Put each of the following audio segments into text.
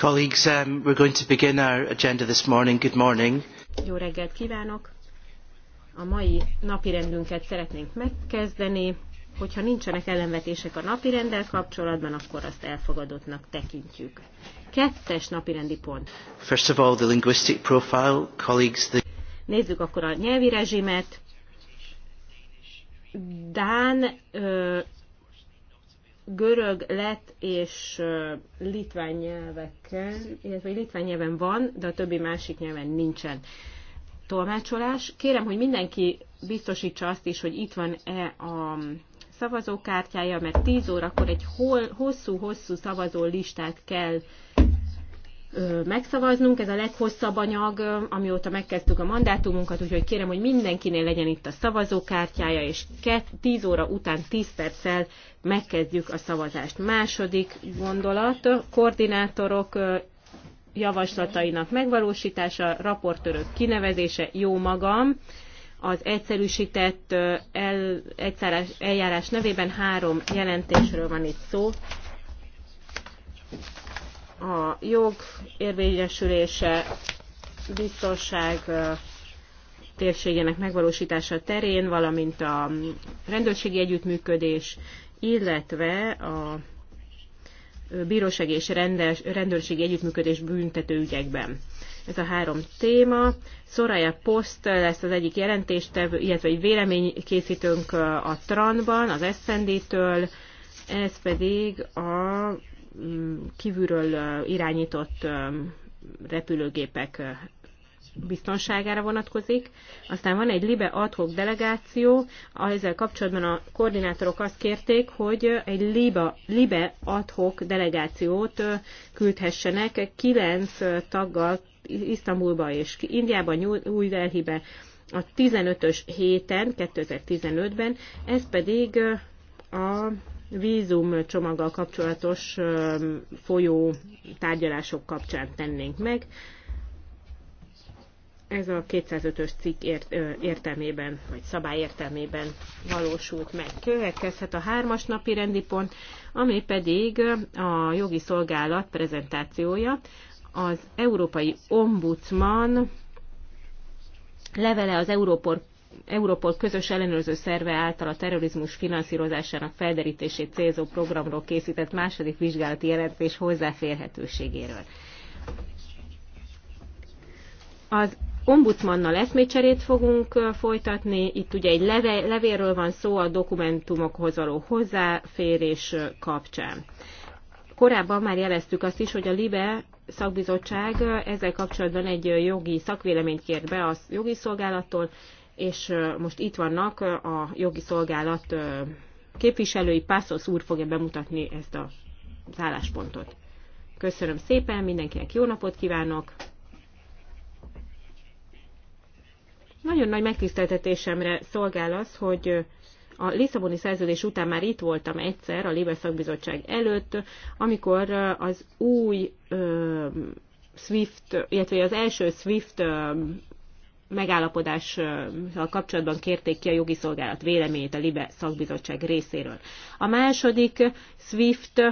Colleagues, um, we're going to begin our agenda this morning. Good morning. Jó reggelt kívánok! A mai napirendünket szeretnénk megkezdeni. Hogyha nincsenek ellenvetések a napirenddel kapcsolatban, akkor azt elfogadottnak tekintjük. Kettes napirendi pont. First of all, the linguistic profile, colleagues, the... Nézzük akkor a nyelvi rezsimet. Dán, görög, lett és litván nyelvekkel, illetve litván nyelven van, de a többi másik nyelven nincsen tolmácsolás. Kérem, hogy mindenki biztosítsa azt is, hogy itt van-e a szavazókártyája, mert 10 órakor egy hosszú-hosszú szavazó listát kell megszavaznunk. Ez a leghosszabb anyag, amióta megkezdtük a mandátumunkat, úgyhogy kérem, hogy mindenkinél legyen itt a szavazókártyája, és 10 óra után 10 perccel megkezdjük a szavazást. Második gondolat, koordinátorok javaslatainak megvalósítása, raportőrök kinevezése, jó magam. Az egyszerűsített el, eljárás nevében három jelentésről van itt szó a jog érvényesülése, biztonság térségének megvalósítása terén, valamint a rendőrségi együttműködés, illetve a bíróság és rendes, rendőrségi együttműködés büntető ügyekben. Ez a három téma. Soraya Post lesz az egyik jelentéstevő, illetve egy készítünk a Tranban, az Eszendétől, ez pedig a kívülről irányított repülőgépek biztonságára vonatkozik. Aztán van egy LIBE adhok delegáció, ezzel kapcsolatban a koordinátorok azt kérték, hogy egy LIBE, LIBE adhok delegációt küldhessenek kilenc taggal Isztambulba és Indiába, új delhibe a 15-ös héten, 2015-ben, ez pedig a vízum csomaggal kapcsolatos folyó tárgyalások kapcsán tennénk meg. Ez a 205-ös cikk ért, értelmében, vagy szabály értelmében valósult meg. Következhet a hármas napi rendi pont, ami pedig a jogi szolgálat prezentációja. Az Európai Ombudsman levele az Európol Európol közös ellenőrző szerve által a terrorizmus finanszírozásának felderítését célzó programról készített második vizsgálati jelentés hozzáférhetőségéről. Az ombudsmannal eszmécserét fogunk folytatni. Itt ugye egy levélről van szó a dokumentumokhoz való hozzáférés kapcsán. Korábban már jeleztük azt is, hogy a LIBE szakbizottság ezzel kapcsolatban egy jogi szakvéleményt kért be a jogi szolgálattól, és most itt vannak a jogi szolgálat képviselői. Pászosz úr fogja bemutatni ezt az álláspontot. Köszönöm szépen, mindenkinek jó napot kívánok! Nagyon nagy megtiszteltetésemre szolgál az, hogy a Lisszaboni szerződés után már itt voltam egyszer a Libe szakbizottság előtt, amikor az új ö, SWIFT, illetve az első SWIFT ö, megállapodással kapcsolatban kérték ki a jogi szolgálat véleményét a LIBE szakbizottság részéről. A második SWIFT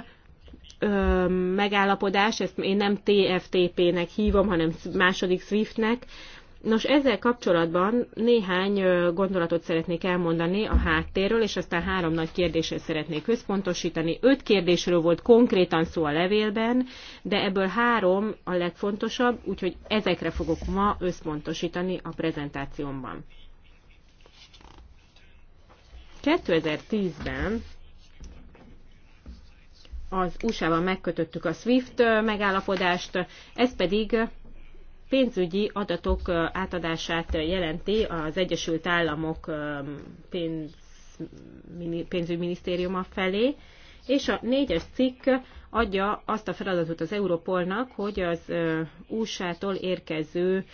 ö, megállapodás, ezt én nem TFTP-nek hívom, hanem második SWIFT-nek, Nos, ezzel kapcsolatban néhány gondolatot szeretnék elmondani a háttérről, és aztán három nagy kérdésre szeretnék központosítani. Öt kérdésről volt konkrétan szó a levélben, de ebből három a legfontosabb, úgyhogy ezekre fogok ma összpontosítani a prezentációmban. 2010-ben az USA-ban megkötöttük a SWIFT megállapodást, ez pedig pénzügyi adatok átadását jelenti az Egyesült Államok pénz, pénzügyminisztériuma felé, és a négyes cikk adja azt a feladatot az Európolnak, hogy az USA-tól érkező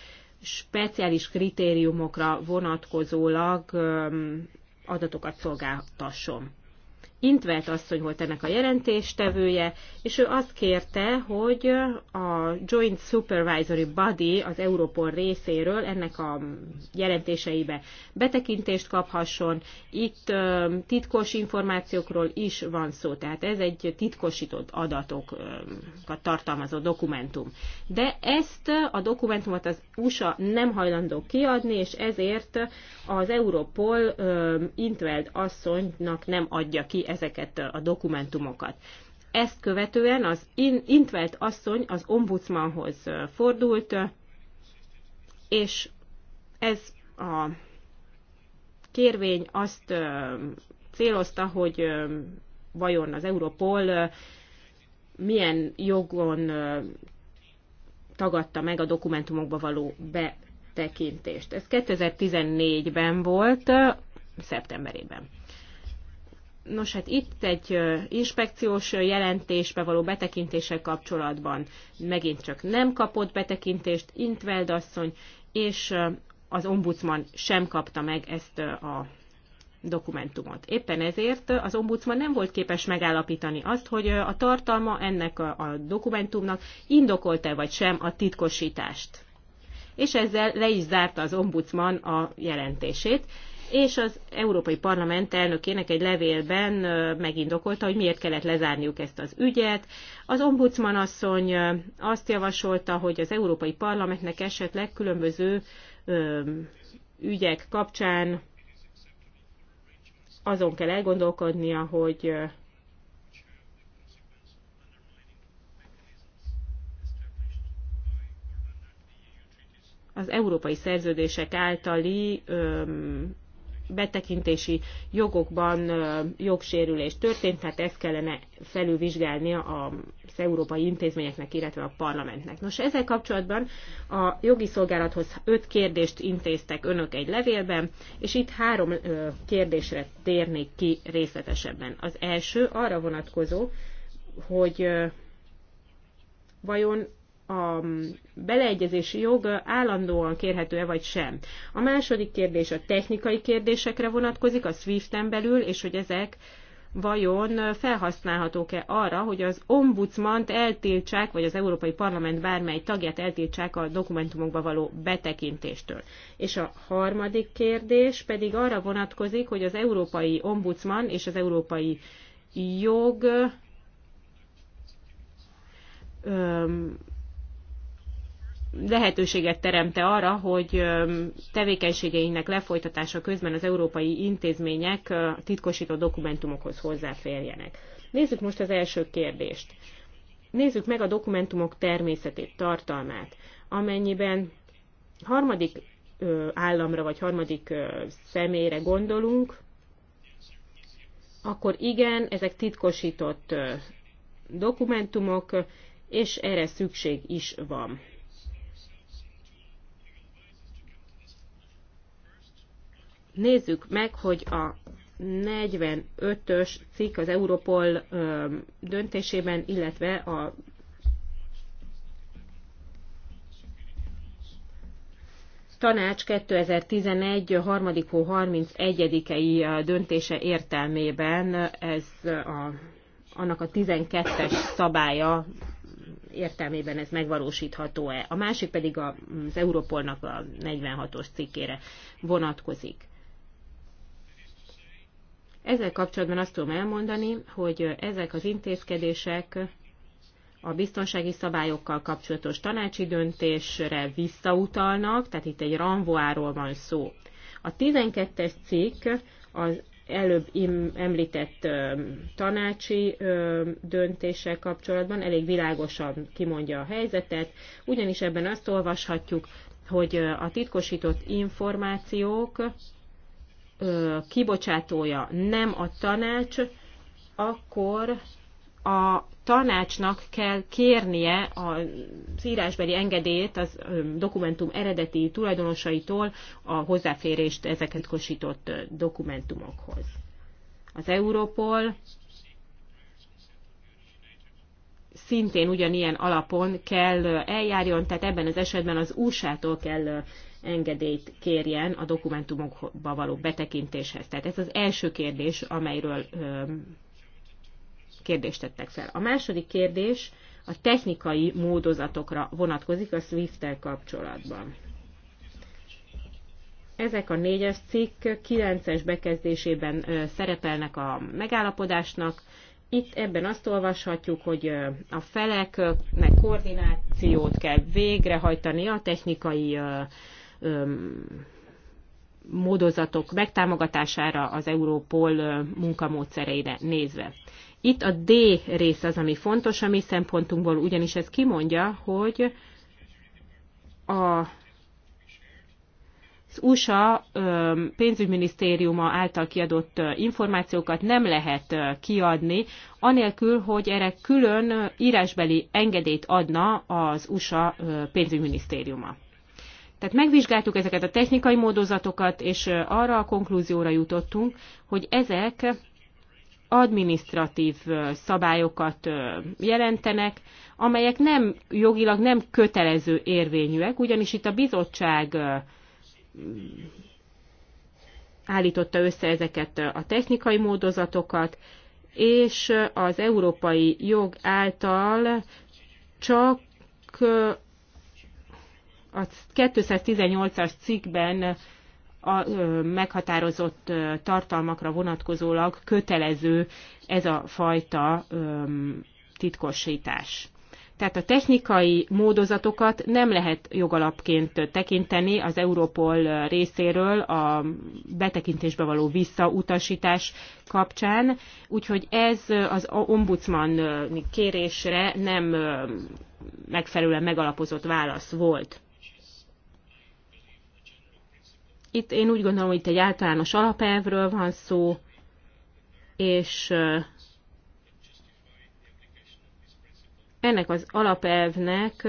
speciális kritériumokra vonatkozólag adatokat szolgáltasson. Intvert asszony volt ennek a jelentéstevője, és ő azt kérte, hogy a Joint Supervisory Body az Europol részéről ennek a jelentéseibe betekintést kaphasson. Itt titkos információkról is van szó, tehát ez egy titkosított adatokat tartalmazó dokumentum. De ezt a dokumentumot az USA nem hajlandó kiadni, és ezért az Europol Intveld asszonynak nem adja ki ezeket a dokumentumokat. Ezt követően az Intvelt asszony az ombudsmanhoz fordult, és ez a kérvény azt célozta, hogy vajon az Europol milyen jogon tagadta meg a dokumentumokba való betekintést. Ez 2014-ben volt, szeptemberében. Nos, hát itt egy inspekciós jelentésbe való betekintéssel kapcsolatban megint csak nem kapott betekintést Intveld asszony, és az ombudsman sem kapta meg ezt a dokumentumot. Éppen ezért az ombudsman nem volt képes megállapítani azt, hogy a tartalma ennek a dokumentumnak indokolta vagy sem a titkosítást. És ezzel le is zárta az ombudsman a jelentését, és az Európai Parlament elnökének egy levélben megindokolta, hogy miért kellett lezárniuk ezt az ügyet. Az ombudsman asszony azt javasolta, hogy az Európai Parlamentnek esetleg különböző ügyek kapcsán azon kell elgondolkodnia, hogy az európai szerződések általi öm, betekintési jogokban jogsérülés történt, tehát ezt kellene felülvizsgálnia az európai intézményeknek, illetve a parlamentnek. Nos, ezzel kapcsolatban a jogi szolgálathoz öt kérdést intéztek önök egy levélben, és itt három kérdésre térnék ki részletesebben. Az első arra vonatkozó, hogy vajon a beleegyezési jog állandóan kérhető-e vagy sem. A második kérdés a technikai kérdésekre vonatkozik, a SWIFT-en belül, és hogy ezek vajon felhasználhatók-e arra, hogy az ombudsmant eltiltsák, vagy az Európai Parlament bármely tagját eltiltsák a dokumentumokba való betekintéstől. És a harmadik kérdés pedig arra vonatkozik, hogy az Európai Ombudsman és az Európai Jog lehetőséget teremte arra, hogy tevékenységeinek lefolytatása közben az európai intézmények titkosított dokumentumokhoz hozzáférjenek. Nézzük most az első kérdést. Nézzük meg a dokumentumok természetét, tartalmát. Amennyiben harmadik államra vagy harmadik személyre gondolunk, akkor igen, ezek titkosított dokumentumok, és erre szükség is van. nézzük meg, hogy a 45-ös cikk az Europol döntésében, illetve a tanács 2011. harmadik hó 31-ei döntése értelmében ez a, annak a 12-es szabálya értelmében ez megvalósítható-e. A másik pedig az Europolnak a 46-os cikkére vonatkozik. Ezzel kapcsolatban azt tudom elmondani, hogy ezek az intézkedések a biztonsági szabályokkal kapcsolatos tanácsi döntésre visszautalnak, tehát itt egy ranvoáról van szó. A 12-es cikk az előbb említett tanácsi döntéssel kapcsolatban elég világosan kimondja a helyzetet, ugyanis ebben azt olvashatjuk, hogy a titkosított információk kibocsátója nem a tanács, akkor a tanácsnak kell kérnie az írásbeli engedélyt az dokumentum eredeti tulajdonosaitól a hozzáférést ezeket kosított dokumentumokhoz. Az Europol szintén ugyanilyen alapon kell eljárjon, tehát ebben az esetben az USA-tól kell engedélyt kérjen a dokumentumokba való betekintéshez. Tehát ez az első kérdés, amelyről kérdést tettek fel. A második kérdés a technikai módozatokra vonatkozik a SWIFT-tel kapcsolatban. Ezek a négyes cikk 9-es bekezdésében szerepelnek a megállapodásnak. Itt ebben azt olvashatjuk, hogy a feleknek koordinációt kell végrehajtani a technikai módozatok megtámogatására az Európol munkamódszereire nézve. Itt a D rész az, ami fontos a mi szempontunkból, ugyanis ez kimondja, hogy a az USA pénzügyminisztériuma által kiadott információkat nem lehet kiadni, anélkül, hogy erre külön írásbeli engedélyt adna az USA pénzügyminisztériuma. Tehát megvizsgáltuk ezeket a technikai módozatokat, és arra a konklúzióra jutottunk, hogy ezek administratív szabályokat jelentenek, amelyek nem jogilag nem kötelező érvényűek, ugyanis itt a bizottság állította össze ezeket a technikai módozatokat, és az európai jog által csak a 218-as cikkben a meghatározott tartalmakra vonatkozólag kötelező ez a fajta titkosítás. Tehát a technikai módozatokat nem lehet jogalapként tekinteni az Európol részéről a betekintésbe való visszautasítás kapcsán, úgyhogy ez az ombudsman kérésre nem megfelelően megalapozott válasz volt. Itt én úgy gondolom, hogy itt egy általános alapelvről van szó, és ennek az alapelvnek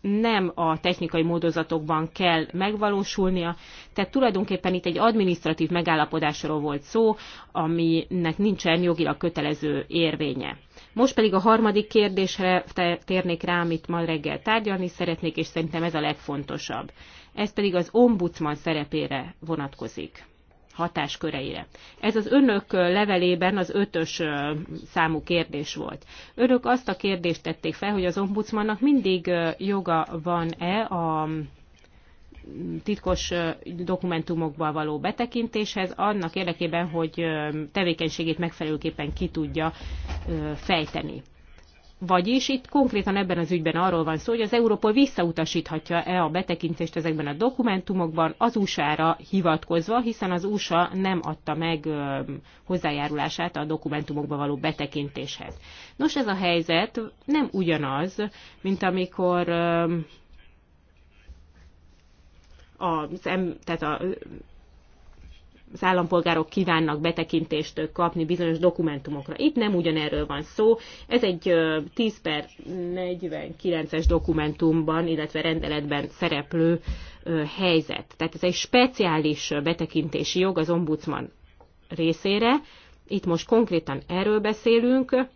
nem a technikai módozatokban kell megvalósulnia, tehát tulajdonképpen itt egy adminisztratív megállapodásról volt szó, aminek nincsen jogilag kötelező érvénye. Most pedig a harmadik kérdésre térnék rá, amit ma reggel tárgyalni szeretnék, és szerintem ez a legfontosabb. Ez pedig az ombudsman szerepére vonatkozik hatásköreire. Ez az önök levelében az ötös számú kérdés volt. Önök azt a kérdést tették fel, hogy az ombudsmannak mindig joga van-e a titkos dokumentumokba való betekintéshez, annak érdekében, hogy tevékenységét megfelelőképpen ki tudja fejteni. Vagyis itt konkrétan ebben az ügyben arról van szó, hogy az Európol visszautasíthatja-e a betekintést ezekben a dokumentumokban az USA-ra hivatkozva, hiszen az USA nem adta meg ö, hozzájárulását a dokumentumokba való betekintéshez. Nos, ez a helyzet nem ugyanaz, mint amikor ö, az, em, tehát a, az állampolgárok kívánnak betekintést kapni bizonyos dokumentumokra. Itt nem ugyanerről van szó. Ez egy 10 per 49-es dokumentumban, illetve rendeletben szereplő helyzet. Tehát ez egy speciális betekintési jog az ombudsman részére. Itt most konkrétan erről beszélünk,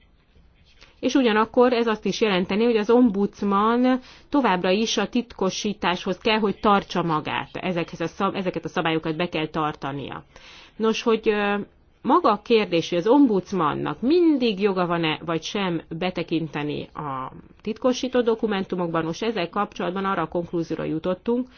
és ugyanakkor ez azt is jelenteni, hogy az ombudsman továbbra is a titkosításhoz kell, hogy tartsa magát, ezekhez a szab, ezeket a szabályokat be kell tartania. Nos, hogy maga a kérdés, hogy az ombudsmannak mindig joga van-e vagy sem betekinteni a titkosított dokumentumokban, most ezzel kapcsolatban arra a konklúzióra jutottunk,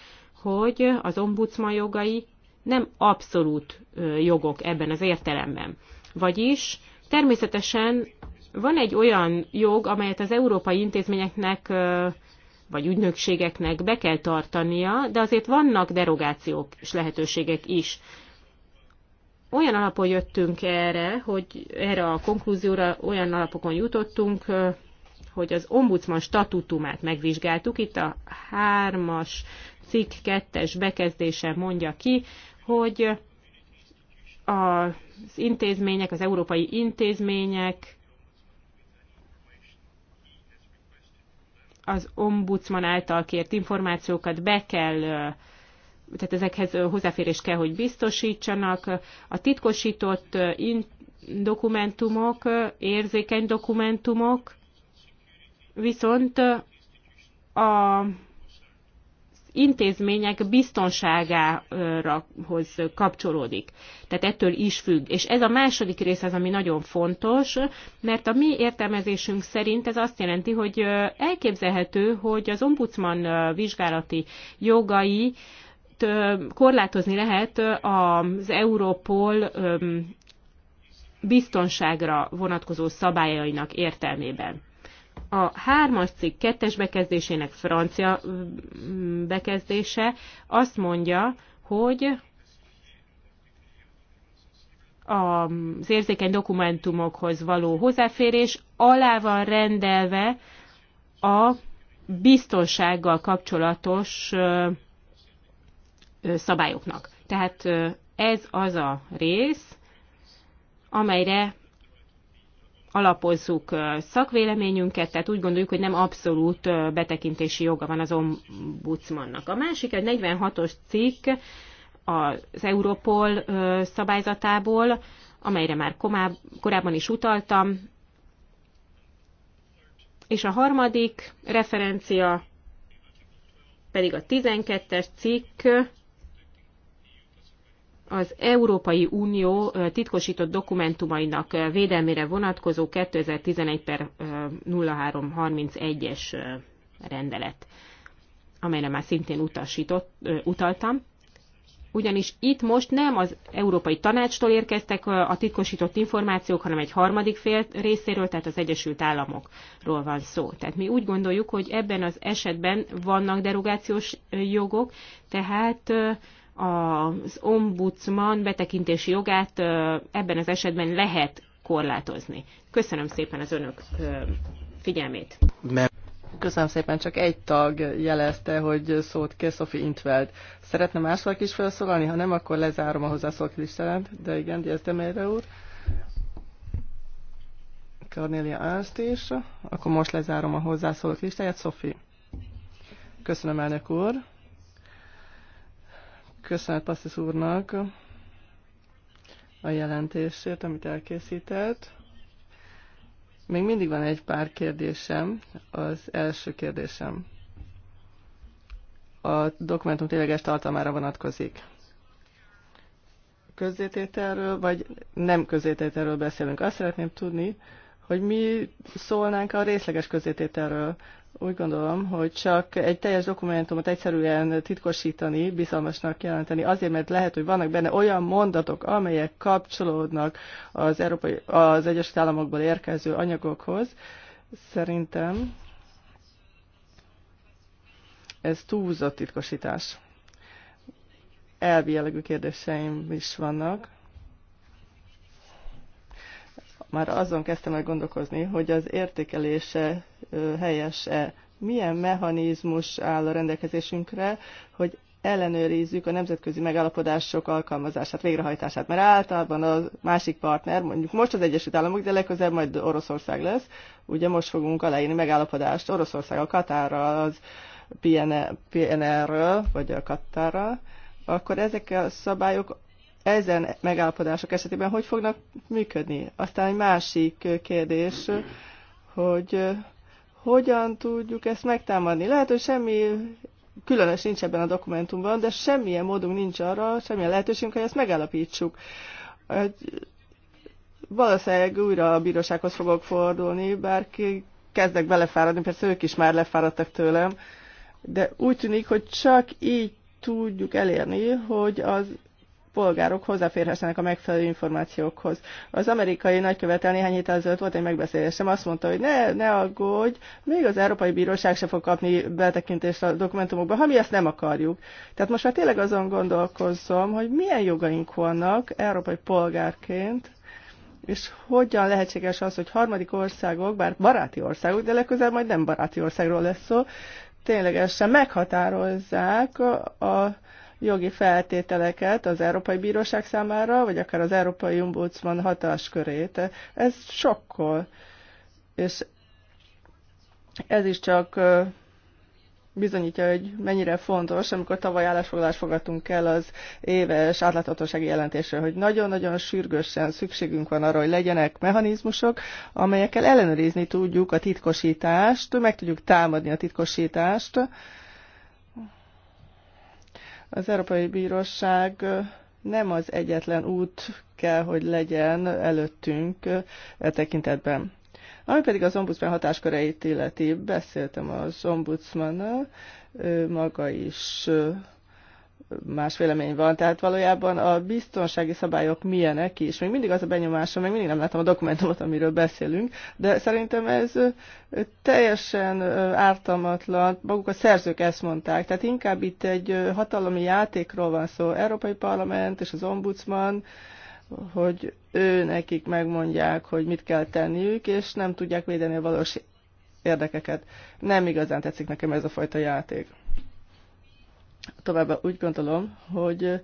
hogy az ombudsman jogai nem abszolút jogok ebben az értelemben. Vagyis természetesen van egy olyan jog, amelyet az európai intézményeknek vagy ügynökségeknek be kell tartania, de azért vannak derogációk és lehetőségek is. Olyan alapon jöttünk erre, hogy erre a konklúzióra olyan alapokon jutottunk, hogy az ombudsman statutumát megvizsgáltuk. Itt a hármas cikk kettes bekezdése mondja ki, hogy az intézmények, az európai intézmények az ombudsman által kért információkat be kell, tehát ezekhez hozzáférés kell, hogy biztosítsanak. A titkosított dokumentumok, érzékeny dokumentumok, viszont a intézmények biztonságához kapcsolódik. Tehát ettől is függ. És ez a második rész az, ami nagyon fontos, mert a mi értelmezésünk szerint ez azt jelenti, hogy elképzelhető, hogy az ombudsman vizsgálati jogai korlátozni lehet az Európol biztonságra vonatkozó szabályainak értelmében a hármas cikk kettes bekezdésének francia bekezdése azt mondja, hogy az érzékeny dokumentumokhoz való hozzáférés alá van rendelve a biztonsággal kapcsolatos szabályoknak. Tehát ez az a rész, amelyre alapozzuk szakvéleményünket, tehát úgy gondoljuk, hogy nem abszolút betekintési joga van az ombudsmannak. A másik, egy 46-os cikk az Europol szabályzatából, amelyre már korábban is utaltam, és a harmadik referencia pedig a 12-es cikk, az Európai Unió titkosított dokumentumainak védelmére vonatkozó 2011 per 0331-es rendelet, amelyre már szintén utasított, utaltam. Ugyanis itt most nem az Európai Tanácstól érkeztek a titkosított információk, hanem egy harmadik fél részéről, tehát az Egyesült Államokról van szó. Tehát mi úgy gondoljuk, hogy ebben az esetben vannak derogációs jogok, tehát az ombudsman betekintési jogát ebben az esetben lehet korlátozni. Köszönöm szépen az önök figyelmét. Köszönöm szépen, csak egy tag jelezte, hogy szót kér Sophie Intveld. Szeretne mások is felszólalni? Ha nem, akkor lezárom a hozzászólók listáját. De igen, Diazdemeire úr. Cornelia Ernst is. Akkor most lezárom a hozzászólók listáját. Sophie. Köszönöm, elnök úr. Köszönet Passzis úrnak a jelentésért, amit elkészített. Még mindig van egy pár kérdésem. Az első kérdésem a dokumentum tényleges tartalmára vonatkozik. Közzétételről, vagy nem közzétételről beszélünk. Azt szeretném tudni, hogy mi szólnánk a részleges közétételről. Úgy gondolom, hogy csak egy teljes dokumentumot egyszerűen titkosítani, bizalmasnak jelenteni, azért, mert lehet, hogy vannak benne olyan mondatok, amelyek kapcsolódnak az, Európai, az Egyesült Államokból érkező anyagokhoz. Szerintem ez túlzott titkosítás. Elvi jellegű kérdéseim is vannak már azon kezdtem el gondolkozni, hogy az értékelése helyes-e. Milyen mechanizmus áll a rendelkezésünkre, hogy ellenőrizzük a nemzetközi megállapodások alkalmazását, végrehajtását, mert általában a másik partner, mondjuk most az Egyesült Államok, de legközelebb majd Oroszország lesz, ugye most fogunk aláírni megállapodást a Katárral, az PNR-ről, e-, vagy a Katárral, akkor ezek a szabályok ezen megállapodások esetében hogy fognak működni. Aztán egy másik kérdés, hogy eh, hogyan tudjuk ezt megtámadni. Lehet, hogy semmi különös nincs ebben a dokumentumban, de semmilyen módunk nincs arra, semmilyen lehetőségünk, hogy ezt megállapítsuk. Valószínűleg újra a bírósághoz fogok fordulni, bár kezdek belefáradni, persze ők is már lefáradtak tőlem, de úgy tűnik, hogy csak így tudjuk elérni, hogy az polgárok hozzáférhessenek a megfelelő információkhoz. Az amerikai nagykövetel néhány héttel ezelőtt volt egy megbeszélésem, azt mondta, hogy ne, ne aggódj, még az Európai Bíróság se fog kapni betekintést a dokumentumokba, ha mi ezt nem akarjuk. Tehát most már tényleg azon gondolkozom, hogy milyen jogaink vannak európai polgárként, és hogyan lehetséges az, hogy harmadik országok, bár baráti országok, de legközelebb majd nem baráti országról lesz szó, ténylegesen meghatározzák a, a jogi feltételeket az Európai Bíróság számára, vagy akár az Európai Ombudsman hatáskörét. Ez sokkol. És ez is csak bizonyítja, hogy mennyire fontos, amikor tavaly állásfoglalást fogadtunk el az éves átláthatósági jelentésre, hogy nagyon-nagyon sürgősen szükségünk van arra, hogy legyenek mechanizmusok, amelyekkel ellenőrizni tudjuk a titkosítást, meg tudjuk támadni a titkosítást, az Európai Bíróság nem az egyetlen út kell, hogy legyen előttünk e tekintetben. Ami pedig az ombudsman hatásköreit illeti, beszéltem az ombudsman maga is más vélemény van. Tehát valójában a biztonsági szabályok milyenek is. Még mindig az a benyomásom, még mindig nem látom a dokumentumot, amiről beszélünk, de szerintem ez teljesen ártalmatlan. Maguk a szerzők ezt mondták. Tehát inkább itt egy hatalmi játékról van szó. Európai Parlament és az Ombudsman, hogy ő nekik megmondják, hogy mit kell tenniük, és nem tudják védeni a valós érdekeket. Nem igazán tetszik nekem ez a fajta játék. Továbbá úgy gondolom, hogy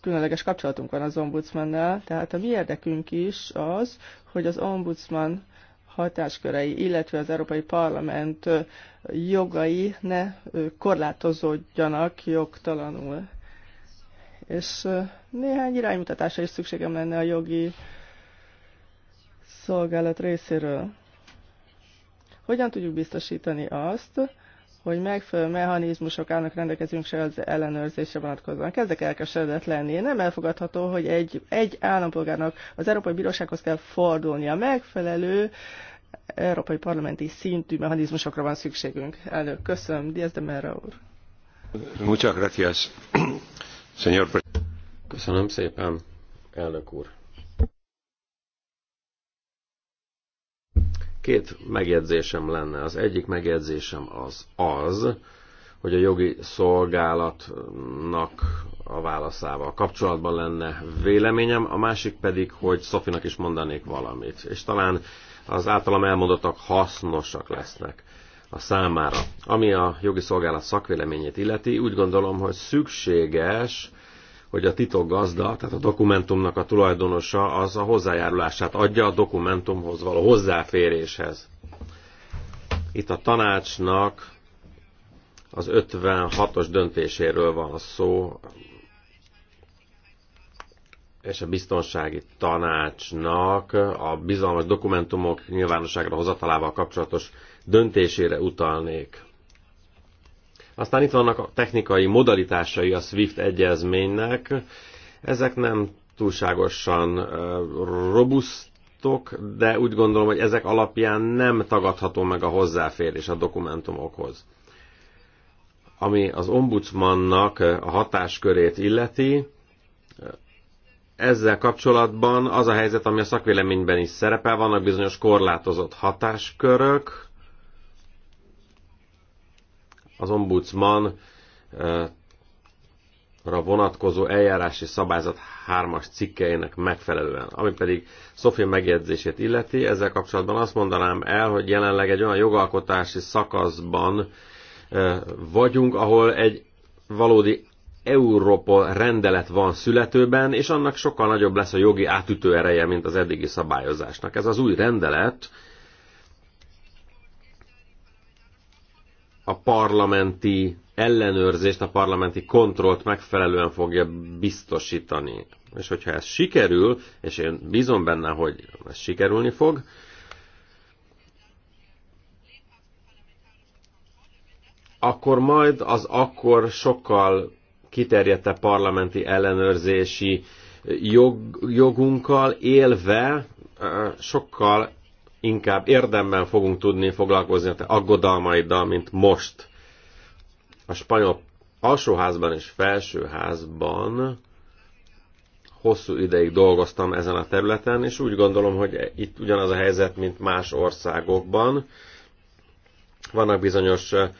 különleges kapcsolatunk van az ombudsmannel, tehát a mi érdekünk is az, hogy az ombudsman hatáskörei, illetve az Európai Parlament jogai ne korlátozódjanak jogtalanul. És néhány iránymutatásra is szükségem lenne a jogi szolgálat részéről. Hogyan tudjuk biztosítani azt, hogy megfelelő mechanizmusok állnak rendelkezésünkre az ellenőrzésre vonatkozóan. Kezdek elkeseredett lenni. Nem elfogadható, hogy egy, egy állampolgárnak az Európai Bírósághoz kell fordulnia. Megfelelő európai parlamenti szintű mechanizmusokra van szükségünk. Elnök, köszönöm. Diaz de Mera úr. Muchas gracias, señor Köszönöm szépen, elnök úr. Két megjegyzésem lenne. Az egyik megjegyzésem az az, hogy a jogi szolgálatnak a válaszával kapcsolatban lenne véleményem, a másik pedig, hogy Szofinak is mondanék valamit, és talán az általam elmondottak hasznosak lesznek a számára. Ami a jogi szolgálat szakvéleményét illeti, úgy gondolom, hogy szükséges hogy a titok gazda, tehát a dokumentumnak a tulajdonosa az a hozzájárulását adja a dokumentumhoz való hozzáféréshez. Itt a tanácsnak az 56-os döntéséről van szó, és a biztonsági tanácsnak a bizalmas dokumentumok nyilvánosságra hozatalával kapcsolatos döntésére utalnék. Aztán itt vannak a technikai modalitásai a SWIFT egyezménynek. Ezek nem túlságosan robusztok, de úgy gondolom, hogy ezek alapján nem tagadható meg a hozzáférés a dokumentumokhoz. Ami az ombudsmannak a hatáskörét illeti, ezzel kapcsolatban az a helyzet, ami a szakvéleményben is szerepel, vannak bizonyos korlátozott hatáskörök, az ombudsman eh, vonatkozó eljárási szabályzat hármas cikkeinek megfelelően. Ami pedig Szofi megjegyzését illeti, ezzel kapcsolatban azt mondanám el, hogy jelenleg egy olyan jogalkotási szakaszban eh, vagyunk, ahol egy valódi Európa rendelet van születőben, és annak sokkal nagyobb lesz a jogi átütő ereje, mint az eddigi szabályozásnak. Ez az új rendelet a parlamenti ellenőrzést, a parlamenti kontrollt megfelelően fogja biztosítani. És hogyha ez sikerül, és én bízom benne, hogy ez sikerülni fog, akkor majd az akkor sokkal kiterjedte parlamenti ellenőrzési jog, jogunkkal élve sokkal inkább érdemben fogunk tudni foglalkozni a te aggodalmaiddal, mint most. A spanyol alsóházban és felsőházban hosszú ideig dolgoztam ezen a területen, és úgy gondolom, hogy itt ugyanaz a helyzet, mint más országokban. Vannak bizonyos eh,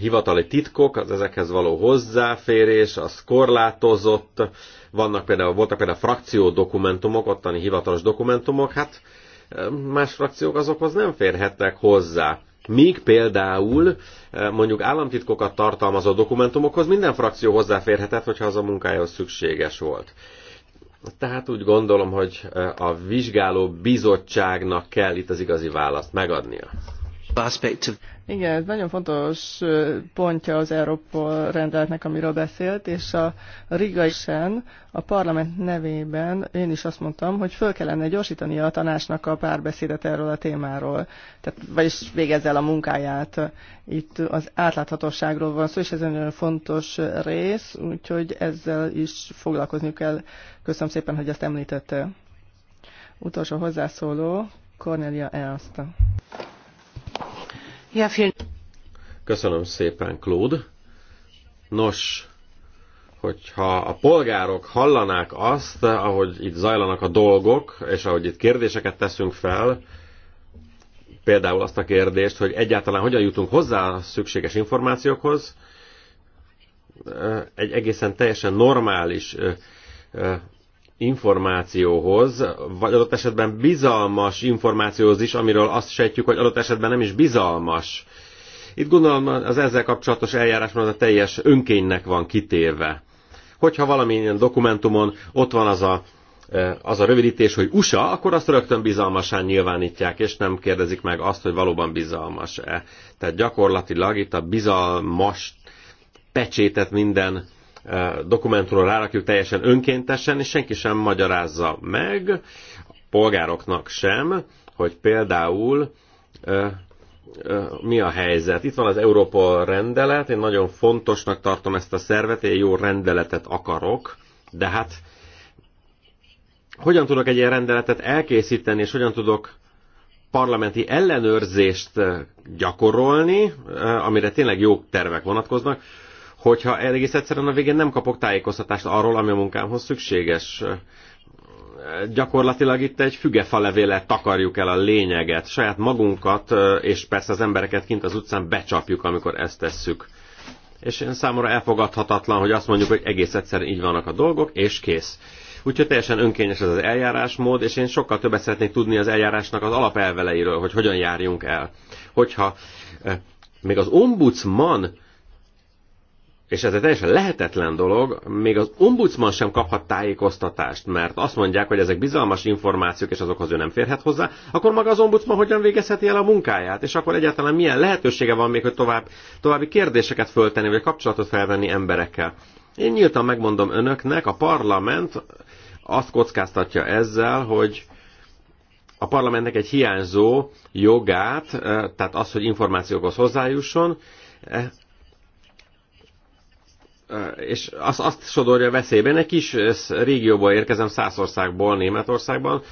hivatali titkok, az ezekhez való hozzáférés, az korlátozott, vannak például, voltak például frakció dokumentumok, ottani hivatalos dokumentumok, hát más frakciók azokhoz nem férhettek hozzá. Míg például eh, mondjuk államtitkokat tartalmazó dokumentumokhoz minden frakció hozzáférhetett, hogyha az a munkájához szükséges volt. Tehát úgy gondolom, hogy eh, a vizsgáló bizottságnak kell itt az igazi választ megadnia. Igen, ez nagyon fontos pontja az Európa rendeletnek, amiről beszélt, és a Riga isen a parlament nevében én is azt mondtam, hogy föl kellene gyorsítani a tanácsnak a párbeszédet erről a témáról, tehát, vagyis végezzel a munkáját. Itt az átláthatóságról van szó, és ez egy nagyon fontos rész, úgyhogy ezzel is foglalkozniuk kell. Köszönöm szépen, hogy ezt említette. Utolsó hozzászóló, Cornelia Ernst. Köszönöm szépen, Claude. Nos, hogyha a polgárok hallanák azt, ahogy itt zajlanak a dolgok, és ahogy itt kérdéseket teszünk fel, például azt a kérdést, hogy egyáltalán hogyan jutunk hozzá a szükséges információkhoz, egy egészen teljesen normális információhoz, vagy adott esetben bizalmas információhoz is, amiről azt sejtjük, hogy adott esetben nem is bizalmas. Itt gondolom az ezzel kapcsolatos eljárásban az a teljes önkénynek van kitéve. Hogyha valamilyen dokumentumon ott van az a, eh, az a rövidítés, hogy USA, akkor azt rögtön bizalmasán nyilvánítják, és nem kérdezik meg azt, hogy valóban bizalmas-e. Tehát gyakorlatilag itt a bizalmas pecsétet minden dokumentumra rárakjuk teljesen önkéntesen, és senki sem magyarázza meg, a polgároknak sem, hogy például mi a helyzet. Itt van az Európa rendelet, én nagyon fontosnak tartom ezt a szervet, én jó rendeletet akarok, de hát hogyan tudok egy ilyen rendeletet elkészíteni, és hogyan tudok parlamenti ellenőrzést gyakorolni, amire tényleg jó tervek vonatkoznak, hogyha egész egyszerűen a végén nem kapok tájékoztatást arról, ami a munkámhoz szükséges. Gyakorlatilag itt egy fügefalevélet takarjuk el a lényeget. Saját magunkat, és persze az embereket kint az utcán becsapjuk, amikor ezt tesszük. És én számomra elfogadhatatlan, hogy azt mondjuk, hogy egész egyszerűen így vannak a dolgok, és kész. Úgyhogy teljesen önkényes ez az eljárásmód, és én sokkal többet szeretnék tudni az eljárásnak az alapelveleiről, hogy hogyan járjunk el. Hogyha még az ombudsman és ez egy teljesen lehetetlen dolog, még az ombudsman sem kaphat tájékoztatást, mert azt mondják, hogy ezek bizalmas információk, és azokhoz ő nem férhet hozzá, akkor maga az ombudsman hogyan végezheti el a munkáját, és akkor egyáltalán milyen lehetősége van még, hogy tovább, további kérdéseket föltenni, vagy kapcsolatot felvenni emberekkel. Én nyíltan megmondom önöknek, a parlament azt kockáztatja ezzel, hogy a parlamentnek egy hiányzó jogát, eh, tehát az, hogy információkhoz hozzájusson, eh, és azt, azt sodorja veszélyben. Egy kis régióból érkezem, Szászországból, Németországban,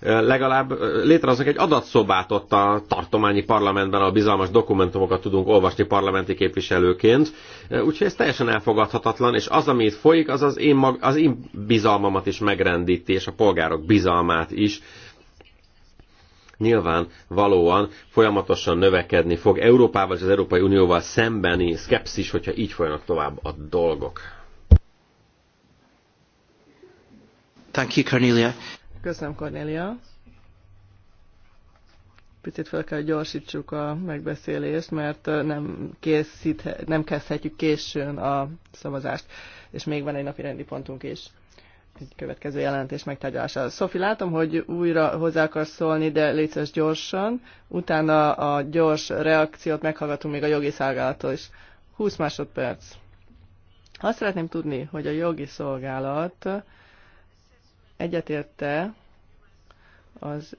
legalább létrehoznak egy adatszobát ott a tartományi parlamentben, a bizalmas dokumentumokat tudunk olvasni parlamenti képviselőként. Úgyhogy ez teljesen elfogadhatatlan, és az, ami itt folyik, az az én, mag, az én bizalmamat is megrendíti, és a polgárok bizalmát is nyilván valóan folyamatosan növekedni fog Európával és az Európai Unióval szembeni szkepszis, hogyha így folynak tovább a dolgok. Thank you, Cornelia. Köszönöm, Cornelia. Picit fel kell gyorsítsuk a megbeszélést, mert nem, készíthet, nem kezdhetjük későn a szavazást, és még van egy napi rendi pontunk is következő jelentés megtárgyalása. Szofi, látom, hogy újra hozzá akarsz szólni, de létszes gyorsan. Utána a gyors reakciót meghallgatunk még a jogi szolgálattól is. 20 másodperc. Azt szeretném tudni, hogy a jogi szolgálat egyetérte az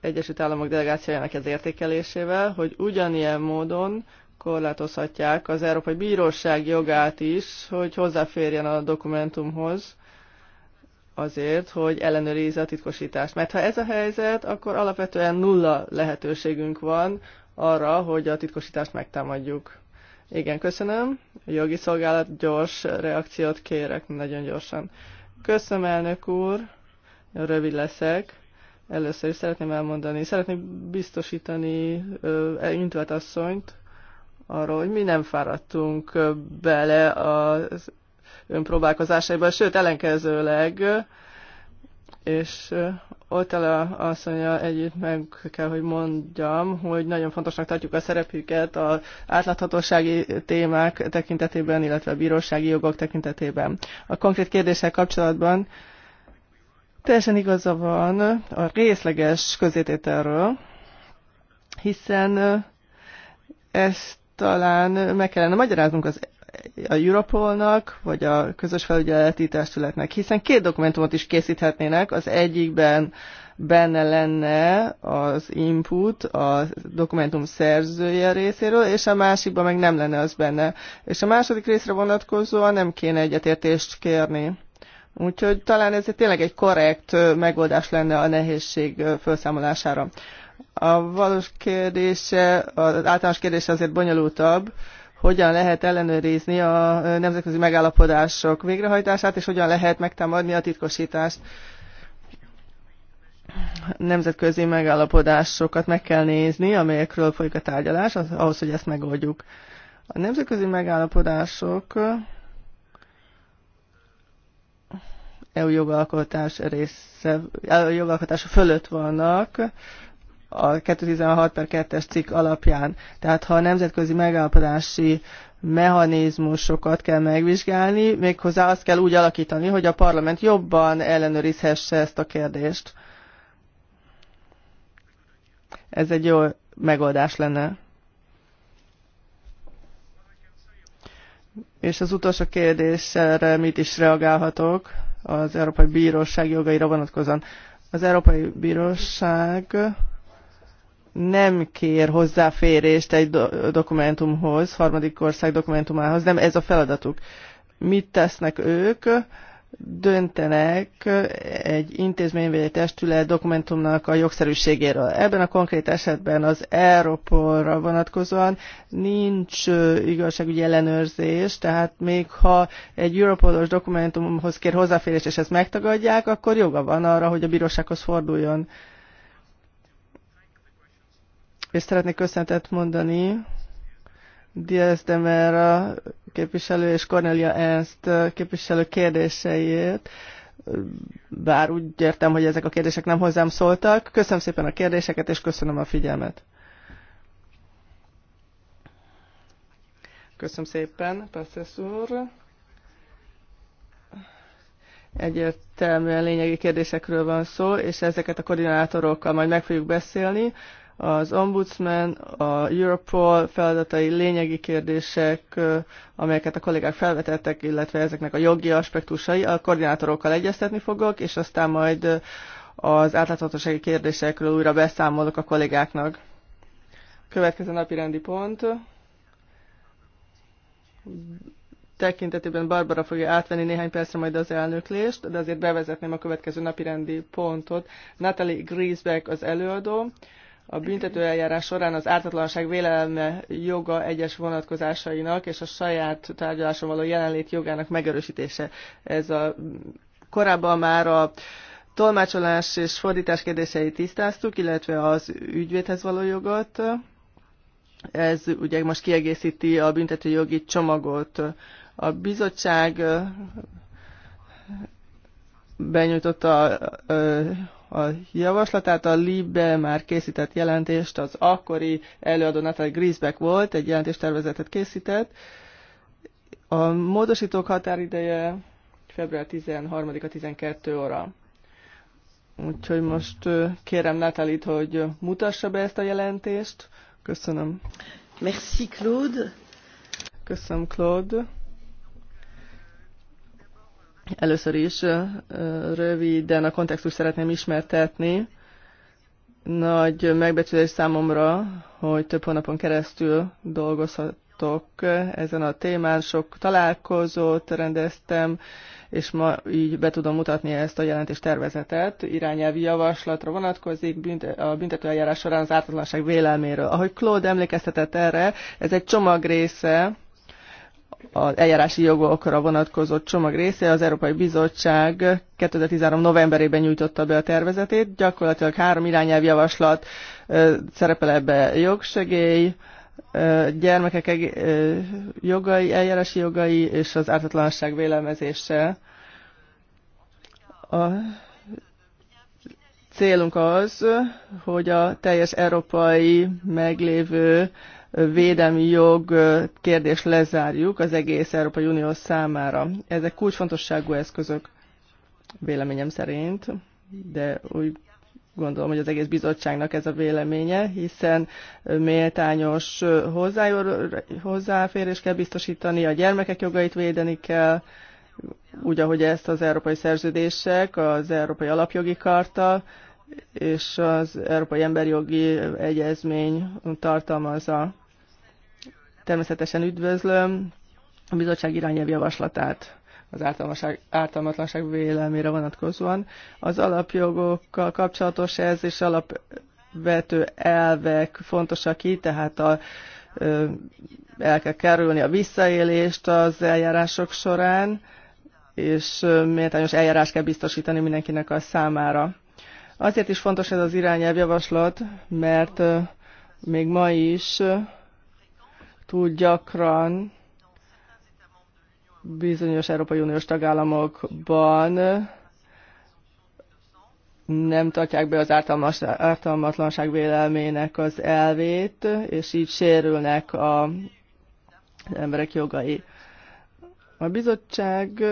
Egyesült Államok delegációjának az értékelésével, hogy ugyanilyen módon korlátozhatják az Európai Bíróság jogát is, hogy hozzáférjen a dokumentumhoz, azért, hogy ellenőrizze a titkosítást. Mert ha ez a helyzet, akkor alapvetően nulla lehetőségünk van arra, hogy a titkosítást megtámadjuk. Igen, köszönöm. A jogi szolgálat gyors reakciót kérek, nagyon gyorsan. Köszönöm, elnök úr. Rövid leszek. Először is szeretném elmondani, szeretnék biztosítani uh, asszonyt arról, hogy mi nem fáradtunk bele az önpróbálkozásaiból, sőt ellenkezőleg, és ott el a mondja, együtt meg kell, hogy mondjam, hogy nagyon fontosnak tartjuk a szerepüket az átláthatósági témák tekintetében, illetve a bírósági jogok tekintetében. A konkrét kérdéssel kapcsolatban teljesen igaza van a részleges közétételről, hiszen ezt talán meg kellene magyaráznunk az a Europolnak, vagy a közös felügyeleti testületnek, hiszen két dokumentumot is készíthetnének, az egyikben benne lenne az input a dokumentum szerzője részéről, és a másikban meg nem lenne az benne. És a második részre vonatkozóan nem kéne egyetértést kérni. Úgyhogy talán ez tényleg egy korrekt megoldás lenne a nehézség felszámolására. A valós kérdése, az általános kérdése azért bonyolultabb, hogyan lehet ellenőrizni a nemzetközi megállapodások végrehajtását, és hogyan lehet megtámadni a titkosítást. Nemzetközi megállapodásokat meg kell nézni, amelyekről folyik a tárgyalás, az, ahhoz, hogy ezt megoldjuk. A nemzetközi megállapodások EU jogalkotás része, EU jogalkotás fölött vannak, a 2016 per 2-es cikk alapján. Tehát ha a nemzetközi megállapodási mechanizmusokat kell megvizsgálni, méghozzá azt kell úgy alakítani, hogy a parlament jobban ellenőrizhesse ezt a kérdést. Ez egy jó megoldás lenne. És az utolsó kérdésre mit is reagálhatok az Európai Bíróság jogaira vonatkozóan. Az Európai Bíróság nem kér hozzáférést egy do dokumentumhoz, harmadik ország dokumentumához, nem ez a feladatuk. Mit tesznek ők? döntenek egy intézmény vagy egy testület dokumentumnak a jogszerűségéről. Ebben a konkrét esetben az Europolra vonatkozóan nincs igazságügyi ellenőrzés, tehát még ha egy Europolos dokumentumhoz kér hozzáférést, és ezt megtagadják, akkor joga van arra, hogy a bírósághoz forduljon és szeretnék köszönetet mondani Diaz de Mera képviselő és Cornelia Ernst képviselő kérdéseiért, bár úgy értem, hogy ezek a kérdések nem hozzám szóltak. Köszönöm szépen a kérdéseket, és köszönöm a figyelmet. Köszönöm szépen, Passes úr. Egyértelműen lényegi kérdésekről van szó, és ezeket a koordinátorokkal majd meg fogjuk beszélni az ombudsman, a Europol feladatai, lényegi kérdések, amelyeket a kollégák felvetettek, illetve ezeknek a jogi aspektusai, a koordinátorokkal egyeztetni fogok, és aztán majd az átláthatósági kérdésekről újra beszámolok a kollégáknak. Következő napi rendi pont. Tekintetében Barbara fogja átvenni néhány percre majd az elnöklést, de azért bevezetném a következő napi rendi pontot. Natalie Griesbeck az előadó a büntetőeljárás során az ártatlanság vélelme joga egyes vonatkozásainak és a saját tárgyaláson való jelenlét jogának megerősítése. Ez a korábban már a tolmácsolás és fordítás kérdéseit tisztáztuk, illetve az ügyvédhez való jogot. Ez ugye most kiegészíti a büntetőjogi csomagot. A bizottság benyújtotta a javaslatát. A Libbe már készített jelentést, az akkori előadó Natal Griesbeck volt, egy jelentéstervezetet készített. A módosítók határideje február 13-a 12 óra. Úgyhogy most kérem Natalit, hogy mutassa be ezt a jelentést. Köszönöm. Merci Claude. Köszönöm Claude. Először is röviden a kontextust szeretném ismertetni. Nagy megbecsülés számomra, hogy több hónapon keresztül dolgozhatok ezen a témán. Sok találkozót rendeztem, és ma így be tudom mutatni ezt a tervezetet. Irányelvi javaslatra vonatkozik a büntetőeljárás során az ártatlanság vélelméről. Ahogy Claude emlékeztetett erre, ez egy csomag része, az eljárási jogokra vonatkozó csomag része. Az Európai Bizottság 2013. novemberében nyújtotta be a tervezetét. Gyakorlatilag három javaslat szerepel ebbe jogsegély, gyermekek jogai, eljárási jogai és az ártatlanság vélemezése. A célunk az, hogy a teljes európai meglévő védelmi jog kérdést lezárjuk az egész Európai Unió számára. Ezek kulcsfontosságú eszközök véleményem szerint, de úgy gondolom, hogy az egész bizottságnak ez a véleménye, hiszen méltányos hozzáférés kell biztosítani, a gyermekek jogait védeni kell, úgy, ahogy ezt az európai szerződések, az európai alapjogi karta és az európai emberjogi egyezmény tartalmazza. Természetesen üdvözlöm a bizottság irányelv javaslatát az ártalmatlanság vélelmére vonatkozóan. Az alapjogokkal kapcsolatos ez, és alapvető elvek fontosak itt, tehát a, el kell kerülni a visszaélést az eljárások során, és méltányos eljárás kell biztosítani mindenkinek a számára. Azért is fontos ez az irányelvjavaslat, mert még ma is túl gyakran bizonyos Európai Uniós tagállamokban nem tartják be az ártalmatlanság vélelmének az elvét, és így sérülnek a, az emberek jogai. A bizottság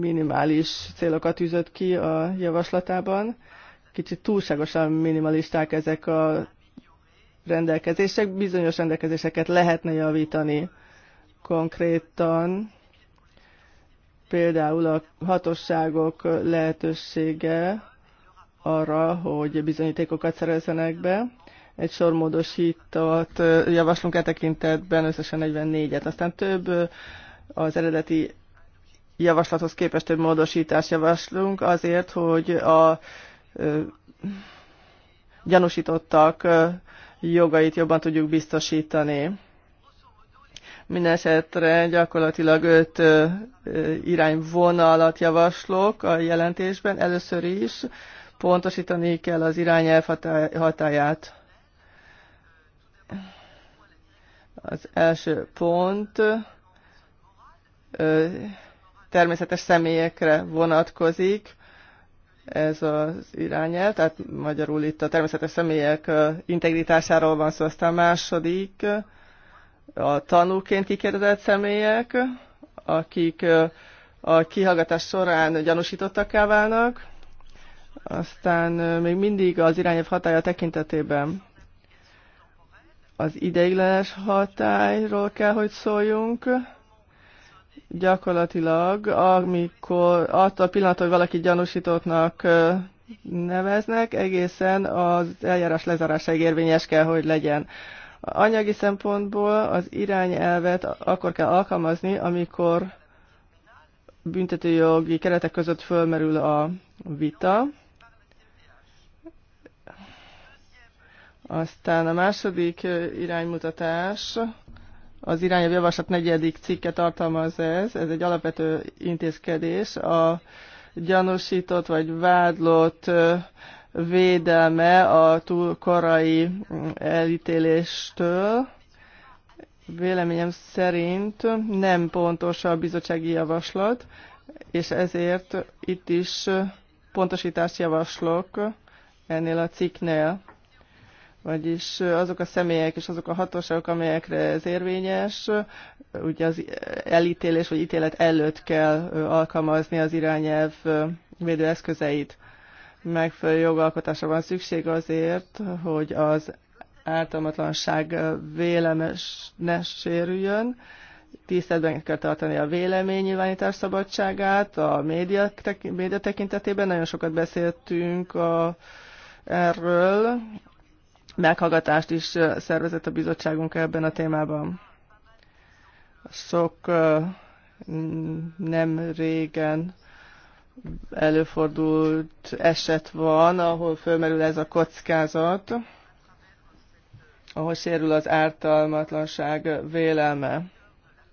minimális célokat tűzött ki a javaslatában. Kicsit túlságosan minimalisták ezek a rendelkezések, bizonyos rendelkezéseket lehetne javítani konkrétan, például a hatosságok lehetősége arra, hogy bizonyítékokat szerezzenek be. Egy sor módosítót javaslunk e tekintetben, összesen 44-et. Aztán több az eredeti javaslathoz képest több módosítást javaslunk azért, hogy a gyanúsítottak jogait jobban tudjuk biztosítani. Mindenesetre gyakorlatilag öt irányvonalat javaslok a jelentésben. Először is pontosítani kell az irányelv hatáját. Az első pont természetes személyekre vonatkozik, ez az irányel, tehát magyarul itt a természetes személyek integritásáról van szó, aztán második a tanúként kikérdezett személyek, akik a kihallgatás során gyanúsítottakká válnak, aztán még mindig az irányelv hatája tekintetében az ideiglenes hatályról kell, hogy szóljunk gyakorlatilag, amikor attól a pillanat, hogy valaki gyanúsítottnak neveznek, egészen az eljárás lezárásáig érvényes kell, hogy legyen. Anyagi szempontból az irányelvet akkor kell alkalmazni, amikor büntetőjogi keretek között fölmerül a vita. Aztán a második iránymutatás az irányabb javaslat negyedik cikke tartalmaz ez, ez egy alapvető intézkedés. A gyanúsított vagy vádlott védelme a túl korai mm, elítéléstől. Véleményem szerint nem pontos a bizottsági javaslat, és ezért itt is pontosítást javaslok ennél a cikknél vagyis azok a személyek és azok a hatóságok, amelyekre ez érvényes, ugye az elítélés vagy ítélet előtt kell alkalmazni az irányelv védőeszközeit. Megfelelő jogalkotásra van szükség azért, hogy az ártalmatlanság vélemes ne sérüljön, tiszteletben kell tartani a véleménynyilvánítás szabadságát, a média, tek, média tekintetében nagyon sokat beszéltünk a, erről, meghallgatást is szervezett a bizottságunk ebben a témában. Sok nem régen előfordult eset van, ahol fölmerül ez a kockázat, ahol sérül az ártalmatlanság vélelme.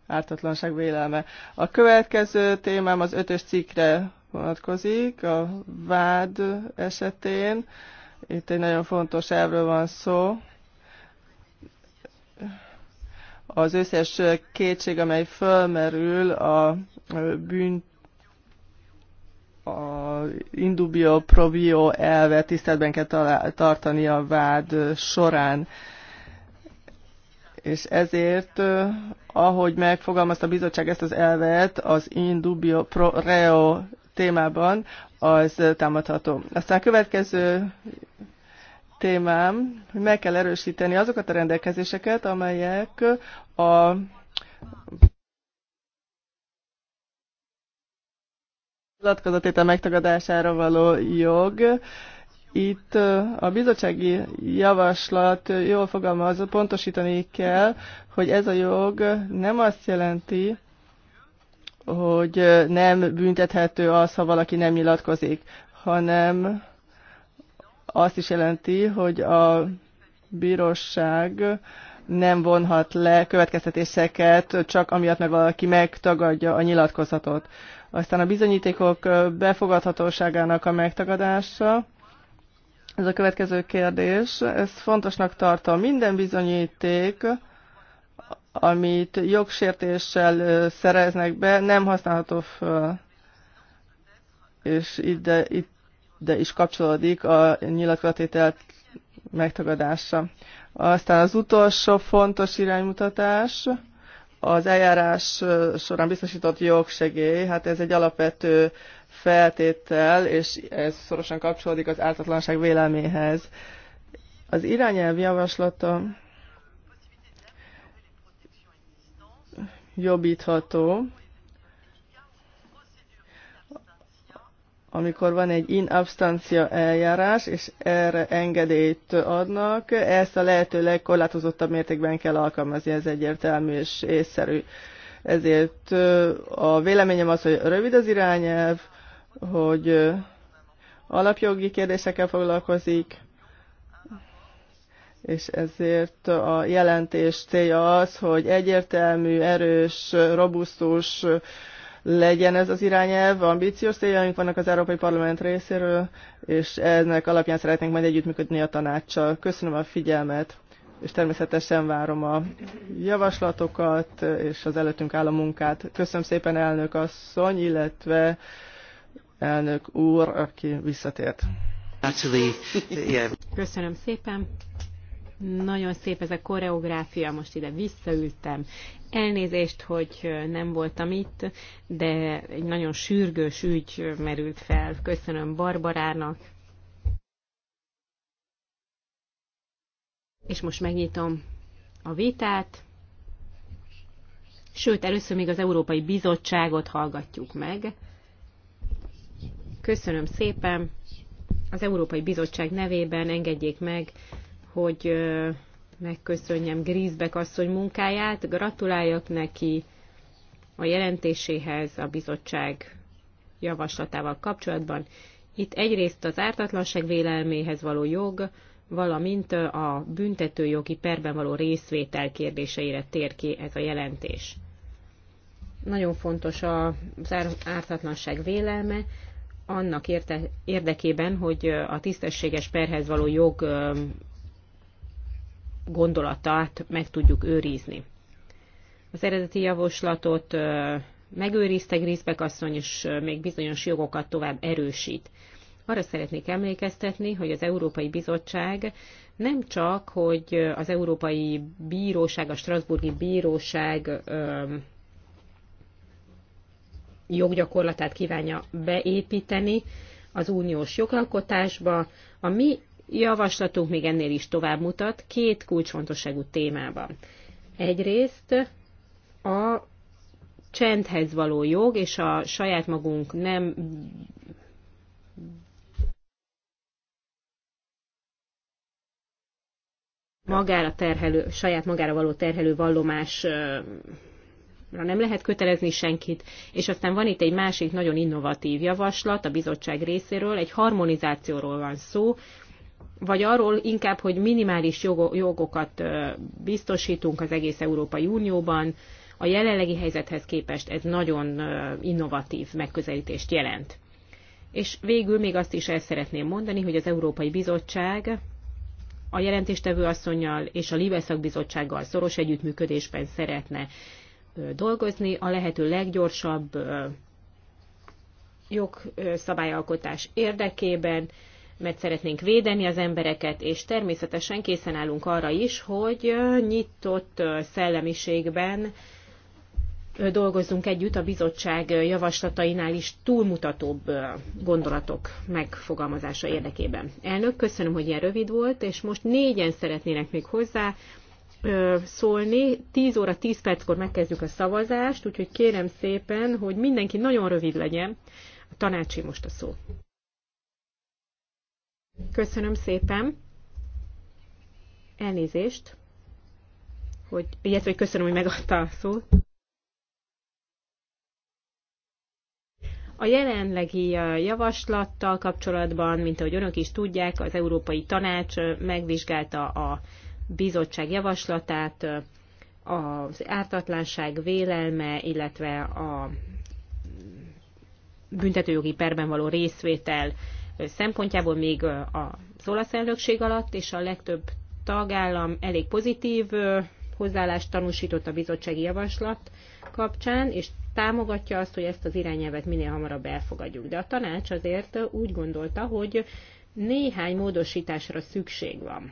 Ártatlanság vélelme. A következő témám az ötös cikkre vonatkozik, a vád esetén itt egy nagyon fontos elvről van szó. Az összes kétség, amely fölmerül a bűn a indubio provio elve tiszteletben kell tartani a vád során. És ezért, ahogy megfogalmazta a bizottság ezt az elvet, az indubio pro reo témában, az támadható. Aztán a következő témám, hogy meg kell erősíteni azokat a rendelkezéseket, amelyek a nyilatkozatétel megtagadására való jog. Itt a bizottsági javaslat jól fogalmazza, pontosítani kell, hogy ez a jog nem azt jelenti, hogy nem büntethető az, ha valaki nem nyilatkozik, hanem azt is jelenti, hogy a bíróság nem vonhat le következtetéseket, csak amiatt, mert valaki megtagadja a nyilatkozatot. Aztán a bizonyítékok befogadhatóságának a megtagadása, ez a következő kérdés, ezt fontosnak tartom. Minden bizonyíték, amit jogsértéssel szereznek be, nem használható föl. És ide, ide is kapcsolódik a nyilatkozatételt megtagadása. Aztán az utolsó fontos iránymutatás az eljárás során biztosított jogsegély, hát ez egy alapvető feltétel, és ez szorosan kapcsolódik az ártatlanság véleméhez. Az irányelv javaslata jobbítható, amikor van egy in abstancia eljárás, és erre engedélyt adnak, ezt a lehető legkorlátozottabb mértékben kell alkalmazni, ez egyértelmű és észszerű. Ezért a véleményem az, hogy rövid az irányelv, hogy alapjogi kérdésekkel foglalkozik, és ezért a jelentés célja az, hogy egyértelmű, erős, robusztus legyen ez az irányelv, ambíciós céljaink vannak az Európai Parlament részéről, és ennek alapján szeretnénk majd együttműködni a tanácssal. Köszönöm a figyelmet, és természetesen várom a javaslatokat, és az előttünk álló munkát. Köszönöm szépen elnök asszony, illetve elnök úr, aki visszatért. Köszönöm szépen. Nagyon szép ez a koreográfia, most ide visszaültem. Elnézést, hogy nem voltam itt, de egy nagyon sürgős ügy merült fel. Köszönöm Barbarának. És most megnyitom a vitát. Sőt, először még az Európai Bizottságot hallgatjuk meg. Köszönöm szépen. Az Európai Bizottság nevében engedjék meg, hogy megköszönjem Grízbek asszony munkáját, gratuláljak neki a jelentéséhez a bizottság javaslatával kapcsolatban. Itt egyrészt az ártatlanság vélelméhez való jog, valamint a büntetőjogi perben való részvétel kérdéseire tér ki ez a jelentés. Nagyon fontos az ártatlanság vélelme, annak érte, érdekében, hogy a tisztességes perhez való jog gondolatát meg tudjuk őrizni. Az eredeti javaslatot megőrizte Griszbek asszony, és még bizonyos jogokat tovább erősít. Arra szeretnék emlékeztetni, hogy az Európai Bizottság nem csak, hogy az Európai Bíróság, a Strasburgi Bíróság joggyakorlatát kívánja beépíteni az uniós jogalkotásba, a mi javaslatunk még ennél is tovább mutat két kulcsfontosságú témában. Egyrészt a csendhez való jog és a saját magunk nem magára terhelő, saját magára való terhelő vallomásra nem lehet kötelezni senkit, és aztán van itt egy másik nagyon innovatív javaslat a bizottság részéről, egy harmonizációról van szó, vagy arról inkább, hogy minimális jogokat biztosítunk az egész Európai Unióban, a jelenlegi helyzethez képest ez nagyon innovatív megközelítést jelent. És végül még azt is el szeretném mondani, hogy az Európai Bizottság a jelentéstevő asszonynal és a Libeszak Bizottsággal szoros együttműködésben szeretne dolgozni, a lehető leggyorsabb jogszabályalkotás érdekében, mert szeretnénk védeni az embereket, és természetesen készen állunk arra is, hogy nyitott szellemiségben dolgozzunk együtt a bizottság javaslatainál is túlmutatóbb gondolatok megfogalmazása érdekében. Elnök, köszönöm, hogy ilyen rövid volt, és most négyen szeretnének még hozzá szólni. 10 óra 10 perckor megkezdjük a szavazást, úgyhogy kérem szépen, hogy mindenki nagyon rövid legyen. A tanácsi most a szó. Köszönöm szépen. Elnézést. Hogy, illetve, hogy köszönöm, hogy megadta a szót. A jelenlegi javaslattal kapcsolatban, mint ahogy önök is tudják, az Európai Tanács megvizsgálta a bizottság javaslatát, az ártatlanság vélelme, illetve a büntetőjogi perben való részvétel szempontjából még a olasz elnökség alatt, és a legtöbb tagállam elég pozitív hozzáállást tanúsított a bizottsági javaslat kapcsán, és támogatja azt, hogy ezt az irányelvet minél hamarabb elfogadjuk. De a tanács azért úgy gondolta, hogy néhány módosításra szükség van.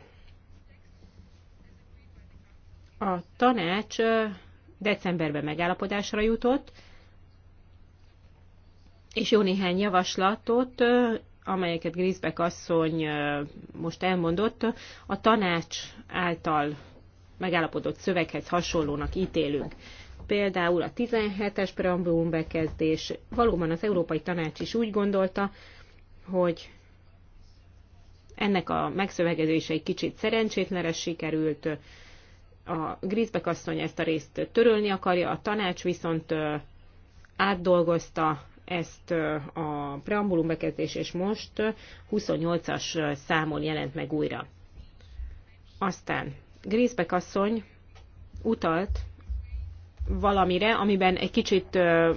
A tanács decemberben megállapodásra jutott, és jó néhány javaslatot amelyeket Griszbek asszony most elmondott, a tanács által megállapodott szöveghez hasonlónak ítélünk. Például a 17-es preambulum bekezdés. Valóban az Európai Tanács is úgy gondolta, hogy ennek a megszövegezése egy kicsit szerencsétlenre sikerült. A Griszbek asszony ezt a részt törölni akarja, a tanács viszont átdolgozta ezt a preambulum bekezdés, és most 28-as számon jelent meg újra. Aztán Grészbek asszony utalt valamire, amiben egy kicsit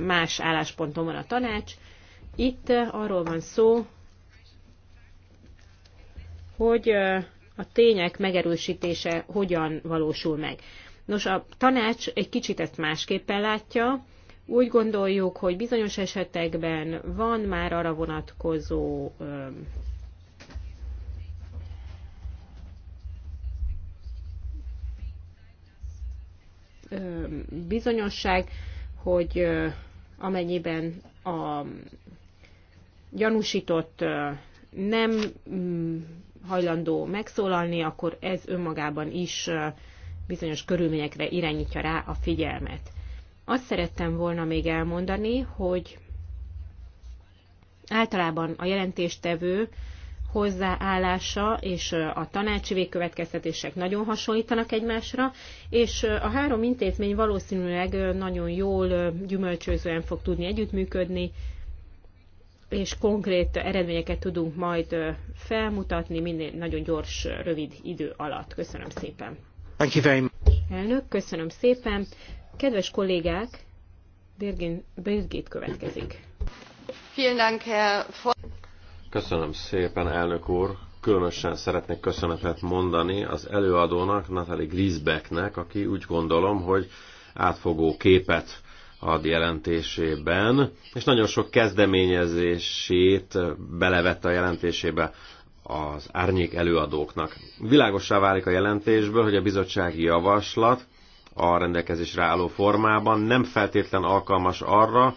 más állásponton van a tanács. Itt arról van szó, hogy a tények megerősítése hogyan valósul meg. Nos, a tanács egy kicsit ezt másképpen látja, úgy gondoljuk, hogy bizonyos esetekben van már arra vonatkozó bizonyosság, hogy amennyiben a gyanúsított nem mm, hajlandó megszólalni, akkor ez önmagában is bizonyos körülményekre irányítja rá a figyelmet. Azt szerettem volna még elmondani, hogy általában a jelentéstevő hozzáállása és a tanácsi végkövetkeztetések nagyon hasonlítanak egymásra, és a három intézmény valószínűleg nagyon jól, gyümölcsözően fog tudni együttműködni, és konkrét eredményeket tudunk majd felmutatni minél nagyon gyors, rövid idő alatt. Köszönöm szépen. Thank you very much. Elnök, köszönöm szépen. Kedves kollégák, Birgin, Birgit következik. Köszönöm szépen, elnök úr. Különösen szeretnék köszönetet mondani az előadónak, Natalie Grisbecknek, aki úgy gondolom, hogy átfogó képet ad jelentésében, és nagyon sok kezdeményezését belevette a jelentésébe az árnyék előadóknak. Világosá válik a jelentésből, hogy a bizottsági javaslat a rendelkezésre álló formában nem feltétlen alkalmas arra,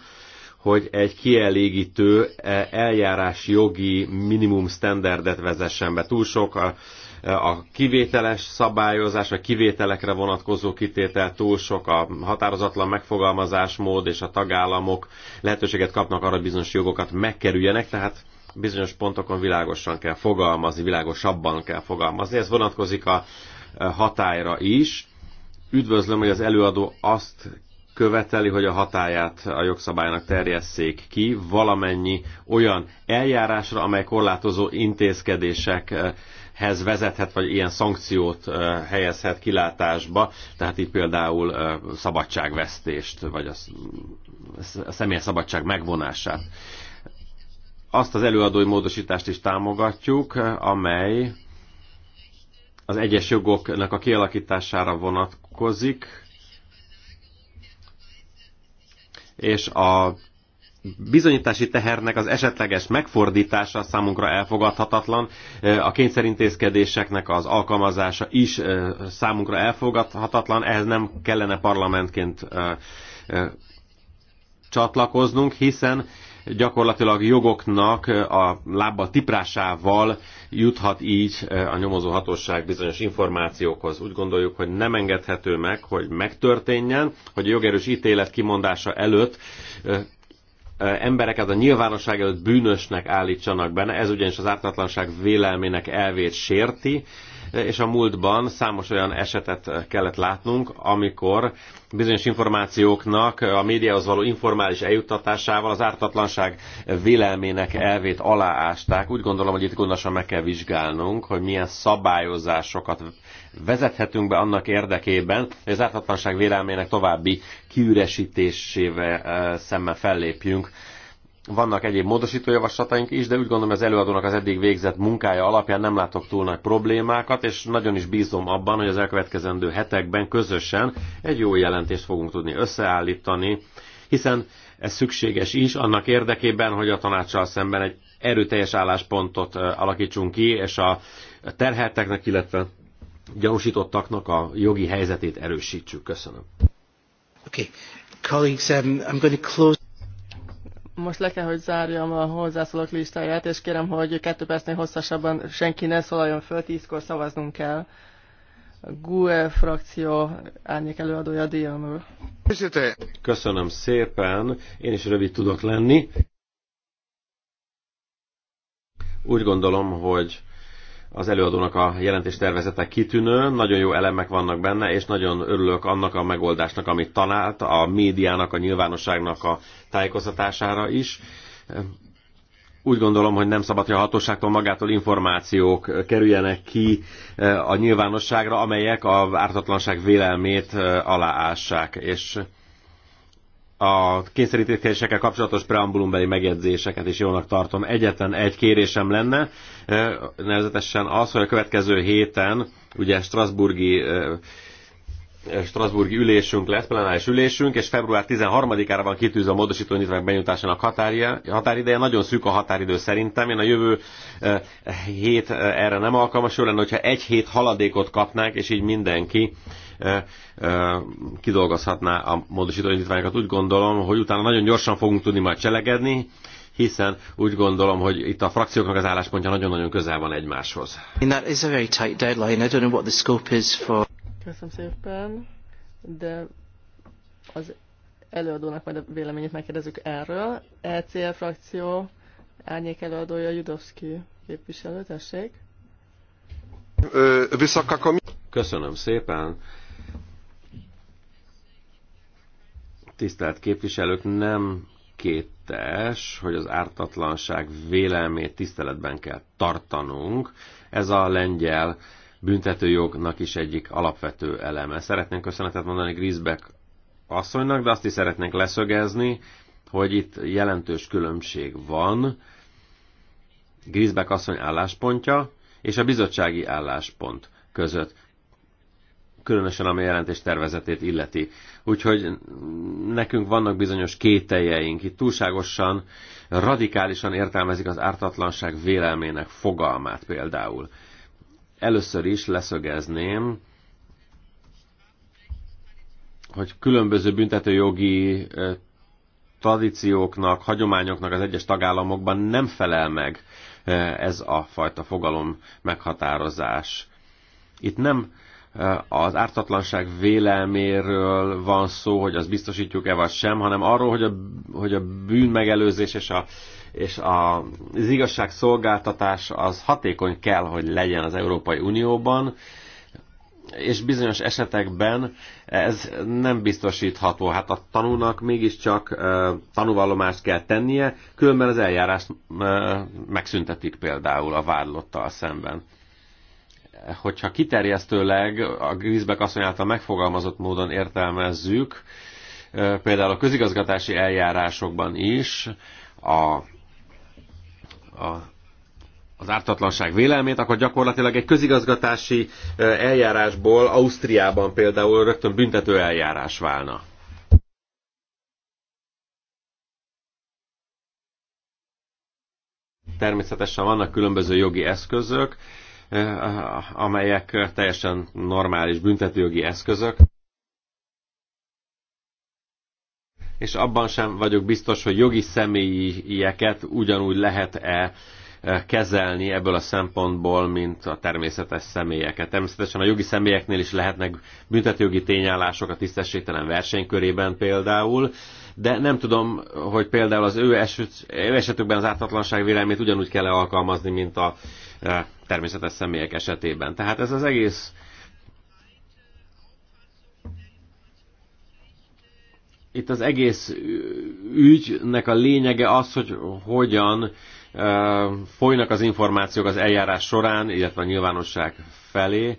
hogy egy kielégítő e, eljárás jogi minimum standardet vezessen be. Túl sok a, a kivételes szabályozás, a kivételekre vonatkozó kitétel, túl sok a határozatlan megfogalmazásmód, és a tagállamok lehetőséget kapnak arra, hogy bizonyos jogokat megkerüljenek, tehát bizonyos pontokon világosan kell fogalmazni, világosabban kell fogalmazni. Ez vonatkozik a hatályra is, Üdvözlöm, hogy az előadó azt követeli, hogy a hatáját a jogszabálynak terjesszék ki valamennyi olyan eljárásra, amely korlátozó intézkedésekhez vezethet, vagy ilyen szankciót helyezhet kilátásba, tehát itt például szabadságvesztést, vagy a személyes szabadság megvonását. Azt az előadói módosítást is támogatjuk, amely az egyes jogoknak a kialakítására vonatkozik, és a bizonyítási tehernek az esetleges megfordítása számunkra elfogadhatatlan, a kényszerintézkedéseknek az alkalmazása is számunkra elfogadhatatlan, ehhez nem kellene parlamentként csatlakoznunk, hiszen gyakorlatilag jogoknak a lábbal tiprásával juthat így eh, a nyomozó hatóság bizonyos információkhoz. Úgy gondoljuk, hogy nem engedhető meg, hogy megtörténjen, hogy a jogerős ítélet kimondása előtt eh, eh, embereket a nyilvánosság előtt bűnösnek állítsanak benne, ez ugyanis az ártatlanság vélelmének elvét sérti, és a múltban számos olyan esetet kellett látnunk, amikor bizonyos információknak a médiahoz való informális eljuttatásával az ártatlanság vélelmének elvét aláásták. Úgy gondolom, hogy itt gondosan meg kell vizsgálnunk, hogy milyen szabályozásokat vezethetünk be annak érdekében, hogy az ártatlanság vélelmének további kiüresítésével eh, szemben fellépjünk. Vannak egyéb módosító javaslataink is, de úgy gondolom az előadónak az eddig végzett munkája alapján nem látok túl nagy problémákat, és nagyon is bízom abban, hogy az elkövetkezendő hetekben közösen egy jó jelentést fogunk tudni összeállítani, hiszen ez szükséges is annak érdekében, hogy a tanácssal szemben egy erőteljes álláspontot alakítsunk ki, és a terhelteknek, illetve gyanúsítottaknak a jogi helyzetét erősítsük. Köszönöm. Okay. Colleagues, um, I'm going to close. Most le kell, hogy zárjam a hozzászólók listáját, és kérem, hogy kettő percnél hosszasabban senki ne szólaljon föl, tízkor szavaznunk kell. A GUE frakció árnyék előadója Dianul. Köszönöm szépen, én is rövid tudok lenni. Úgy gondolom, hogy az előadónak a jelentés tervezete kitűnő, nagyon jó elemek vannak benne, és nagyon örülök annak a megoldásnak, amit talált, a médiának, a nyilvánosságnak a tájékoztatására is. Úgy gondolom, hogy nem szabad, hogy a hatóságtól magától információk kerüljenek ki e, a nyilvánosságra, amelyek a ártatlanság vélelmét e, aláássák. És a kényszerítésekkel kapcsolatos preambulumbeli megjegyzéseket is jónak tartom. Egyetlen egy kérésem lenne, nevezetesen az, hogy a következő héten, ugye Strasburgi Strasburgi ülésünk lesz, plenáris ülésünk, és február 13-ára van kitűzve a módosító nyitvák benyújtásának határideje. Nagyon szűk a határidő szerintem. Én a jövő hét erre nem alkalmas. Jó lenne, hogyha egy hét haladékot kapnánk, és így mindenki kidolgozhatná a módosító indítványokat. Úgy gondolom, hogy utána nagyon gyorsan fogunk tudni majd cselekedni, hiszen úgy gondolom, hogy itt a frakcióknak az álláspontja nagyon-nagyon közel van egymáshoz. Köszönöm szépen, de az előadónak majd a véleményét megkérdezzük erről. ECL frakció árnyék előadója Judovszki képviselő, tessék. Köszönöm szépen. tisztelt képviselők, nem kétes, hogy az ártatlanság vélelmét tiszteletben kell tartanunk. Ez a lengyel büntetőjognak is egyik alapvető eleme. Szeretnénk köszönetet mondani Grisbeck asszonynak, de azt is szeretnénk leszögezni, hogy itt jelentős különbség van Grisbeck asszony álláspontja és a bizottsági álláspont között különösen ami jelentés tervezetét illeti. Úgyhogy nekünk vannak bizonyos kételjeink, itt túlságosan, radikálisan értelmezik az ártatlanság vélelmének fogalmát például. Először is leszögezném, hogy különböző büntetőjogi tradícióknak, hagyományoknak az egyes tagállamokban nem felel meg ez a fajta fogalom meghatározás. Itt nem az ártatlanság vélelméről van szó, hogy az biztosítjuk-e vagy sem, hanem arról, hogy a, hogy a bűn megelőzés és, a, és a, az igazság szolgáltatás az hatékony kell, hogy legyen az Európai Unióban, és bizonyos esetekben ez nem biztosítható. Hát a tanúnak mégiscsak tanúvallomást kell tennie, különben az eljárást megszüntetik például a vádlottal szemben hogyha kiterjesztőleg a Grisbeck asszony által megfogalmazott módon értelmezzük, például a közigazgatási eljárásokban is a, a az ártatlanság vélelmét, akkor gyakorlatilag egy közigazgatási eljárásból Ausztriában például rögtön büntető eljárás válna. Természetesen vannak különböző jogi eszközök, amelyek teljesen normális büntetőjogi eszközök. És abban sem vagyok biztos, hogy jogi személyeket ugyanúgy lehet-e e, kezelni ebből a szempontból, mint a természetes személyeket. Természetesen a jogi személyeknél is lehetnek büntetőjogi tényállások a tisztességtelen versenykörében például, de nem tudom, hogy például az ő, ő esetükben az ártatlanság vélelmét ugyanúgy kell -e alkalmazni, mint a e, természetes személyek esetében. Tehát ez az egész itt az egész ügynek a lényege az, hogy hogyan e, folynak az információk az eljárás során, illetve a nyilvánosság felé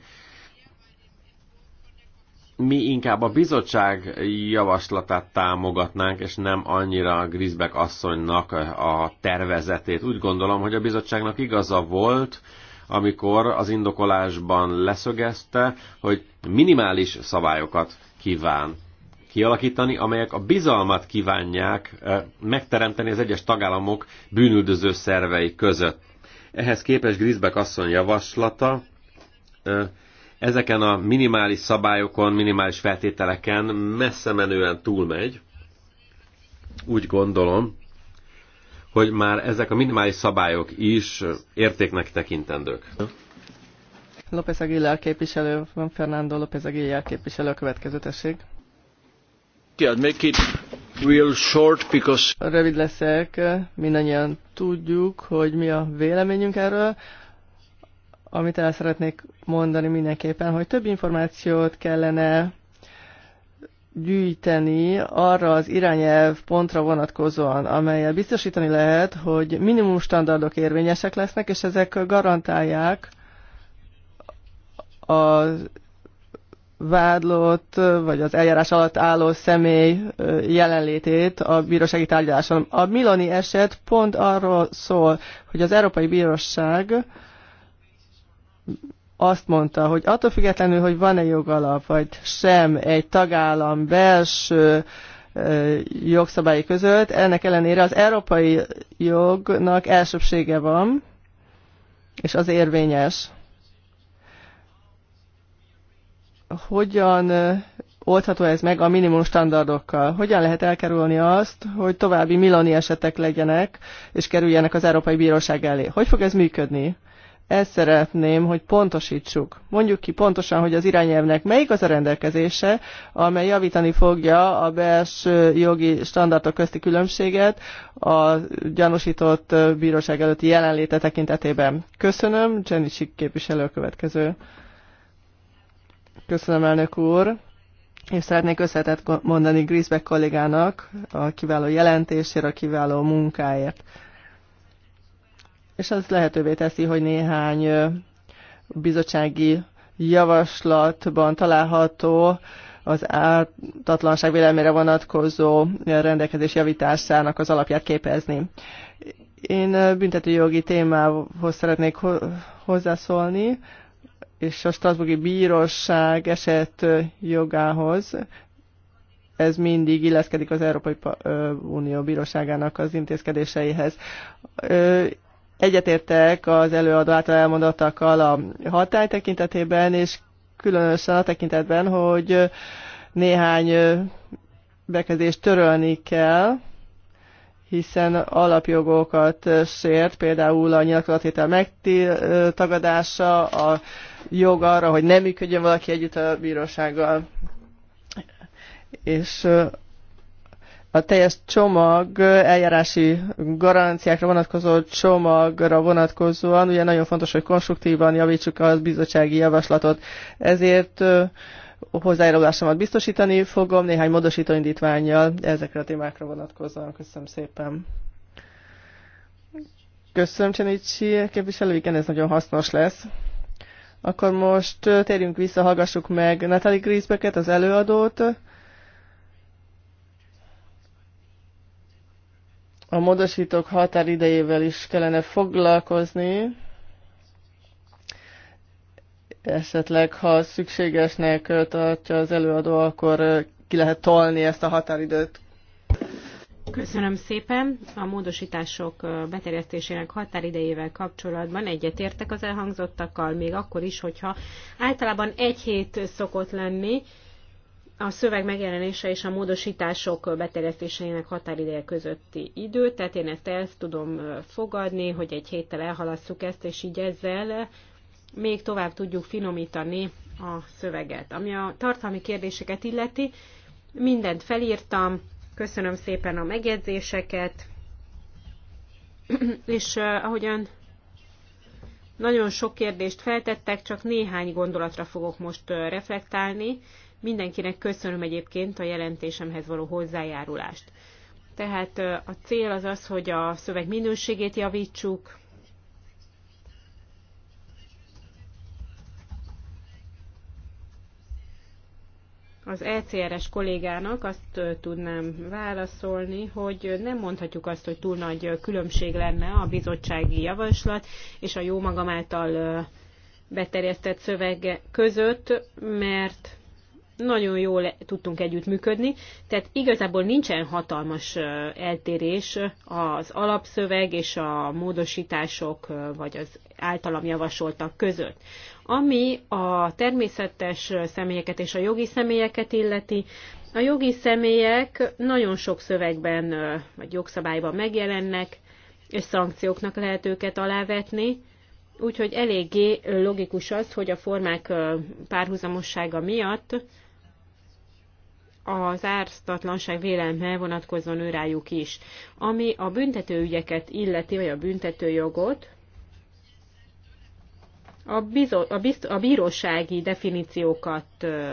mi inkább a bizottság javaslatát támogatnánk, és nem annyira Grisbeck asszonynak a tervezetét. Úgy gondolom, hogy a bizottságnak igaza volt, amikor az indokolásban leszögezte, hogy minimális szabályokat kíván kialakítani, amelyek a bizalmat kívánják eh, megteremteni az egyes tagállamok bűnüldöző szervei között. Ehhez képes Grisbeck asszony javaslata eh, ezeken a minimális szabályokon, minimális feltételeken messze menően túlmegy. Úgy gondolom, hogy már ezek a minimális szabályok is értéknek tekintendők. López Aguilar képviselő, van Fernando López Aguilar képviselő, a következő tesség. Yeah, make it real short because... Rövid leszek, mindannyian tudjuk, hogy mi a véleményünk erről. Amit el szeretnék mondani mindenképpen, hogy több információt kellene gyűjteni arra az irányelv pontra vonatkozóan, amelyel biztosítani lehet, hogy minimum standardok érvényesek lesznek, és ezek garantálják a vádlott, vagy az eljárás alatt álló személy jelenlétét a bírósági tárgyaláson. A Milani eset pont arról szól, hogy az Európai Bíróság azt mondta, hogy attól függetlenül, hogy van-e jogalap, vagy sem egy tagállam belső jogszabályi között, ennek ellenére az európai jognak elsőbsége van, és az érvényes. Hogyan oldható ez meg a minimum standardokkal? Hogyan lehet elkerülni azt, hogy további milani esetek legyenek, és kerüljenek az Európai Bíróság elé? Hogy fog ez működni? Ezt szeretném, hogy pontosítsuk. Mondjuk ki pontosan, hogy az irányelvnek melyik az a rendelkezése, amely javítani fogja a belső jogi standardok közti különbséget a gyanúsított bíróság előtti jelenléte tekintetében. Köszönöm, Jenny Csik képviselő a következő. Köszönöm, elnök úr. És szeretnék összetett mondani Grisbeck kollégának a kiváló jelentésért, a kiváló munkáért és az lehetővé teszi, hogy néhány bizottsági javaslatban található az ártatlanság vélemére vonatkozó rendelkezés javításának az alapját képezni. Én büntetőjogi témához szeretnék hozzászólni, és a Strasburgi Bíróság eset jogához. Ez mindig illeszkedik az Európai Unió Bíróságának az intézkedéseihez. Egyetértek az előadó által elmondottakkal a hatály tekintetében, és különösen a tekintetben, hogy néhány bekezdést törölni kell, hiszen alapjogokat sért, például a nyilatkozatétel megtagadása, a jog arra, hogy nem működjön valaki együtt a bírósággal. És a teljes csomag, eljárási garanciákra vonatkozó csomagra vonatkozóan, ugye nagyon fontos, hogy konstruktívan javítsuk a bizottsági javaslatot. Ezért hozzájárulásomat biztosítani fogom néhány módosító indítványjal ezekre a témákra vonatkozóan. Köszönöm szépen. Köszönöm, Csenicsi képviselő, igen, ez nagyon hasznos lesz. Akkor most térjünk vissza, hallgassuk meg Natalie Grisbeket az előadót a módosítók határidejével is kellene foglalkozni, esetleg ha szükségesnek tartja az előadó, akkor ki lehet tolni ezt a határidőt. Köszönöm szépen. A módosítások beterjesztésének határidejével kapcsolatban egyetértek az elhangzottakkal, még akkor is, hogyha általában egy hét szokott lenni, a szöveg megjelenése és a módosítások beterjesztéseinek határideje közötti idő, tehát én ezt el tudom fogadni, hogy egy héttel elhalasszuk ezt, és így ezzel még tovább tudjuk finomítani a szöveget. Ami a tartalmi kérdéseket illeti, mindent felírtam, köszönöm szépen a megjegyzéseket, és ahogyan nagyon sok kérdést feltettek, csak néhány gondolatra fogok most reflektálni, Mindenkinek köszönöm egyébként a jelentésemhez való hozzájárulást. Tehát a cél az az, hogy a szöveg minőségét javítsuk, az ECRS kollégának azt tudnám válaszolni, hogy nem mondhatjuk azt, hogy túl nagy különbség lenne a bizottsági javaslat és a jó magam által beterjesztett szöveg között, mert nagyon jól tudtunk együttműködni, tehát igazából nincsen hatalmas eltérés az alapszöveg és a módosítások, vagy az általam javasoltak között. Ami a természetes személyeket és a jogi személyeket illeti, a jogi személyek nagyon sok szövegben vagy jogszabályban megjelennek, és szankcióknak lehet őket alávetni, úgyhogy eléggé logikus az, hogy a formák párhuzamossága miatt az ártatlanság vélelme vonatkozzon ő rájuk is. Ami a büntetőügyeket illeti, vagy a büntetőjogot, a, bizo- a, bizt- a bírósági definíciókat ö,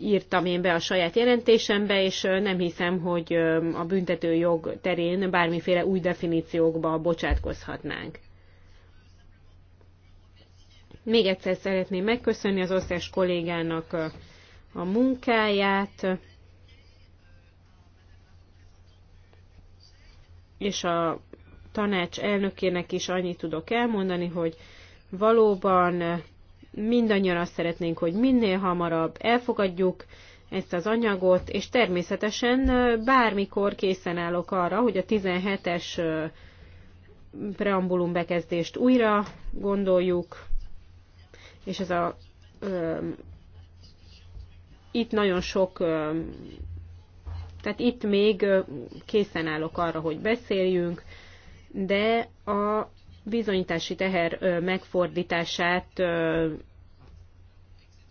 írtam én be a saját jelentésembe, és nem hiszem, hogy a jog terén bármiféle új definíciókba bocsátkozhatnánk. Még egyszer szeretném megköszönni az összes kollégának a munkáját, és a tanács elnökének is annyit tudok elmondani, hogy valóban mindannyian azt szeretnénk, hogy minél hamarabb elfogadjuk ezt az anyagot, és természetesen bármikor készen állok arra, hogy a 17-es preambulum bekezdést újra gondoljuk, és ez a itt nagyon sok, tehát itt még készen állok arra, hogy beszéljünk, de a bizonyítási teher megfordítását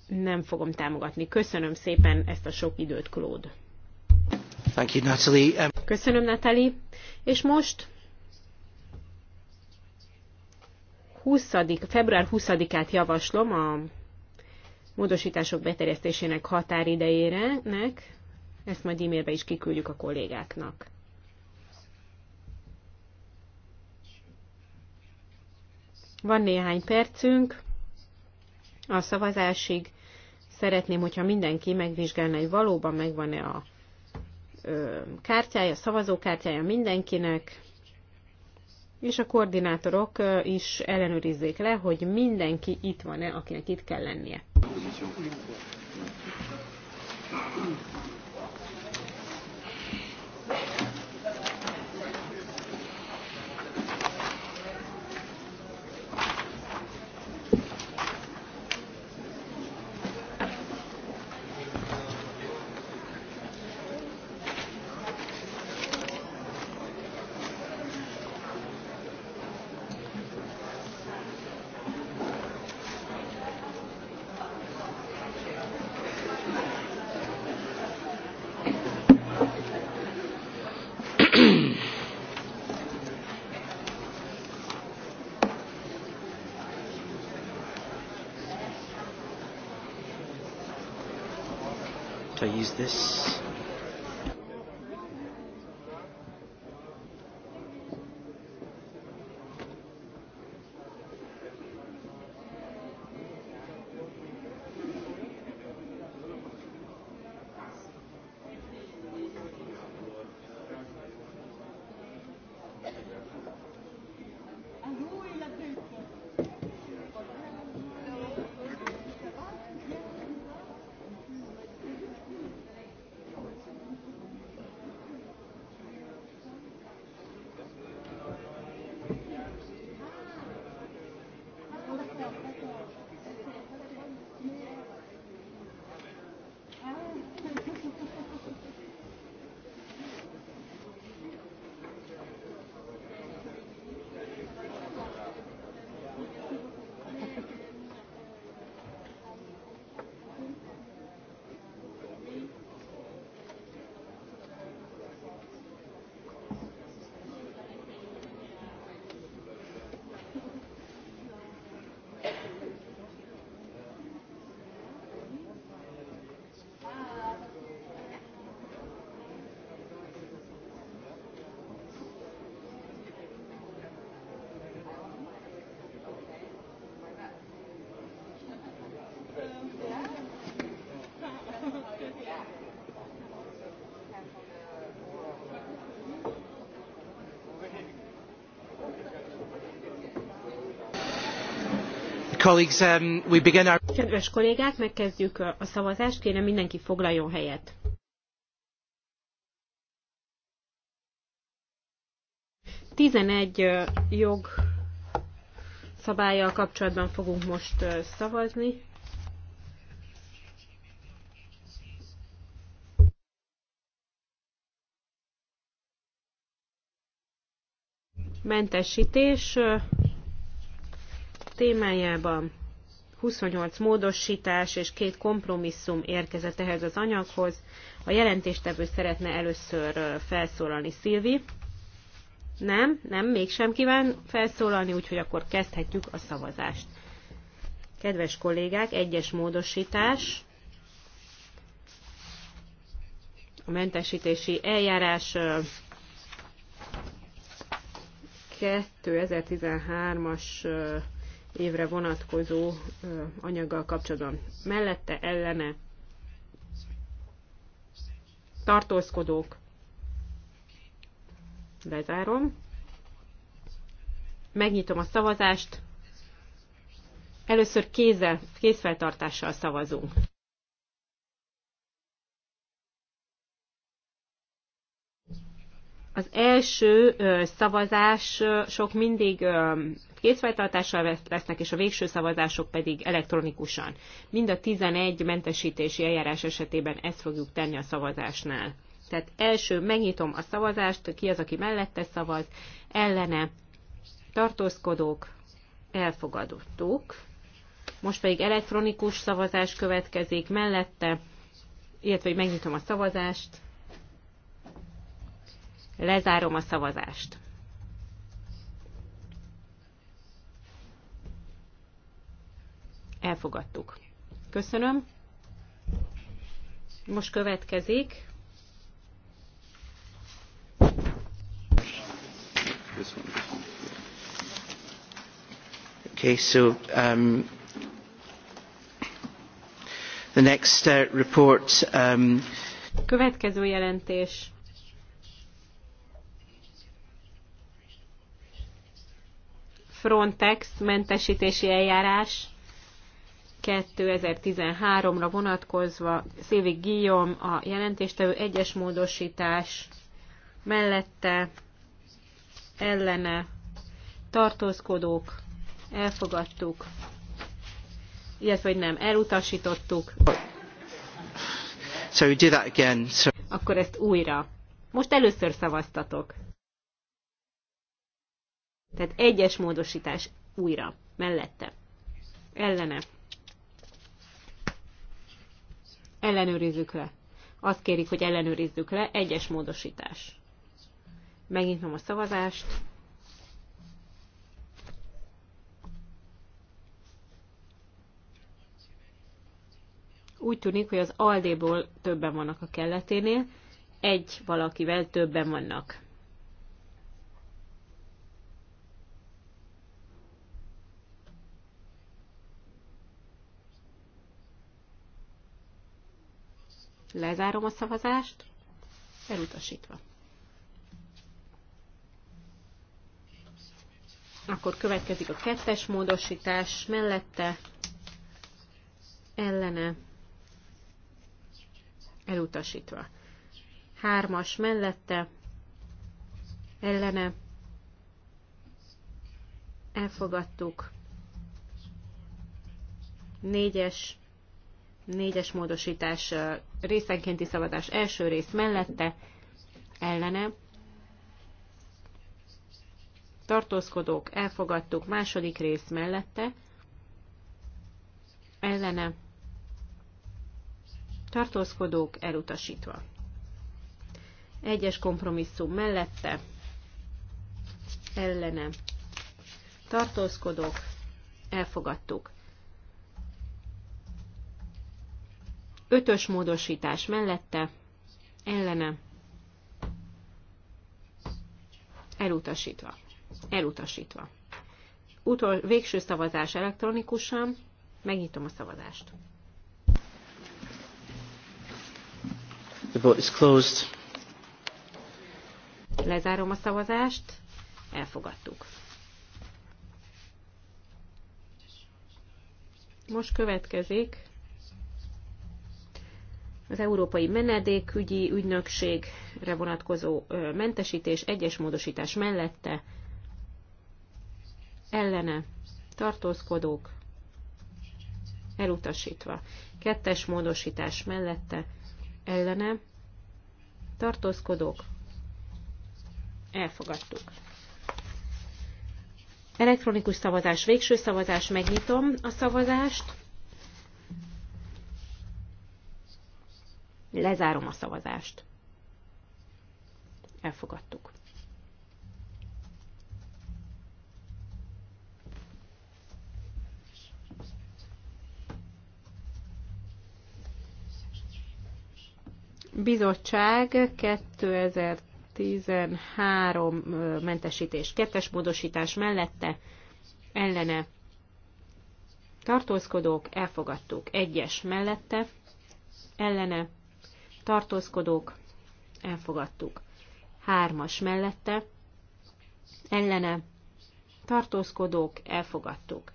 nem fogom támogatni. Köszönöm szépen ezt a sok időt, Claude. Thank you, Natalie. Um, Köszönöm, Natalie. És most 20. február 20-át javaslom a módosítások beterjesztésének nek, ezt majd e-mailbe is kiküldjük a kollégáknak. Van néhány percünk a szavazásig. Szeretném, hogyha mindenki megvizsgálna, hogy valóban megvan-e a kártyája, szavazókártyája mindenkinek és a koordinátorok is ellenőrizzék le, hogy mindenki itt van-e, akinek itt kell lennie. is this? Um, Kedves kollégák, megkezdjük a szavazást, kérem mindenki foglaljon helyet. Tizenegy jog szabályjal kapcsolatban fogunk most szavazni. Mentesítés témájában. 28 módosítás és két kompromisszum érkezett ehhez az anyaghoz. A jelentéstevő szeretne először felszólalni Szilvi. Nem, nem, mégsem kíván felszólalni, úgyhogy akkor kezdhetjük a szavazást. Kedves kollégák, egyes módosítás. A mentesítési eljárás 2013-as évre vonatkozó anyaggal kapcsolatban. Mellette ellene tartózkodók lezárom. Megnyitom a szavazást. Először kézzel, kézfeltartással szavazunk. Az első szavazás sok mindig készfeltartással lesznek, és a végső szavazások pedig elektronikusan. Mind a 11 mentesítési eljárás esetében ezt fogjuk tenni a szavazásnál. Tehát első megnyitom a szavazást, ki az, aki mellette szavaz, ellene, tartózkodók, elfogadottuk. Most pedig elektronikus szavazás következik mellette, illetve hogy megnyitom a szavazást. Lezárom a szavazást. Elfogadtuk. Köszönöm. Most következik. Okay, so um, the next uh, report. Um, Következő jelentés. Frontex mentesítési eljárás 2013-ra vonatkozva Szilvi Guillaume a jelentéstevő egyes módosítás mellette ellene tartózkodók elfogadtuk, illetve hogy nem, elutasítottuk. So we do that again. So... Akkor ezt újra. Most először szavaztatok. Tehát egyes módosítás újra, mellette, ellene. Ellenőrizzük le. Azt kérik, hogy ellenőrizzük le, egyes módosítás. Megnyitom a szavazást. Úgy tűnik, hogy az Aldéból többen vannak a kelleténél, egy valakivel többen vannak. Lezárom a szavazást. Elutasítva. Akkor következik a kettes módosítás mellette, ellene, elutasítva. Hármas mellette, ellene, elfogadtuk. Négyes Négyes módosítás részenkénti szavazás első rész mellette, ellene. Tartózkodók, elfogadtuk második rész mellette, ellene. Tartózkodók elutasítva. Egyes kompromisszum mellette, ellene. Tartózkodók, elfogadtuk. Ötös módosítás mellette ellene elutasítva. Elutasítva. Utol, végső szavazás elektronikusan. Megnyitom a szavazást. The vote is closed. Lezárom a szavazást. Elfogadtuk. Most következik az Európai Menedékügyi Ügynökségre vonatkozó mentesítés egyes módosítás mellette ellene tartózkodók elutasítva. Kettes módosítás mellette ellene tartózkodók elfogadtuk. Elektronikus szavazás, végső szavazás, megnyitom a szavazást. Lezárom a szavazást. Elfogadtuk. Bizottság 2013 mentesítés, kettes módosítás mellette ellene tartózkodók, elfogadtuk egyes mellette, ellene tartózkodók, elfogadtuk. Hármas mellette, ellene, tartózkodók, elfogadtuk.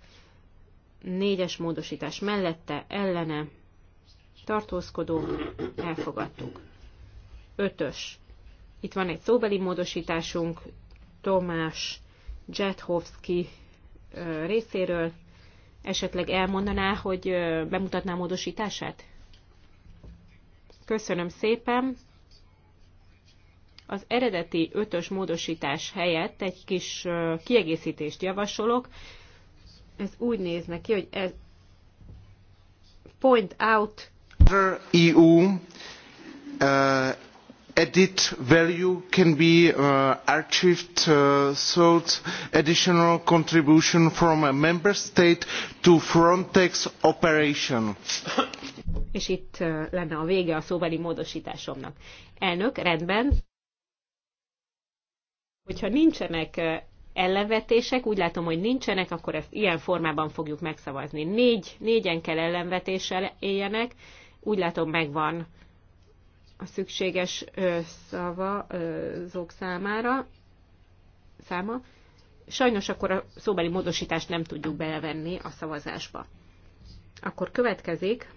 Négyes módosítás mellette, ellene, tartózkodók, elfogadtuk. Ötös. Itt van egy szóbeli módosításunk, Tomás Jethovski részéről. Esetleg elmondaná, hogy bemutatná módosítását? Köszönöm szépen. Az eredeti ötös módosítás helyett egy kis kiegészítést javasolok. Ez úgy nézne ki, hogy ez point out EU e uh, added value can be uh, achieved through additional contributions from a member state to Frontex operations. És itt uh, lenne a vége a szóbeli módosításomnak. Elnök, rendben. Hogyha nincsenek uh, ellenvetések, úgy látom, hogy nincsenek, akkor ezt ilyen formában fogjuk megszavazni. Négy, négyen kell ellenvetéssel éljenek, úgy látom megvan a szükséges szava, szavazók számára, száma, sajnos akkor a szóbeli módosítást nem tudjuk belevenni a szavazásba. Akkor következik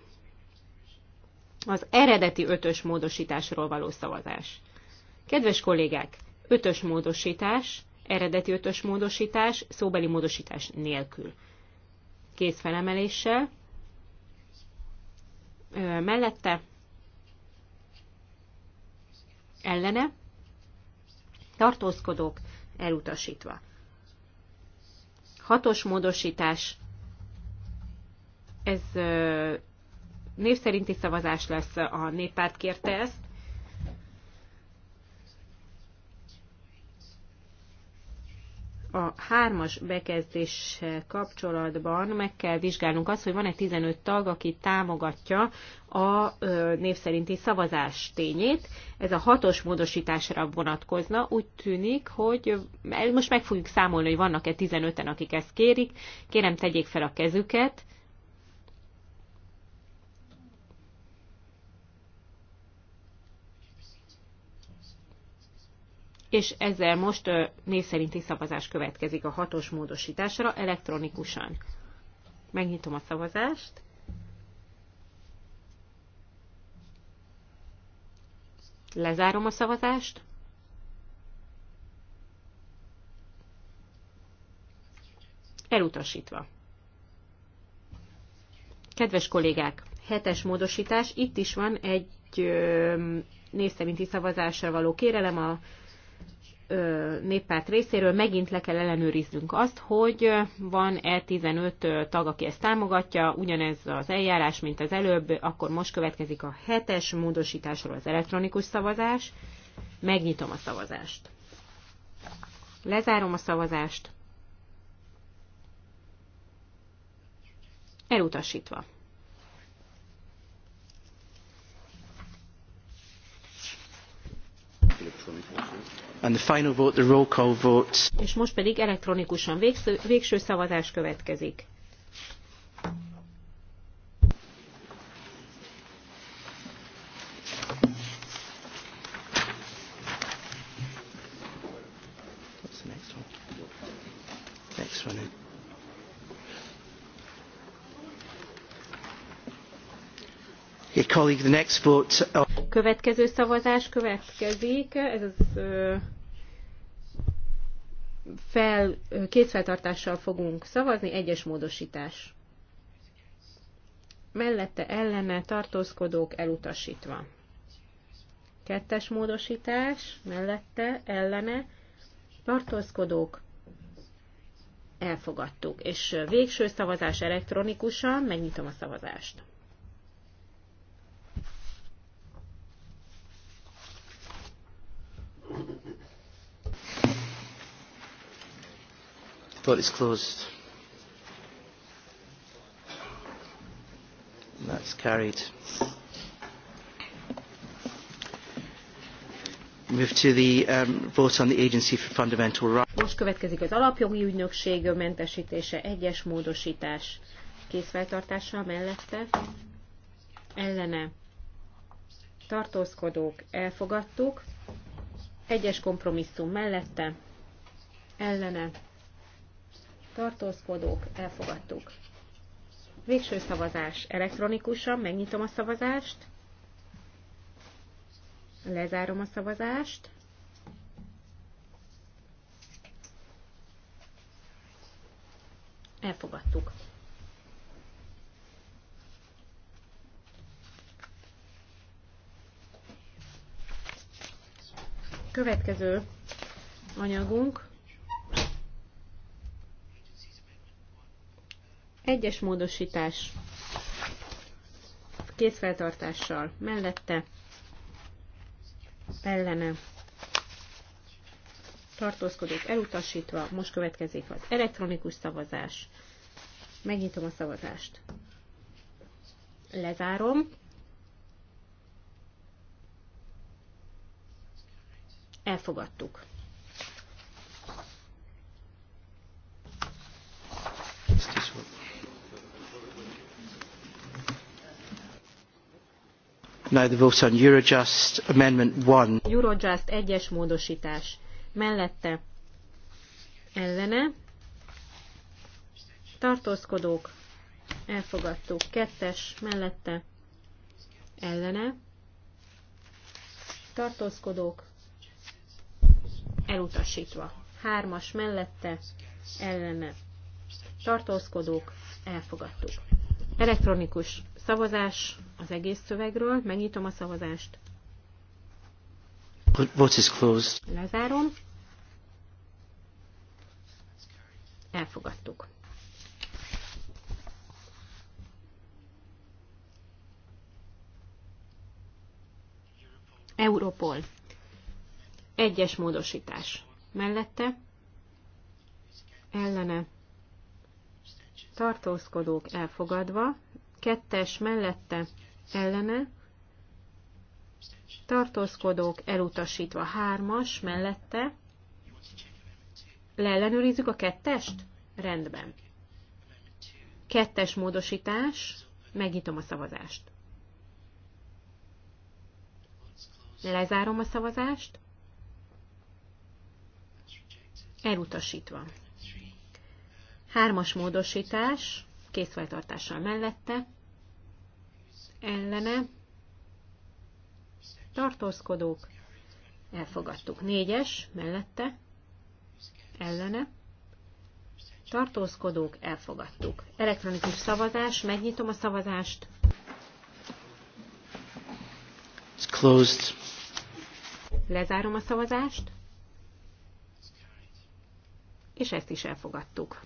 az eredeti ötös módosításról való szavazás. Kedves kollégák, ötös módosítás, eredeti ötös módosítás, szóbeli módosítás nélkül. Kész felemeléssel, mellette, ellene, tartózkodók elutasítva. Hatos módosítás, ez név szerinti szavazás lesz, a néppárt kérte ezt, a hármas bekezdés kapcsolatban meg kell vizsgálnunk azt, hogy van-e 15 tag, aki támogatja a név szerinti szavazás tényét. Ez a hatos módosításra vonatkozna. Úgy tűnik, hogy most meg fogjuk számolni, hogy vannak-e 15-en, akik ezt kérik. Kérem, tegyék fel a kezüket. és ezzel most név szerinti szavazás következik a hatos módosításra elektronikusan. Megnyitom a szavazást. Lezárom a szavazást. Elutasítva. Kedves kollégák, hetes módosítás. Itt is van egy név szerinti szavazásra való kérelem a néppárt részéről megint le kell ellenőriznünk azt, hogy van-e 15 tag, aki ezt támogatja, ugyanez az eljárás, mint az előbb, akkor most következik a hetes módosításról az elektronikus szavazás. Megnyitom a szavazást. Lezárom a szavazást. Elutasítva. És most pedig elektronikusan végső szavazás következik. Uh, Következő szavazás következik. Ez az fel, fogunk szavazni, egyes módosítás. Mellette ellene tartózkodók elutasítva. Kettes módosítás, mellette ellene tartózkodók elfogadtuk. És végső szavazás elektronikusan, megnyitom a szavazást. Vote is closed. That's carried. Move to the um, vote on the Agency for Fundamental Rights. Most következik az alapjogi ügynökség mentesítése, egyes módosítás készfeltartása mellette. Ellene tartózkodók elfogadtuk, egyes kompromisszum mellette, ellene tartózkodók, elfogadtuk. Végső szavazás elektronikusan, megnyitom a szavazást, lezárom a szavazást, elfogadtuk. Következő anyagunk Egyes módosítás kézfeltartással mellette, ellene tartózkodik elutasítva, most következik az elektronikus szavazás. Megnyitom a szavazást. Lezárom. Elfogadtuk. Now on Eurojust Amendment 1. Eurojust egyes módosítás. Mellette ellene tartózkodók elfogadtuk. Kettes mellette ellene tartózkodók elutasítva. Hármas mellette ellene tartózkodók elfogadtuk. Elektronikus Szavazás az egész szövegről. Megnyitom a szavazást. Vote is closed. Lezárom. Elfogadtuk. Europol. Egyes módosítás. Mellette ellene tartózkodók elfogadva, kettes mellette ellene, tartózkodók elutasítva hármas mellette, leellenőrizzük a kettest? Rendben. Kettes módosítás, megnyitom a szavazást. Lezárom a szavazást. Elutasítva. Hármas módosítás, készfeltartással mellette, ellene tartózkodók, elfogadtuk. Négyes mellette, ellene, tartózkodók, elfogadtuk. Elektronikus szavazás, megnyitom a szavazást. It's closed. Lezárom a szavazást, és ezt is elfogadtuk.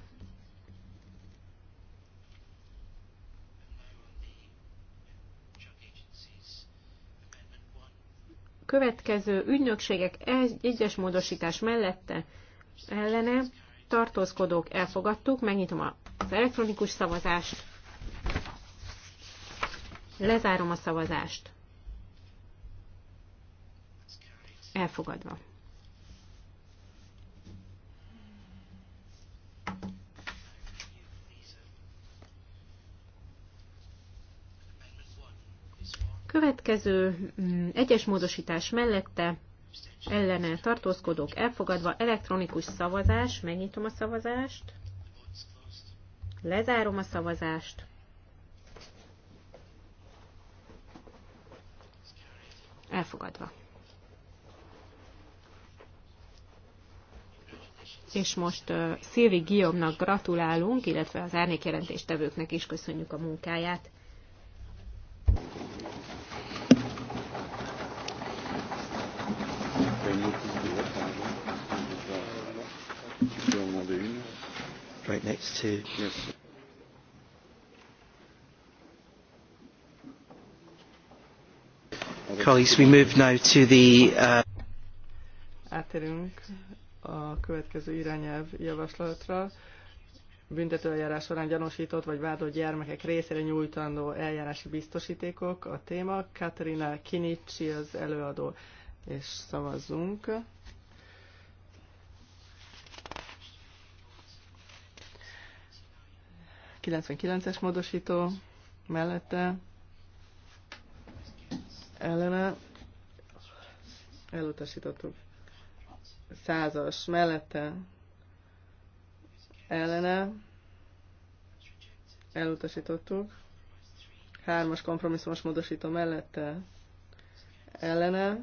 Következő ügynökségek egyes módosítás mellette ellene tartózkodók elfogadtuk. Megnyitom az elektronikus szavazást. Lezárom a szavazást. Elfogadva. Következő mm, egyes módosítás mellette ellene tartózkodók elfogadva elektronikus szavazás, megnyitom a szavazást, lezárom a szavazást, elfogadva. És most uh, Szilvi Guillaume-nak gratulálunk, illetve az árnyékjelentéstevőknek is köszönjük a munkáját. right next to. Yes. Colleagues, we move now to the. Uh, Átérünk a következő irányelv javaslatra. Büntetőeljárás során gyanúsított vagy vádolt gyermekek részére nyújtandó eljárási biztosítékok a téma. Katerina Kinicsi az előadó, és szavazzunk. 99-es módosító mellette ellene elutasítottuk. Százas mellette ellene elutasítottuk. Hármas kompromisszumos módosító mellette ellene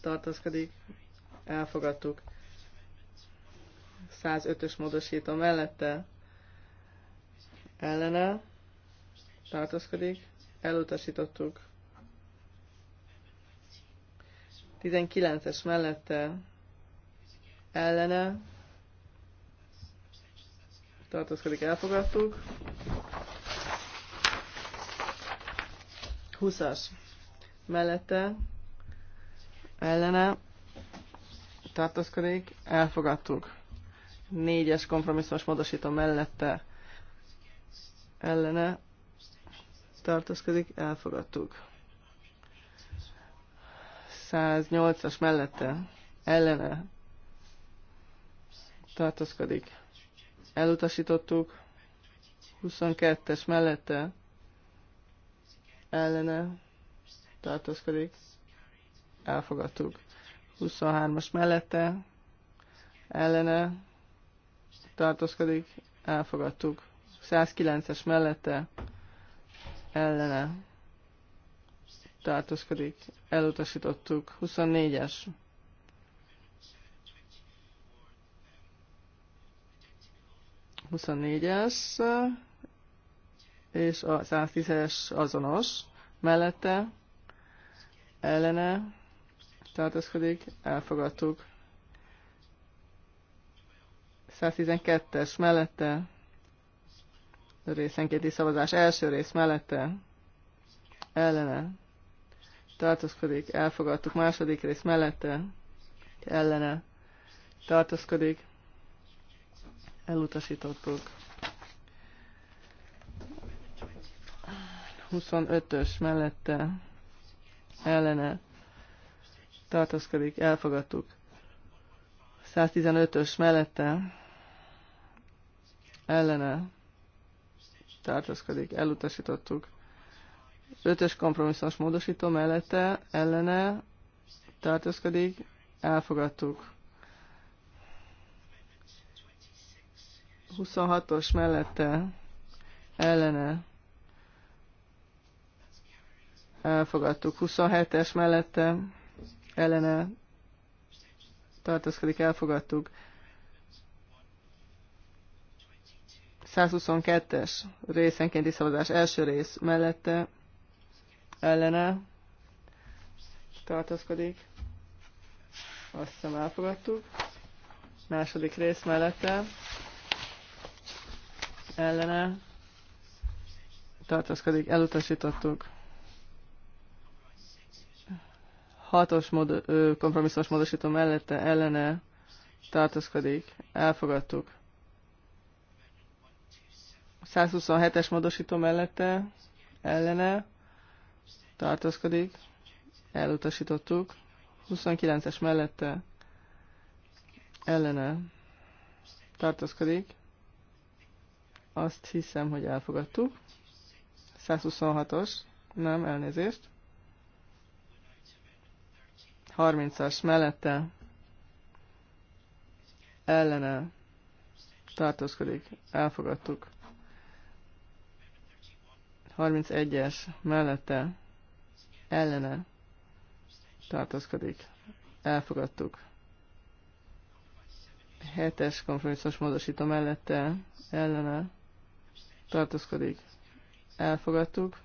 tartózkodik, elfogadtuk. 105-ös módosító mellette ellene tartozkodik, elutasítottuk. 19-es mellette ellene tartozkodik, elfogadtuk. 20-as mellette ellene tartozkodik, elfogadtuk. 4-es kompromisszumos módosító mellette ellene tartozkodik, elfogadtuk. 108-as mellette ellene tartozkodik, Elutasítottuk. 22-es mellette ellene tartozkodik, Elfogadtuk. 23-as mellette ellene tartozkodik, Elfogadtuk. 109-es mellette ellene tartózkodik. Elutasítottuk. 24-es. es és a 110-es azonos mellette ellene tartózkodik, elfogadtuk. 112-es mellette részenkéti szavazás első rész mellette ellene tartózkodik, elfogadtuk második rész mellette ellene tartózkodik, elutasítottuk. 25-ös mellette ellene tartózkodik, elfogadtuk. 115-ös mellette ellene tartózkodik, elutasítottuk. Ötös kompromisszumos módosító mellette, ellene tartózkodik, elfogadtuk. 26-os mellette, ellene elfogadtuk. 27-es mellette, ellene tartózkodik, elfogadtuk. 122-es részenkénti szavazás első rész mellette ellene tartozkodik. Azt hiszem elfogadtuk. Második rész mellette ellene tartozkodik. Elutasítottuk. Hatos mod, kompromisszumos módosító mellette ellene tartozkodik. Elfogadtuk. 127-es módosító mellette ellene tartózkodik, elutasítottuk. 29-es mellette ellene tartózkodik. Azt hiszem, hogy elfogadtuk. 126-os, nem, elnézést. 30-as mellette ellene tartózkodik. Elfogadtuk. 31-es mellette ellene tartózkodik. Elfogadtuk. 7-es kompromisszos módosító mellette ellene tartózkodik. Elfogadtuk.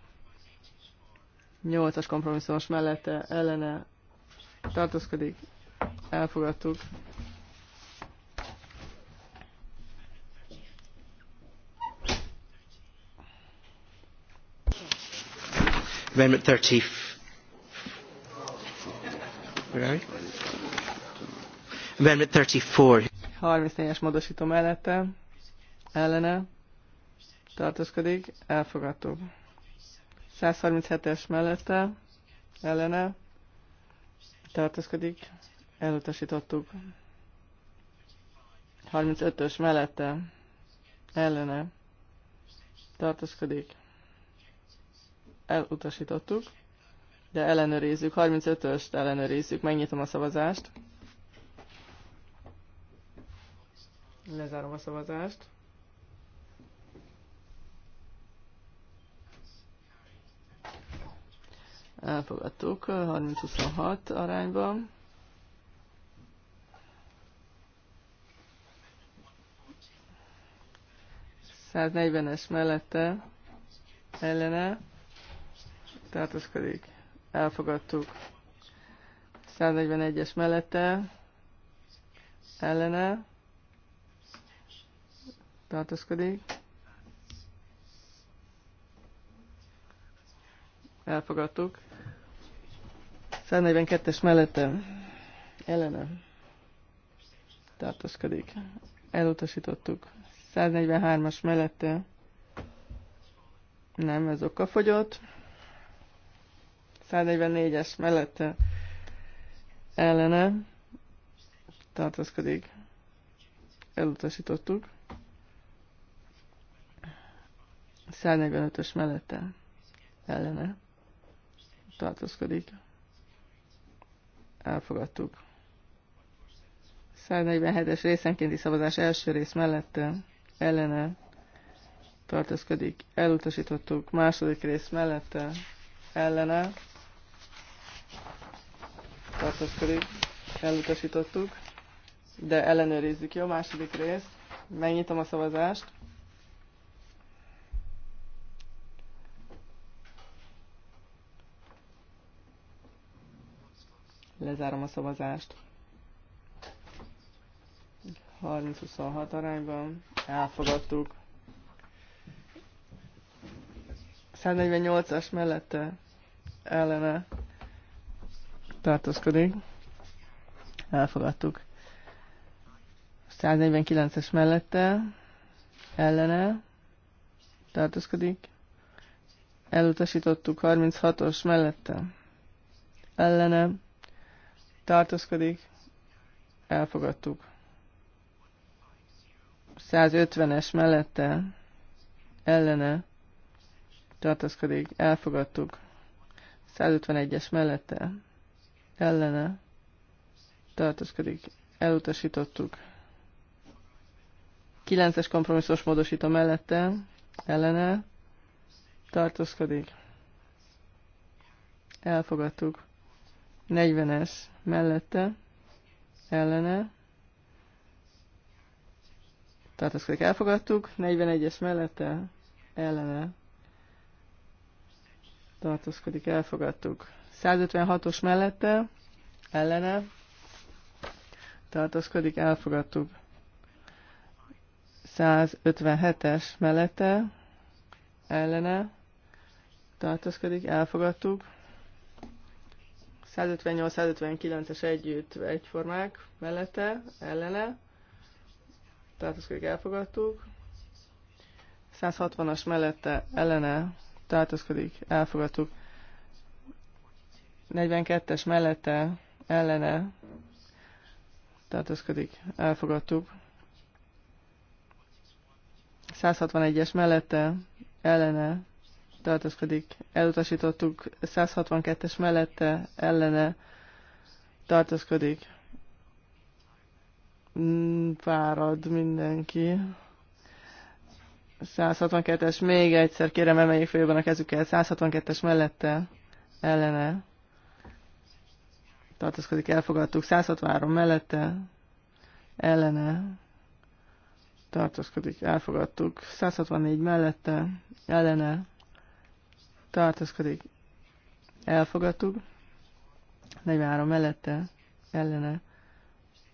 8-as kompromisszumos mellette ellene tartózkodik. Elfogadtuk. Amendment 30. Where are Amendment 34. 34-es módosító mellette ellene tartózkodik, elfogadtuk. 137-es mellette ellene tartózkodik, elutasítottuk. 35-ös mellette ellene tartózkodik, elutasítottuk, de ellenőrizzük, 35-öst ellenőrizzük, megnyitom a szavazást. Lezárom a szavazást. Elfogadtuk 30-26 arányban. es mellette ellene tartózkodik, elfogadtuk. 141-es mellette, ellene, tartózkodik, elfogadtuk. 142-es mellette, ellene, tartózkodik, elutasítottuk. 143-as mellette, nem, ez okafogyott. 144-es mellette ellene tartozkodik. Elutasítottuk. 145-ös mellette ellene tartozkodik. Elfogadtuk. 147-es részenkénti szavazás első rész mellette ellene tartozkodik. Elutasítottuk. Második rész mellette ellene tartózkodik, elutasítottuk, de ellenőrizzük, jó? Második rész, megnyitom a szavazást. Lezárom a szavazást. 30-26 arányban elfogadtuk. 148-as mellette ellene tartózkodik. Elfogadtuk. 149-es mellette, ellene, tartózkodik. Elutasítottuk 36-os mellette, ellene, tartózkodik. Elfogadtuk. 150-es mellette, ellene, tartózkodik. Elfogadtuk. 151-es mellette, ellene tartozkodik. elutasítottuk. 9-es kompromisszós módosító mellette ellene tartózkodik. Elfogadtuk. 40-es mellette ellene tartózkodik. Elfogadtuk. 41-es mellette ellene tartózkodik. Elfogadtuk. 156-os mellette, ellene, tartózkodik, elfogadtuk. 157-es mellette, ellene, tartózkodik, elfogadtuk. 158-159-es együtt egyformák mellette, ellene, tartózkodik, elfogadtuk. 160-as mellette, ellene, tartózkodik, elfogadtuk. 42-es mellette ellene tartozkodik. Elfogadtuk. 161-es mellette ellene tartozkodik. Elutasítottuk. 162-es mellette ellene tartozkodik. Mm, fárad mindenki. 162-es, még egyszer kérem emeljék félben a kezüket. 162-es mellette ellene tartozkodik, elfogadtuk. 163 mellette, ellene, tartozkodik, elfogadtuk. 164 mellette, ellene, tartozkodik, elfogadtuk. 43 mellette, ellene,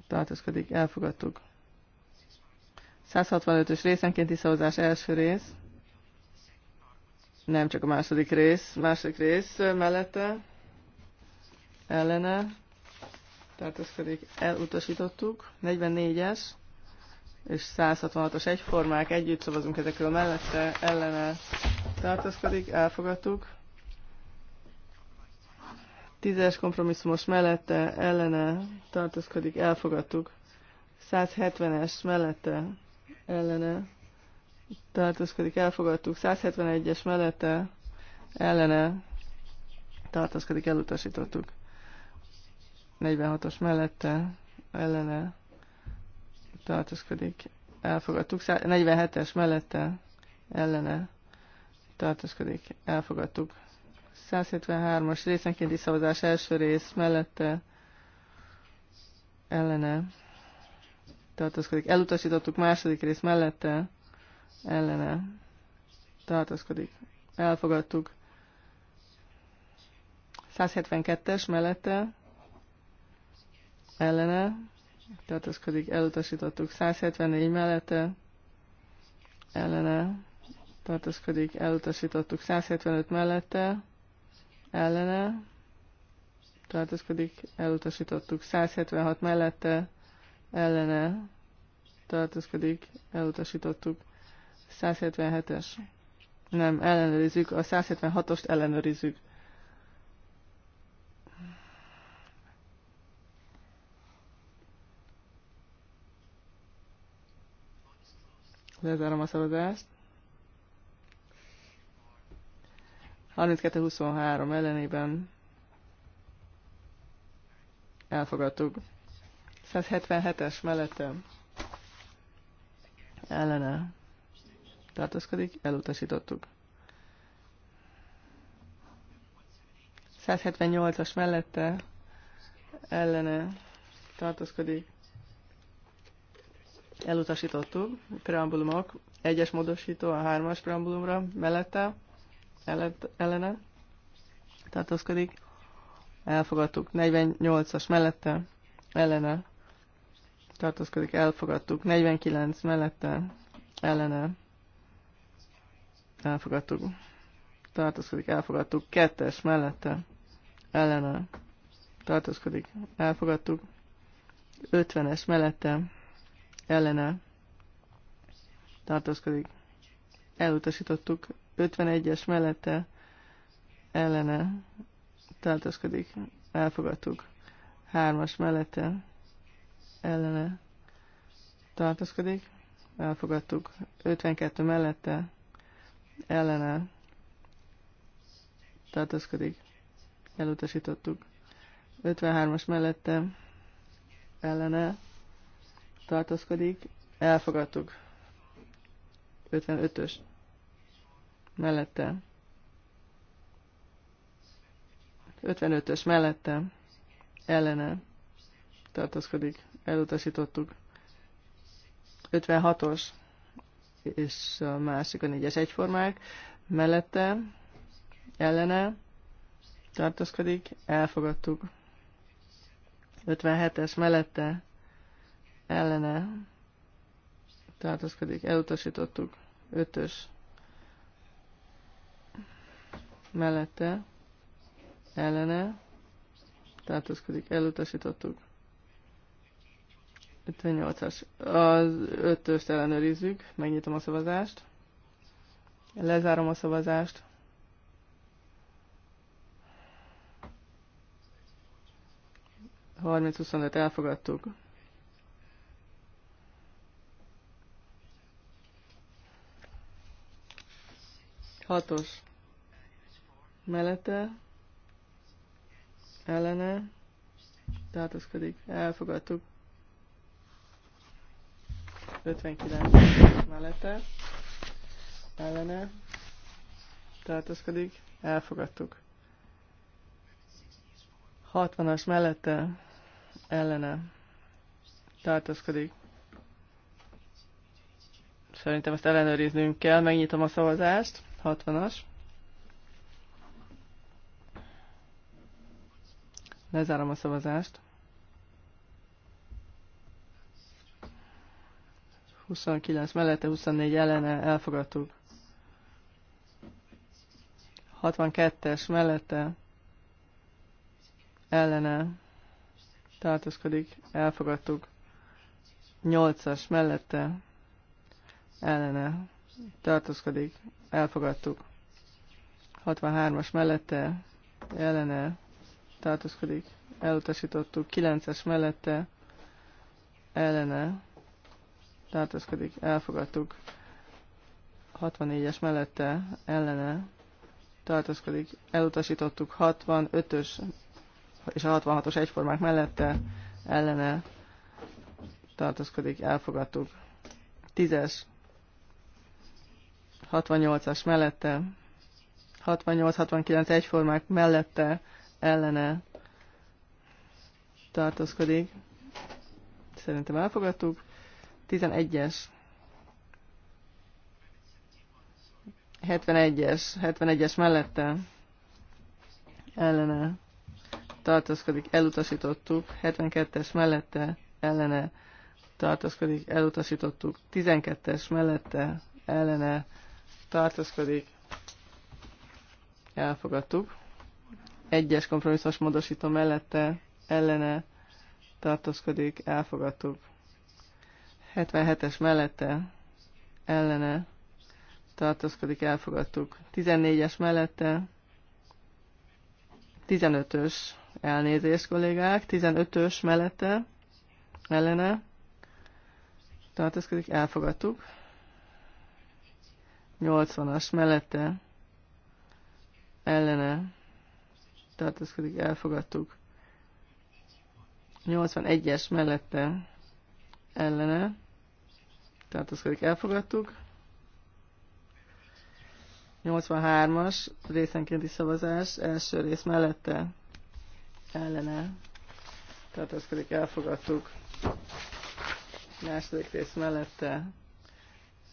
tartozkodik, elfogadtuk. 165-ös részenkénti szavazás első rész, nem csak a második rész, második rész mellette, ellene tartózkodik, elutasítottuk. 44-es és 166-os egyformák, együtt szavazunk ezekről mellette, ellene tartózkodik, elfogadtuk. 10-es kompromisszumos mellette, ellene tartózkodik, elfogadtuk. 170-es mellette, ellene tartózkodik, elfogadtuk. 171-es mellette, ellene tartózkodik, elutasítottuk. 46-os mellette ellene tartózkodik. Elfogadtuk. 47-es mellette ellene tartózkodik. Elfogadtuk. 173-as részenkénti szavazás első rész mellette ellene tartózkodik. Elutasítottuk második rész mellette ellene tartózkodik. Elfogadtuk. 172-es mellette ellene, tartózkodik, elutasítottuk 174 mellette, ellene, tartózkodik, elutasítottuk 175 mellette, ellene, tartózkodik, elutasítottuk 176 mellette, ellene, tartózkodik, elutasítottuk 177-es. Nem, ellenőrizzük, a 176-ost ellenőrizzük. Lezárom a szavazást. 32-23 ellenében elfogadtuk. 177-es mellette ellene tartozkodik, elutasítottuk. 178-as mellette ellene tartozkodik, elutasítottuk, preambulumok, egyes módosító a hármas preambulumra, mellette, ellet, ellene, tartózkodik, elfogadtuk, 48-as mellette, ellene, tartózkodik, elfogadtuk, 49 mellette, ellene, elfogadtuk, tartózkodik, elfogadtuk, kettes mellette, ellene, tartózkodik, elfogadtuk, 50-es mellette, ellene tartózkodik. Elutasítottuk 51-es mellette ellene tartózkodik. Elfogadtuk. 3-as mellette ellene tartózkodik. Elfogadtuk. 52 mellette ellene tartózkodik. Elutasítottuk. 53-as mellette ellene tartózkodik, elfogadtuk. 55-ös mellette. 55-ös mellette, ellene tartózkodik, elutasítottuk. 56-os és a másik a 4-es egyformák, mellette, ellene tartózkodik, elfogadtuk. 57-es mellette, ellene tartozkodik. elutasítottuk, ötös mellette ellene tartozkodik. elutasítottuk. 58-as. Az ötöst ellenőrizzük, megnyitom a szavazást, lezárom a szavazást, harminc 25 elfogadtuk. Hatos. Mellette. Ellene. Tartózkodik. Elfogadtuk. 59 mellette. Ellene. Tartózkodik. Elfogadtuk. 60-as mellette. Ellene. Tartózkodik. Szerintem ezt ellenőriznünk kell. Megnyitom a szavazást. 60-as. Lezárom a szavazást. 29 mellette, 24 ellene elfogadtuk. 62-es mellette ellene tartózkodik, elfogadtuk. 8-as mellette ellene tartózkodik, elfogadtuk. 63-as mellette, ellene, tartózkodik, elutasítottuk. 9-es mellette, ellene, tartózkodik, elfogadtuk. 64-es mellette, ellene, tartózkodik, elutasítottuk. 65-ös és a 66-os egyformák mellette, ellene, tartózkodik, elfogadtuk. 10-es 68-as mellette, 68-69 egyformák mellette ellene tartózkodik. Szerintem elfogadtuk. 11-es. 71-es, 71-es mellette ellene tartózkodik, elutasítottuk, 72-es mellette ellene tartózkodik, elutasítottuk, 12-es mellette ellene tartózkodik, elfogadtuk. Egyes kompromisszos módosító mellette, ellene, tartózkodik, elfogadtuk. 77-es mellette, ellene, tartózkodik, elfogadtuk. 14-es mellette, 15-ös elnézés, kollégák, 15-ös mellette, ellene, tartózkodik, elfogadtuk. 80-as mellette ellene tartózkodik, elfogadtuk. 81-es mellette ellene tartózkodik, elfogadtuk. 83-as részenkénti szavazás első rész mellette ellene tartózkodik, elfogadtuk. Második rész mellette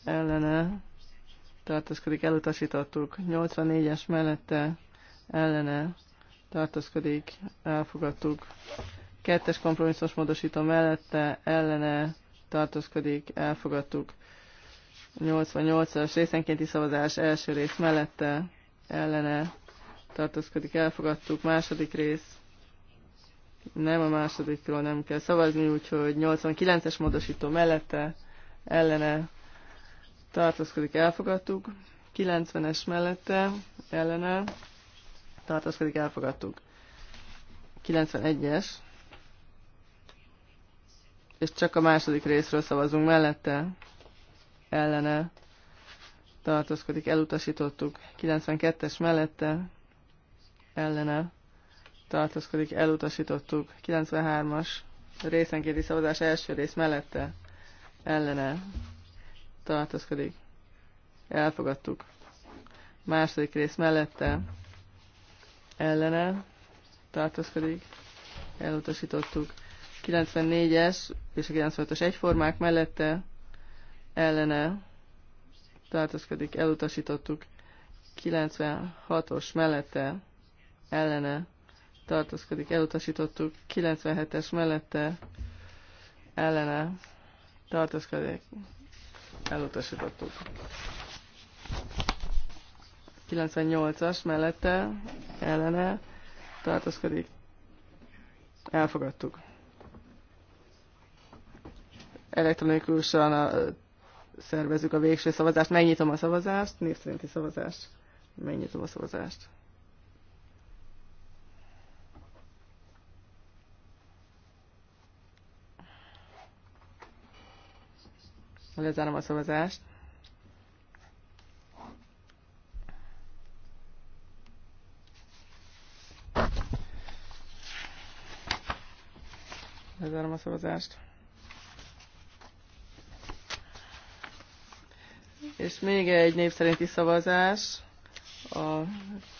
ellene tartózkodik, elutasítottuk. 84-es mellette ellene tartózkodik, elfogadtuk. Kettes kompromisszos módosító mellette ellene tartózkodik, elfogadtuk. 88-as részenkénti szavazás első rész mellette ellene tartózkodik, elfogadtuk. Második rész nem a másodikról nem kell szavazni, úgyhogy 89-es módosító mellette ellene tartózkodik, elfogadtuk. 90-es mellette, ellene, tartózkodik, elfogadtuk. 91-es. És csak a második részről szavazunk mellette, ellene, tartózkodik, elutasítottuk. 92-es mellette, ellene, tartózkodik, elutasítottuk. 93-as részenkéti szavazás első rész mellette, ellene, tartózkodik. Elfogadtuk. Második rész mellette ellene tartózkodik. Elutasítottuk. 94-es és a 95-ös egyformák mellette ellene tartózkodik. Elutasítottuk. 96-os mellette ellene tartózkodik. Elutasítottuk. 97-es mellette ellene tartózkodik elutasítottuk. 98-as mellette ellene tartozkodik. Elfogadtuk. Elektronikusan a, uh, szervezzük a végső szavazást. Megnyitom a szavazást, név szerinti szavazást. Megnyitom a szavazást. Lezárom a szavazást. Lezárom a szavazást. És még egy népszerinti szavazás a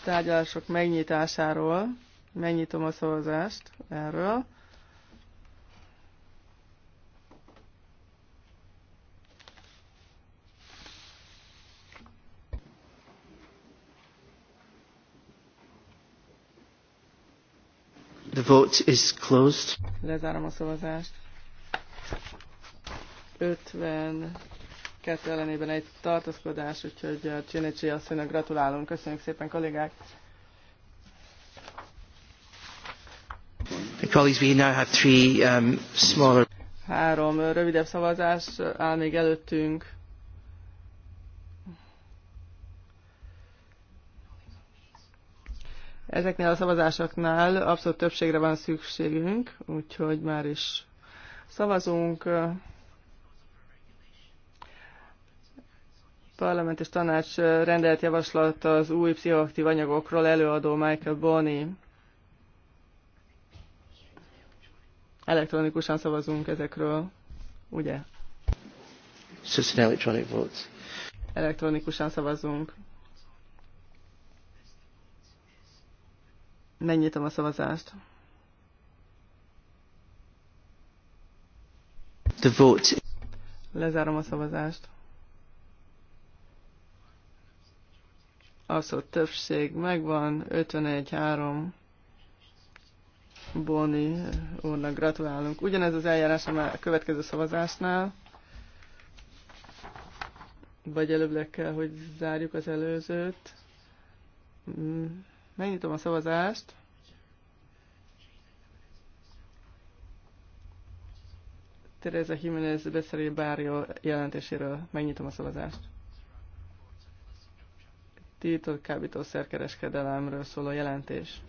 tárgyalások megnyitásáról. Megnyitom a szavazást erről. The vote is closed. Lezárom a szavazást. 50 ellenében egy tartózkodás, úgyhogy a uh, Csinicsi asszonynak gratulálunk. Köszönjük szépen, kollégák! colleagues, we now have three um, smaller... Három uh, rövidebb szavazás áll még előttünk. Ezeknél a szavazásoknál abszolút többségre van szükségünk, úgyhogy már is szavazunk. Parlament és tanács rendelt javaslat az új pszichoaktív anyagokról előadó Michael Boni. Elektronikusan szavazunk ezekről, ugye? Elektronikusan szavazunk. Megnyitom a szavazást. The vote. Lezárom a szavazást. Abszolút többség megvan, 51-3. Boni úrnak gratulálunk. Ugyanez az eljárás a következő szavazásnál. Vagy előbb le kell, hogy zárjuk az előzőt. Mm. Megnyitom a szavazást. Tereza Jiménez beszélő Bário jelentéséről. Megnyitom a szavazást. Tiltott kábítószerkereskedelemről szóló jelentés.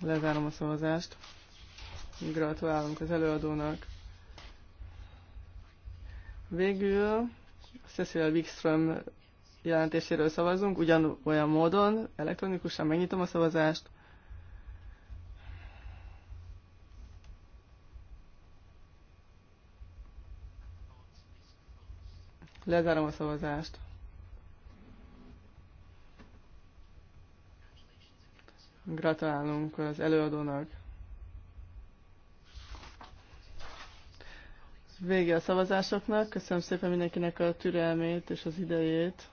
Lezárom a szavazást. Gratulálunk az előadónak. Végül Cecil Wikström jelentéséről szavazunk, ugyanolyan módon, elektronikusan megnyitom a szavazást. Lezárom a szavazást. Gratulálunk az előadónak. Vége a szavazásoknak. Köszönöm szépen mindenkinek a türelmét és az idejét.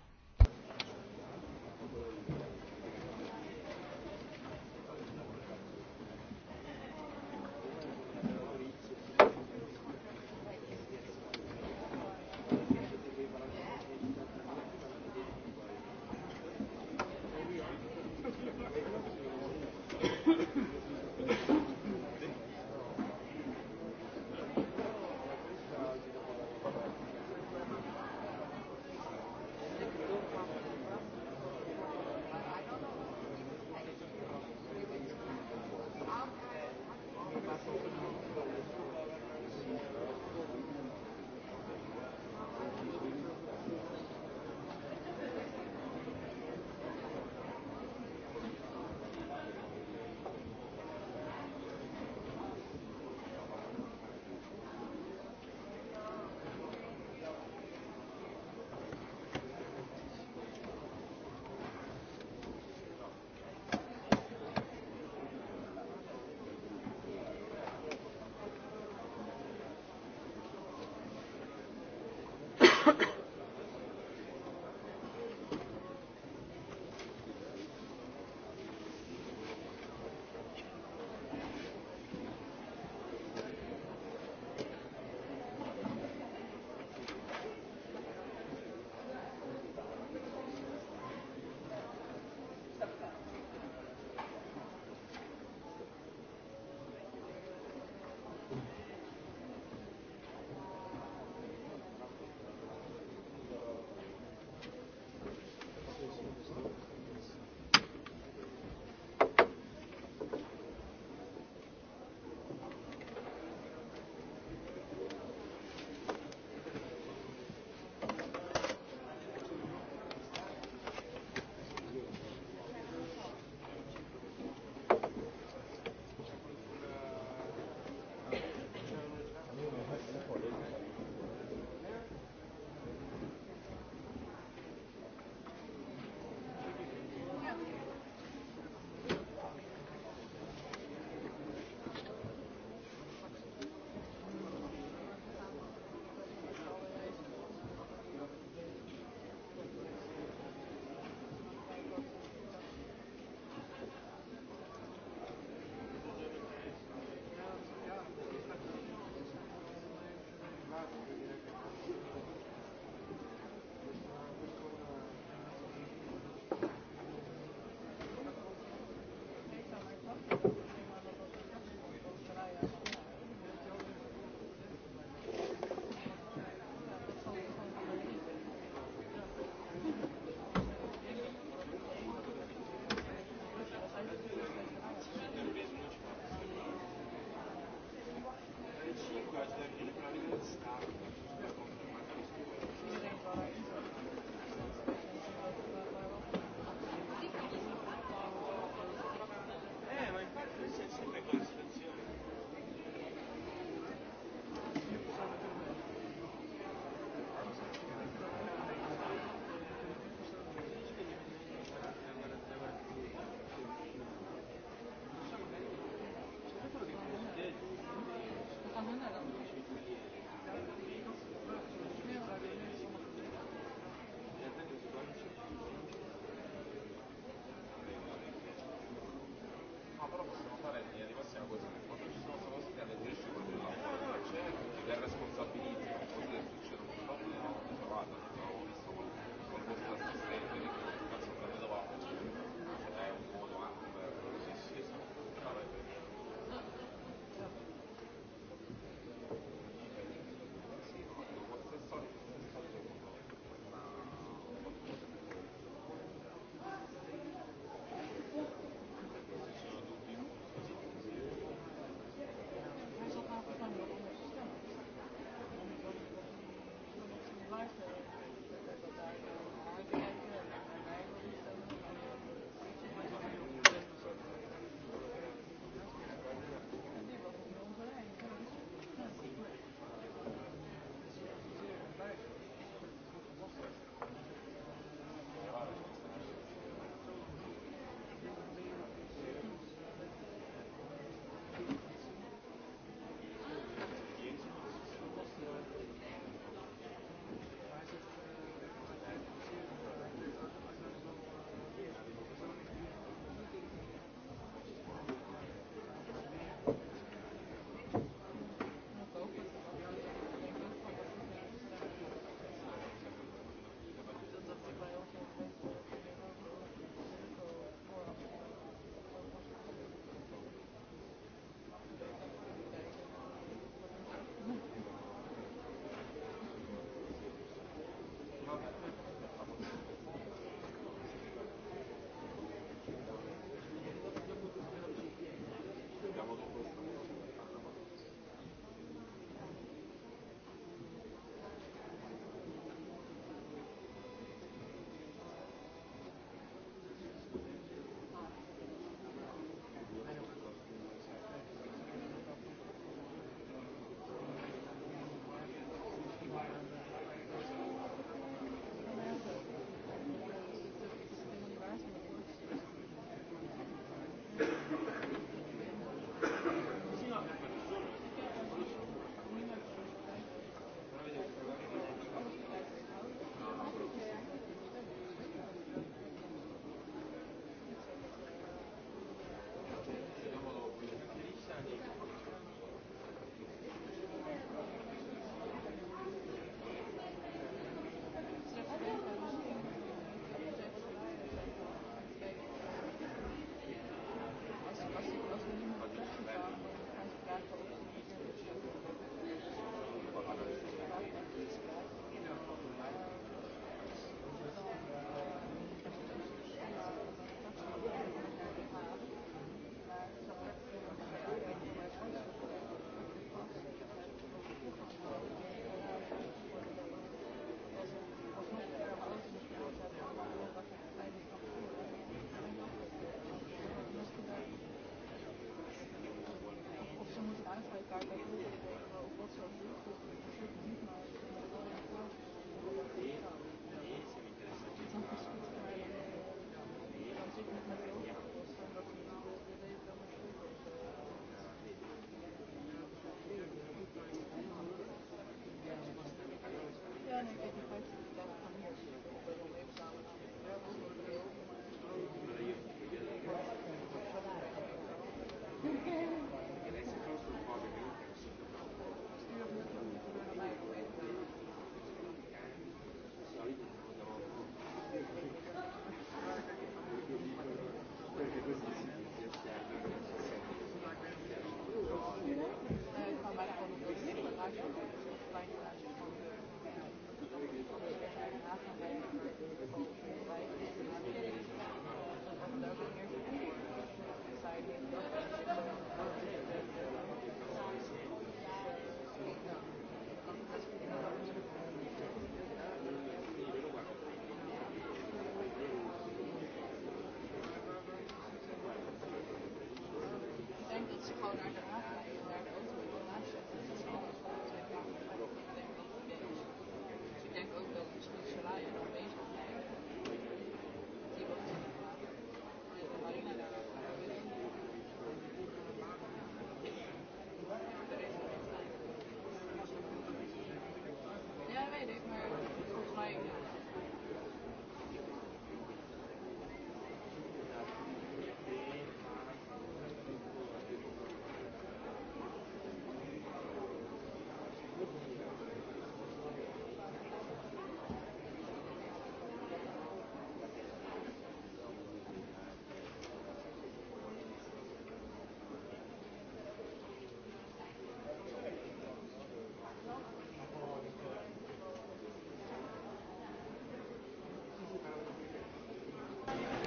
però possiamo fare e arrivassimo a questo punto ci sono solo state due scelte la responsabilizza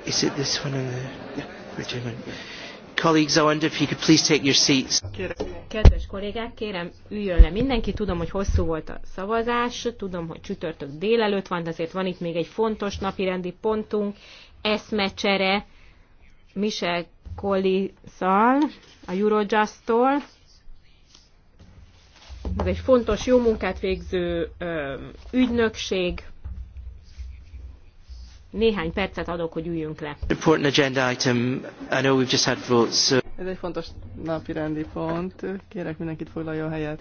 Is it this one? the, uh, yeah, the Colleagues, I wonder if you could please take your seats. Kedves kollégák, kérem üljön le mindenki. Tudom, hogy hosszú volt a szavazás, tudom, hogy csütörtök délelőtt van, de azért van itt még egy fontos napirendi pontunk, eszmecsere Michel Collis-szal, a Eurojust-tól. Ez egy fontos, jó munkát végző ö, ügynökség, néhány percet adok, hogy üljünk le. Ez egy fontos napi rendi pont. Kérek mindenkit foglalja a helyet.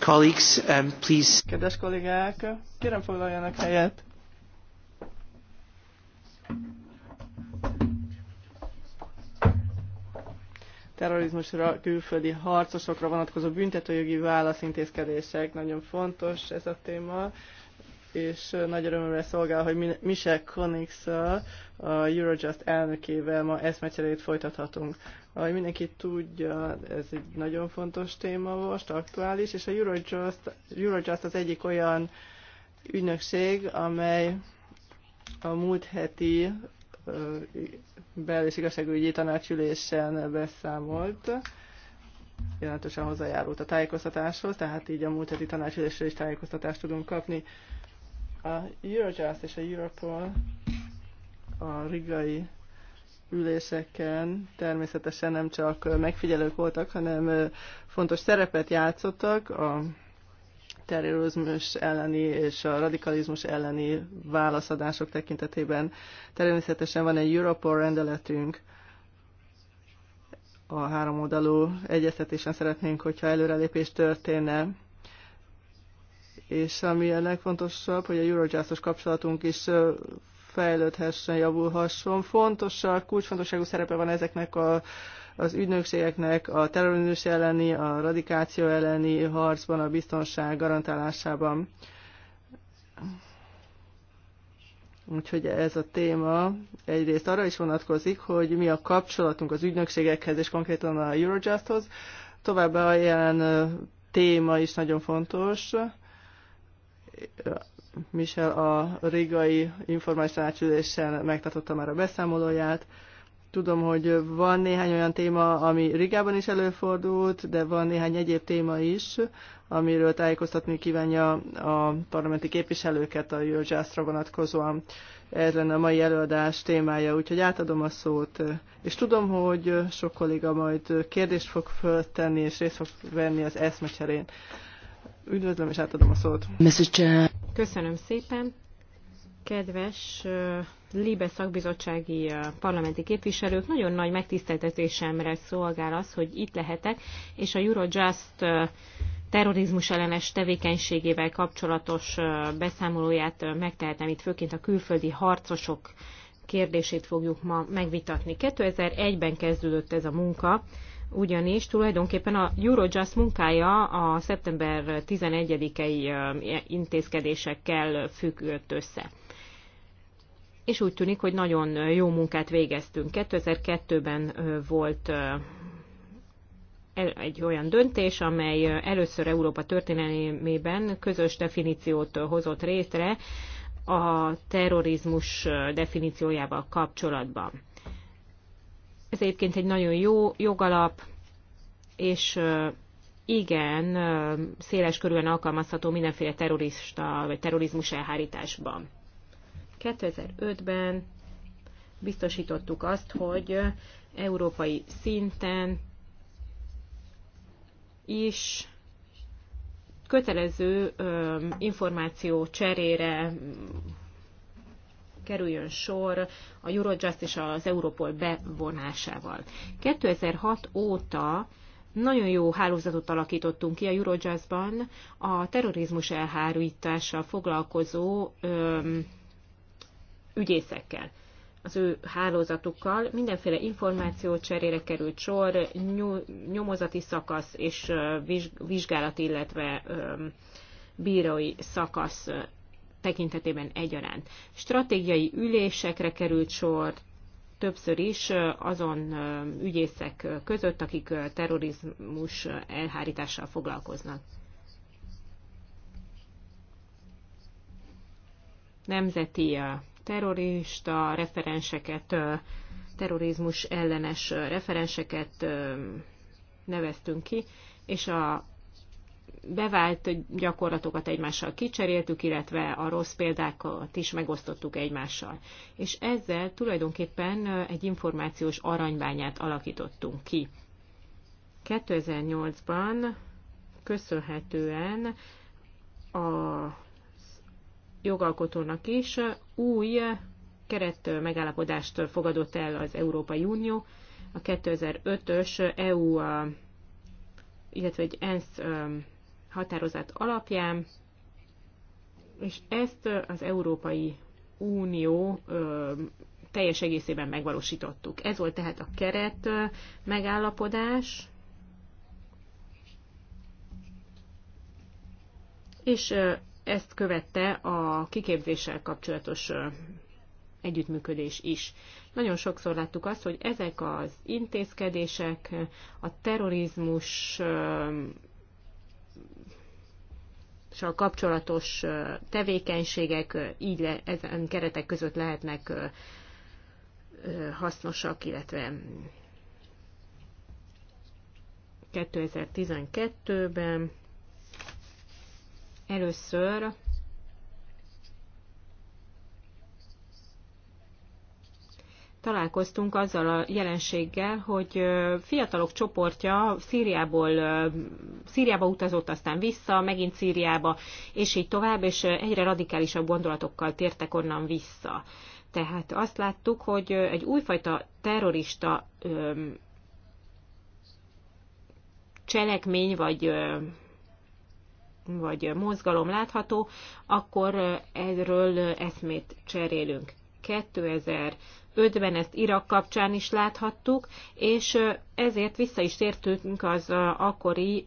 Colleagues, um, please. Kedves kollégák, kérem foglaljanak helyet. terrorizmusra, külföldi harcosokra vonatkozó büntetőjogi válaszintézkedések. Nagyon fontos ez a téma, és nagy örömömre szolgál, hogy Michel Konix a Eurojust elnökével ma eszmecserét folytathatunk. Ahogy mindenki tudja, ez egy nagyon fontos téma most, aktuális, és a Eurojust, Eurojust az egyik olyan ügynökség, amely a múlt heti bel- és igazságügyi tanácsülésen beszámolt. Jelentősen hozzájárult a tájékoztatáshoz, tehát így a múlt heti tanácsülésről is tájékoztatást tudunk kapni. A Eurojust és a Europol a rigai üléseken természetesen nem csak megfigyelők voltak, hanem fontos szerepet játszottak a terrorizmus elleni és a radikalizmus elleni válaszadások tekintetében. Természetesen van egy Europol rendeletünk, a oldalú egyeztetésen szeretnénk, hogyha előrelépés történne. És ami a legfontosabb, hogy a Eurojust-os kapcsolatunk is fejlődhessen, javulhasson. Fontos, a kulcsfontosságú szerepe van ezeknek a az ügynökségeknek a terrorizmus elleni, a radikáció elleni harcban, a biztonság garantálásában. Úgyhogy ez a téma egyrészt arra is vonatkozik, hogy mi a kapcsolatunk az ügynökségekhez, és konkrétan a Eurojusthoz. Továbbá a jelen téma is nagyon fontos. Michel a rigai informális tanácsülésen megtartotta már a beszámolóját, Tudom, hogy van néhány olyan téma, ami Rigában is előfordult, de van néhány egyéb téma is, amiről tájékoztatni kívánja a parlamenti képviselőket a Jörgyászra vonatkozóan. Ez lenne a mai előadás témája, úgyhogy átadom a szót. És tudom, hogy sok kolléga majd kérdést fog föltenni, és részt fog venni az eszmecserén. Üdvözlöm, és átadom a szót. Köszönöm szépen. Kedves Libe szakbizottsági parlamenti képviselők, nagyon nagy megtiszteltetésemre szolgál az, hogy itt lehetek, és a Eurojust terrorizmus ellenes tevékenységével kapcsolatos beszámolóját megtehetem itt, főként a külföldi harcosok kérdését fogjuk ma megvitatni. 2001-ben kezdődött ez a munka, ugyanis tulajdonképpen a Eurojust munkája a szeptember 11-i intézkedésekkel függött össze és úgy tűnik, hogy nagyon jó munkát végeztünk. 2002-ben volt e, egy olyan döntés, amely először Európa történelmében közös definíciót hozott részre a terrorizmus definíciójával kapcsolatban. Ez egyébként egy nagyon jó jogalap, és igen, széles körülön alkalmazható mindenféle terrorista vagy terrorizmus elhárításban. 2005-ben biztosítottuk azt, hogy európai szinten is kötelező információ cserére kerüljön sor a Eurojust és az Europol bevonásával. 2006 óta nagyon jó hálózatot alakítottunk ki a Eurojustban a terrorizmus elhárítással foglalkozó öm, ügyészekkel, az ő hálózatukkal. Mindenféle információ cserére került sor, nyomozati szakasz és vizsgálat, illetve bírói szakasz tekintetében egyaránt. Stratégiai ülésekre került sor, többször is azon ügyészek között, akik terrorizmus elhárítással foglalkoznak. Nemzeti terrorista referenseket, terrorizmus ellenes referenseket neveztünk ki, és a bevált gyakorlatokat egymással kicseréltük, illetve a rossz példákat is megosztottuk egymással. És ezzel tulajdonképpen egy információs aranybányát alakítottunk ki. 2008-ban köszönhetően a jogalkotónak is új keret megállapodást fogadott el az Európai Unió, a 2005-ös EU, illetve egy ENSZ határozat alapján, és ezt az Európai Unió teljes egészében megvalósítottuk. Ez volt tehát a keret megállapodás, és ezt követte a kiképzéssel kapcsolatos együttműködés is. Nagyon sokszor láttuk azt, hogy ezek az intézkedések a terrorizmus kapcsolatos tevékenységek így le, ezen keretek között lehetnek hasznosak, illetve 2012-ben Először találkoztunk azzal a jelenséggel, hogy fiatalok csoportja Szíriából, Szíriába utazott, aztán vissza, megint Szíriába, és így tovább, és egyre radikálisabb gondolatokkal tértek onnan vissza. Tehát azt láttuk, hogy egy újfajta terrorista cselekmény vagy vagy mozgalom látható, akkor erről eszmét cserélünk. 2005-ben ezt Irak kapcsán is láthattuk, és ezért vissza is tértünk az akkori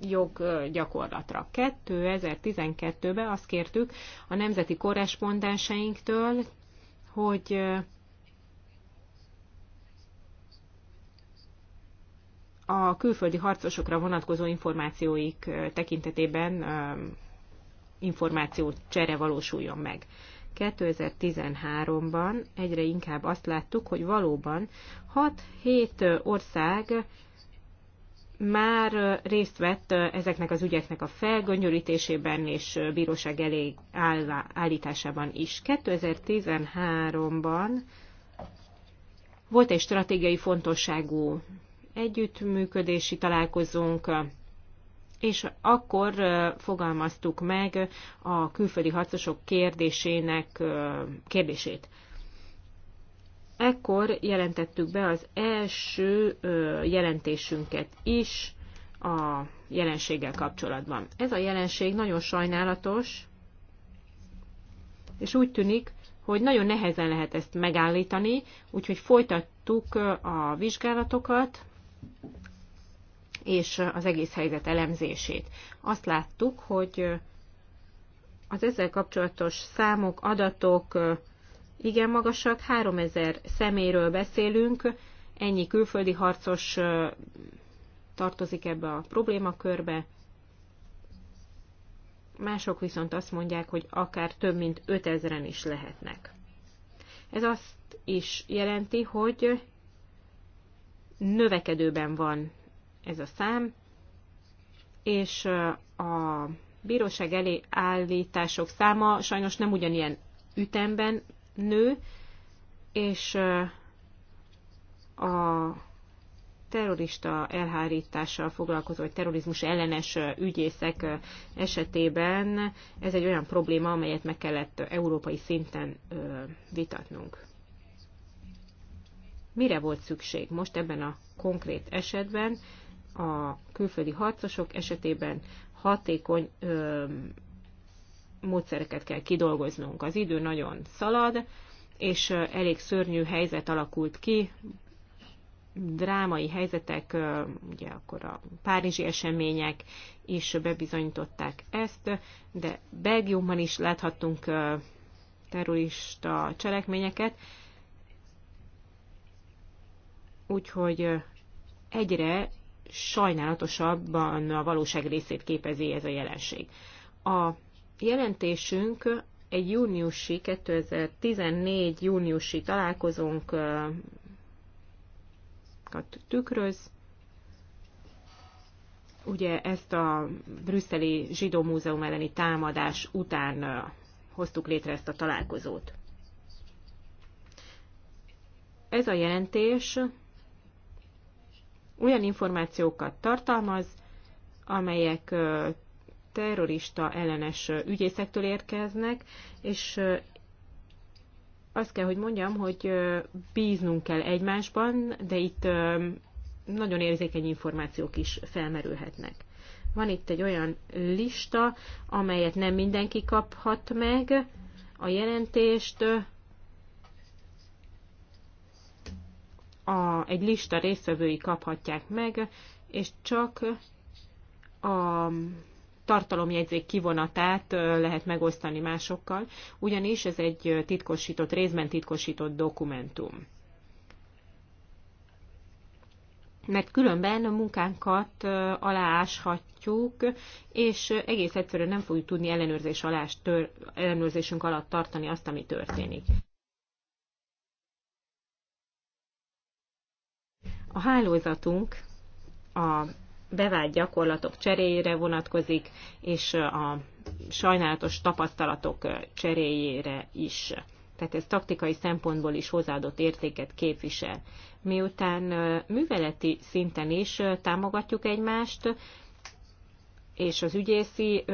joggyakorlatra. 2012-ben azt kértük a nemzeti korrespondenseinktől, hogy a külföldi harcosokra vonatkozó információik tekintetében információ csere valósuljon meg. 2013-ban egyre inkább azt láttuk, hogy valóban 6-7 ország már részt vett ezeknek az ügyeknek a felgöngyörítésében és bíróság elé állításában is. 2013-ban volt egy stratégiai fontosságú együttműködési találkozónk, és akkor fogalmaztuk meg a külföldi harcosok kérdésének kérdését. Ekkor jelentettük be az első jelentésünket is a jelenséggel kapcsolatban. Ez a jelenség nagyon sajnálatos, és úgy tűnik, hogy nagyon nehezen lehet ezt megállítani, úgyhogy folytattuk a vizsgálatokat, és az egész helyzet elemzését. Azt láttuk, hogy az ezzel kapcsolatos számok, adatok igen magasak, 3000 szeméről beszélünk, ennyi külföldi harcos tartozik ebbe a problémakörbe. Mások viszont azt mondják, hogy akár több mint 5000-en is lehetnek. Ez azt is jelenti, hogy növekedőben van ez a szám, és a bíróság elé állítások száma sajnos nem ugyanilyen ütemben nő, és a terrorista elhárítással foglalkozó, vagy terrorizmus ellenes ügyészek esetében ez egy olyan probléma, amelyet meg kellett európai szinten vitatnunk mire volt szükség most ebben a konkrét esetben a külföldi harcosok esetében hatékony ö, módszereket kell kidolgoznunk. Az idő nagyon szalad, és elég szörnyű helyzet alakult ki, drámai helyzetek, ugye akkor a párizsi események is bebizonyították ezt, de Belgiumban is láthattunk terrorista cselekményeket, Úgyhogy egyre sajnálatosabban a valóság részét képezi ez a jelenség. A jelentésünk egy júniusi, 2014 júniusi találkozónk tükröz. Ugye ezt a brüsszeli zsidó múzeum elleni támadás után hoztuk létre ezt a találkozót. Ez a jelentés olyan információkat tartalmaz, amelyek terrorista ellenes ügyészektől érkeznek, és azt kell, hogy mondjam, hogy bíznunk kell egymásban, de itt nagyon érzékeny információk is felmerülhetnek. Van itt egy olyan lista, amelyet nem mindenki kaphat meg, a jelentést a, egy lista résztvevői kaphatják meg, és csak a tartalomjegyzék kivonatát lehet megosztani másokkal, ugyanis ez egy titkosított, részben titkosított dokumentum. Mert különben a munkánkat alááshatjuk, és egész egyszerűen nem fogjuk tudni ellenőrzés alá, ellenőrzésünk alatt tartani azt, ami történik. A hálózatunk a bevált gyakorlatok cseréjére vonatkozik, és a sajnálatos tapasztalatok cseréjére is. Tehát ez taktikai szempontból is hozzáadott értéket képvisel. Miután műveleti szinten is támogatjuk egymást, és az ügyészi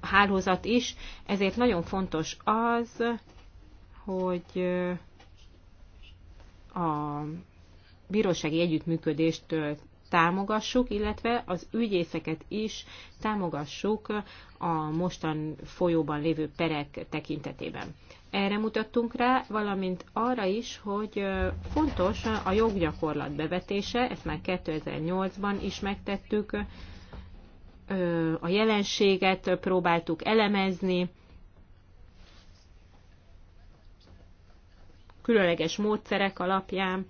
hálózat is, ezért nagyon fontos az, hogy a bírósági együttműködést támogassuk, illetve az ügyészeket is támogassuk a mostan folyóban lévő perek tekintetében. Erre mutattunk rá, valamint arra is, hogy fontos a joggyakorlat bevetése, ezt már 2008-ban is megtettük, a jelenséget próbáltuk elemezni, különleges módszerek alapján,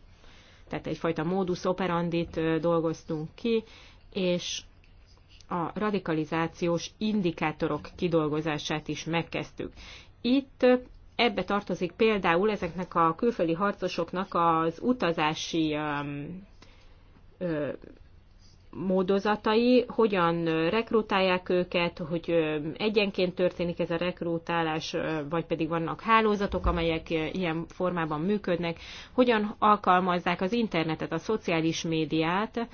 tehát egyfajta módusz operandit dolgoztunk ki, és a radikalizációs indikátorok kidolgozását is megkezdtük. Itt ebbe tartozik például ezeknek a külföldi harcosoknak az utazási módozatai, hogyan rekrutálják őket, hogy egyenként történik ez a rekrutálás, vagy pedig vannak hálózatok, amelyek ilyen formában működnek, hogyan alkalmazzák az internetet, a szociális médiát,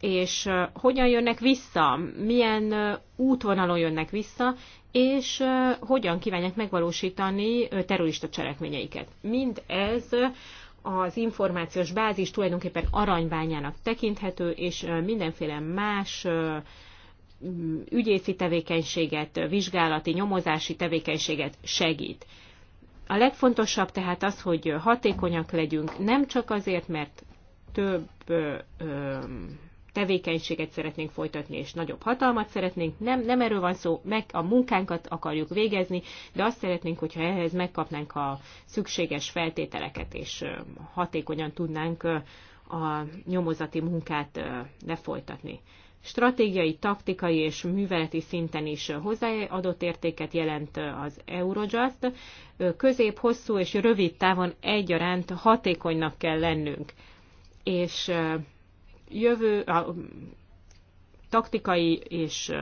és hogyan jönnek vissza, milyen útvonalon jönnek vissza, és hogyan kívánják megvalósítani terrorista cselekményeiket. Mind ez az információs bázis tulajdonképpen aranybányának tekinthető, és mindenféle más ügyészi tevékenységet, vizsgálati, nyomozási tevékenységet segít. A legfontosabb tehát az, hogy hatékonyak legyünk, nem csak azért, mert több tevékenységet szeretnénk folytatni, és nagyobb hatalmat szeretnénk. Nem, nem erről van szó, meg a munkánkat akarjuk végezni, de azt szeretnénk, hogyha ehhez megkapnánk a szükséges feltételeket, és hatékonyan tudnánk a nyomozati munkát lefolytatni. Stratégiai, taktikai és műveleti szinten is hozzáadott értéket jelent az Eurojust. Közép, hosszú és rövid távon egyaránt hatékonynak kell lennünk. És jövő, a taktikai és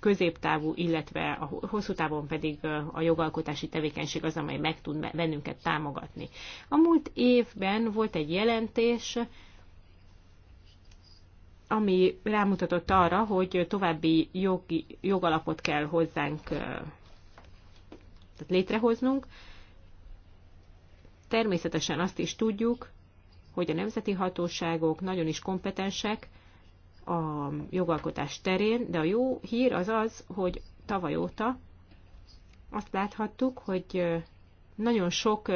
középtávú, illetve a hosszú távon pedig a jogalkotási tevékenység az, amely meg tud bennünket támogatni. A múlt évben volt egy jelentés, ami rámutatott arra, hogy további jogi, jogalapot kell hozzánk tehát létrehoznunk. Természetesen azt is tudjuk, hogy a nemzeti hatóságok nagyon is kompetensek a jogalkotás terén, de a jó hír az az, hogy tavaly óta azt láthattuk, hogy nagyon sok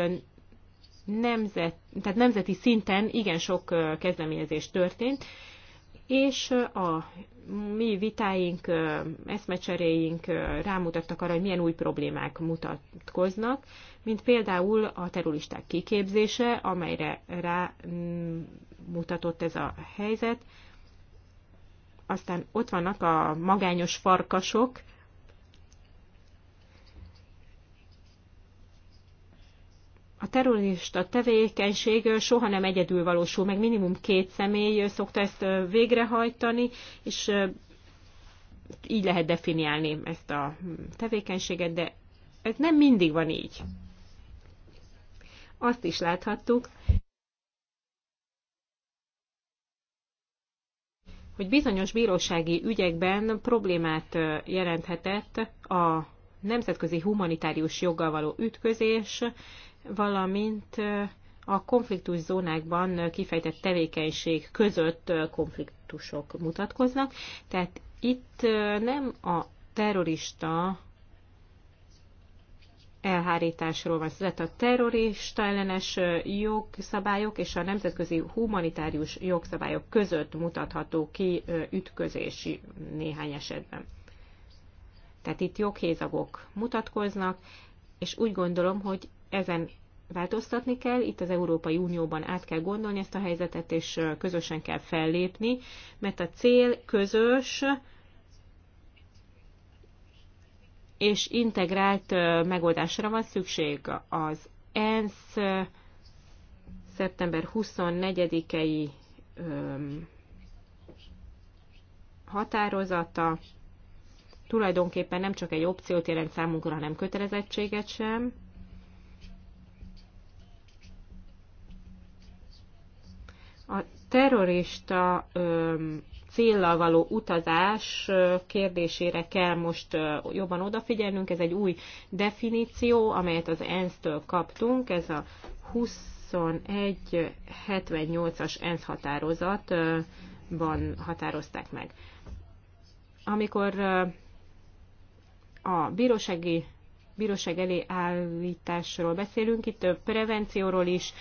nemzet, tehát nemzeti szinten igen sok kezdeményezés történt, és a mi vitáink, eszmecseréink rámutattak arra, hogy milyen új problémák mutatkoznak, mint például a terroristák kiképzése, amelyre rámutatott ez a helyzet. Aztán ott vannak a magányos farkasok, a terrorista tevékenység soha nem egyedül valósul, meg minimum két személy szokta ezt végrehajtani, és így lehet definiálni ezt a hm, tevékenységet, de ez nem mindig van így. Azt is láthattuk, hogy bizonyos bírósági ügyekben problémát jelenthetett a nemzetközi humanitárius joggal való ütközés, valamint a konfliktus zónákban kifejtett tevékenység között konfliktusok mutatkoznak. Tehát itt nem a terrorista elhárításról van szó. a terrorista ellenes jogszabályok és a nemzetközi humanitárius jogszabályok között mutatható ki ütközési néhány esetben. Tehát itt joghézagok mutatkoznak, és úgy gondolom, hogy ezen változtatni kell, itt az Európai Unióban át kell gondolni ezt a helyzetet, és közösen kell fellépni, mert a cél közös és integrált megoldásra van szükség. Az ENSZ szeptember 24-i határozata tulajdonképpen nem csak egy opciót jelent számunkra, hanem kötelezettséget sem, A terrorista céllal való utazás kérdésére kell most jobban odafigyelnünk. Ez egy új definíció, amelyet az ENSZ-től kaptunk. Ez a 2178-as ENSZ határozatban határozták meg. Amikor a bírósági bíróság elé állításról beszélünk, itt prevencióról is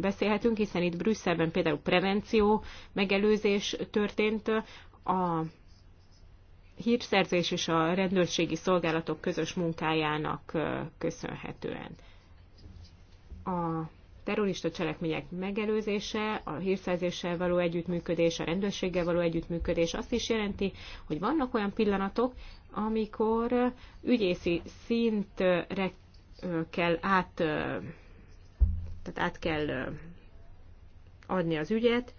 beszélhetünk, hiszen itt Brüsszelben például prevenció, megelőzés történt a hírszerzés és a rendőrségi szolgálatok közös munkájának köszönhetően. A terrorista cselekmények megelőzése, a hírszerzéssel való együttműködés, a rendőrséggel való együttműködés azt is jelenti, hogy vannak olyan pillanatok, amikor ügyészi szintre kell át, tehát át kell adni az ügyet,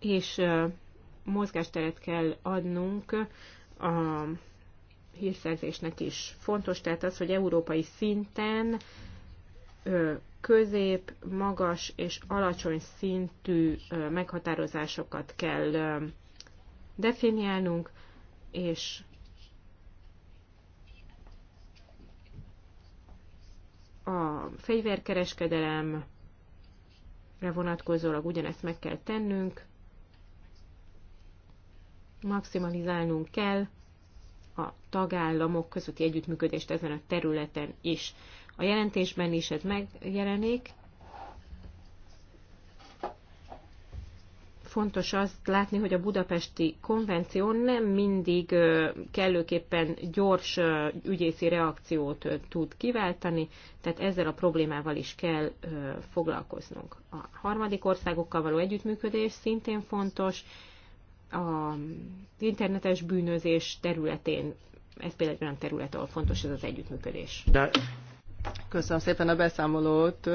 és mozgásteret kell adnunk a hírszerzésnek is. Fontos tehát az, hogy európai szinten közép, magas és alacsony szintű meghatározásokat kell definiálnunk, és a fegyverkereskedelemre vonatkozólag ugyanezt meg kell tennünk, maximalizálnunk kell a tagállamok közötti együttműködést ezen a területen is. A jelentésben is ez megjelenik. Fontos azt látni, hogy a budapesti konvenció nem mindig kellőképpen gyors ügyészi reakciót tud kiváltani, tehát ezzel a problémával is kell foglalkoznunk. A harmadik országokkal való együttműködés szintén fontos, az internetes bűnözés területén, ez például egy olyan terület, ahol fontos ez az együttműködés. De Köszönöm szépen a beszámolót.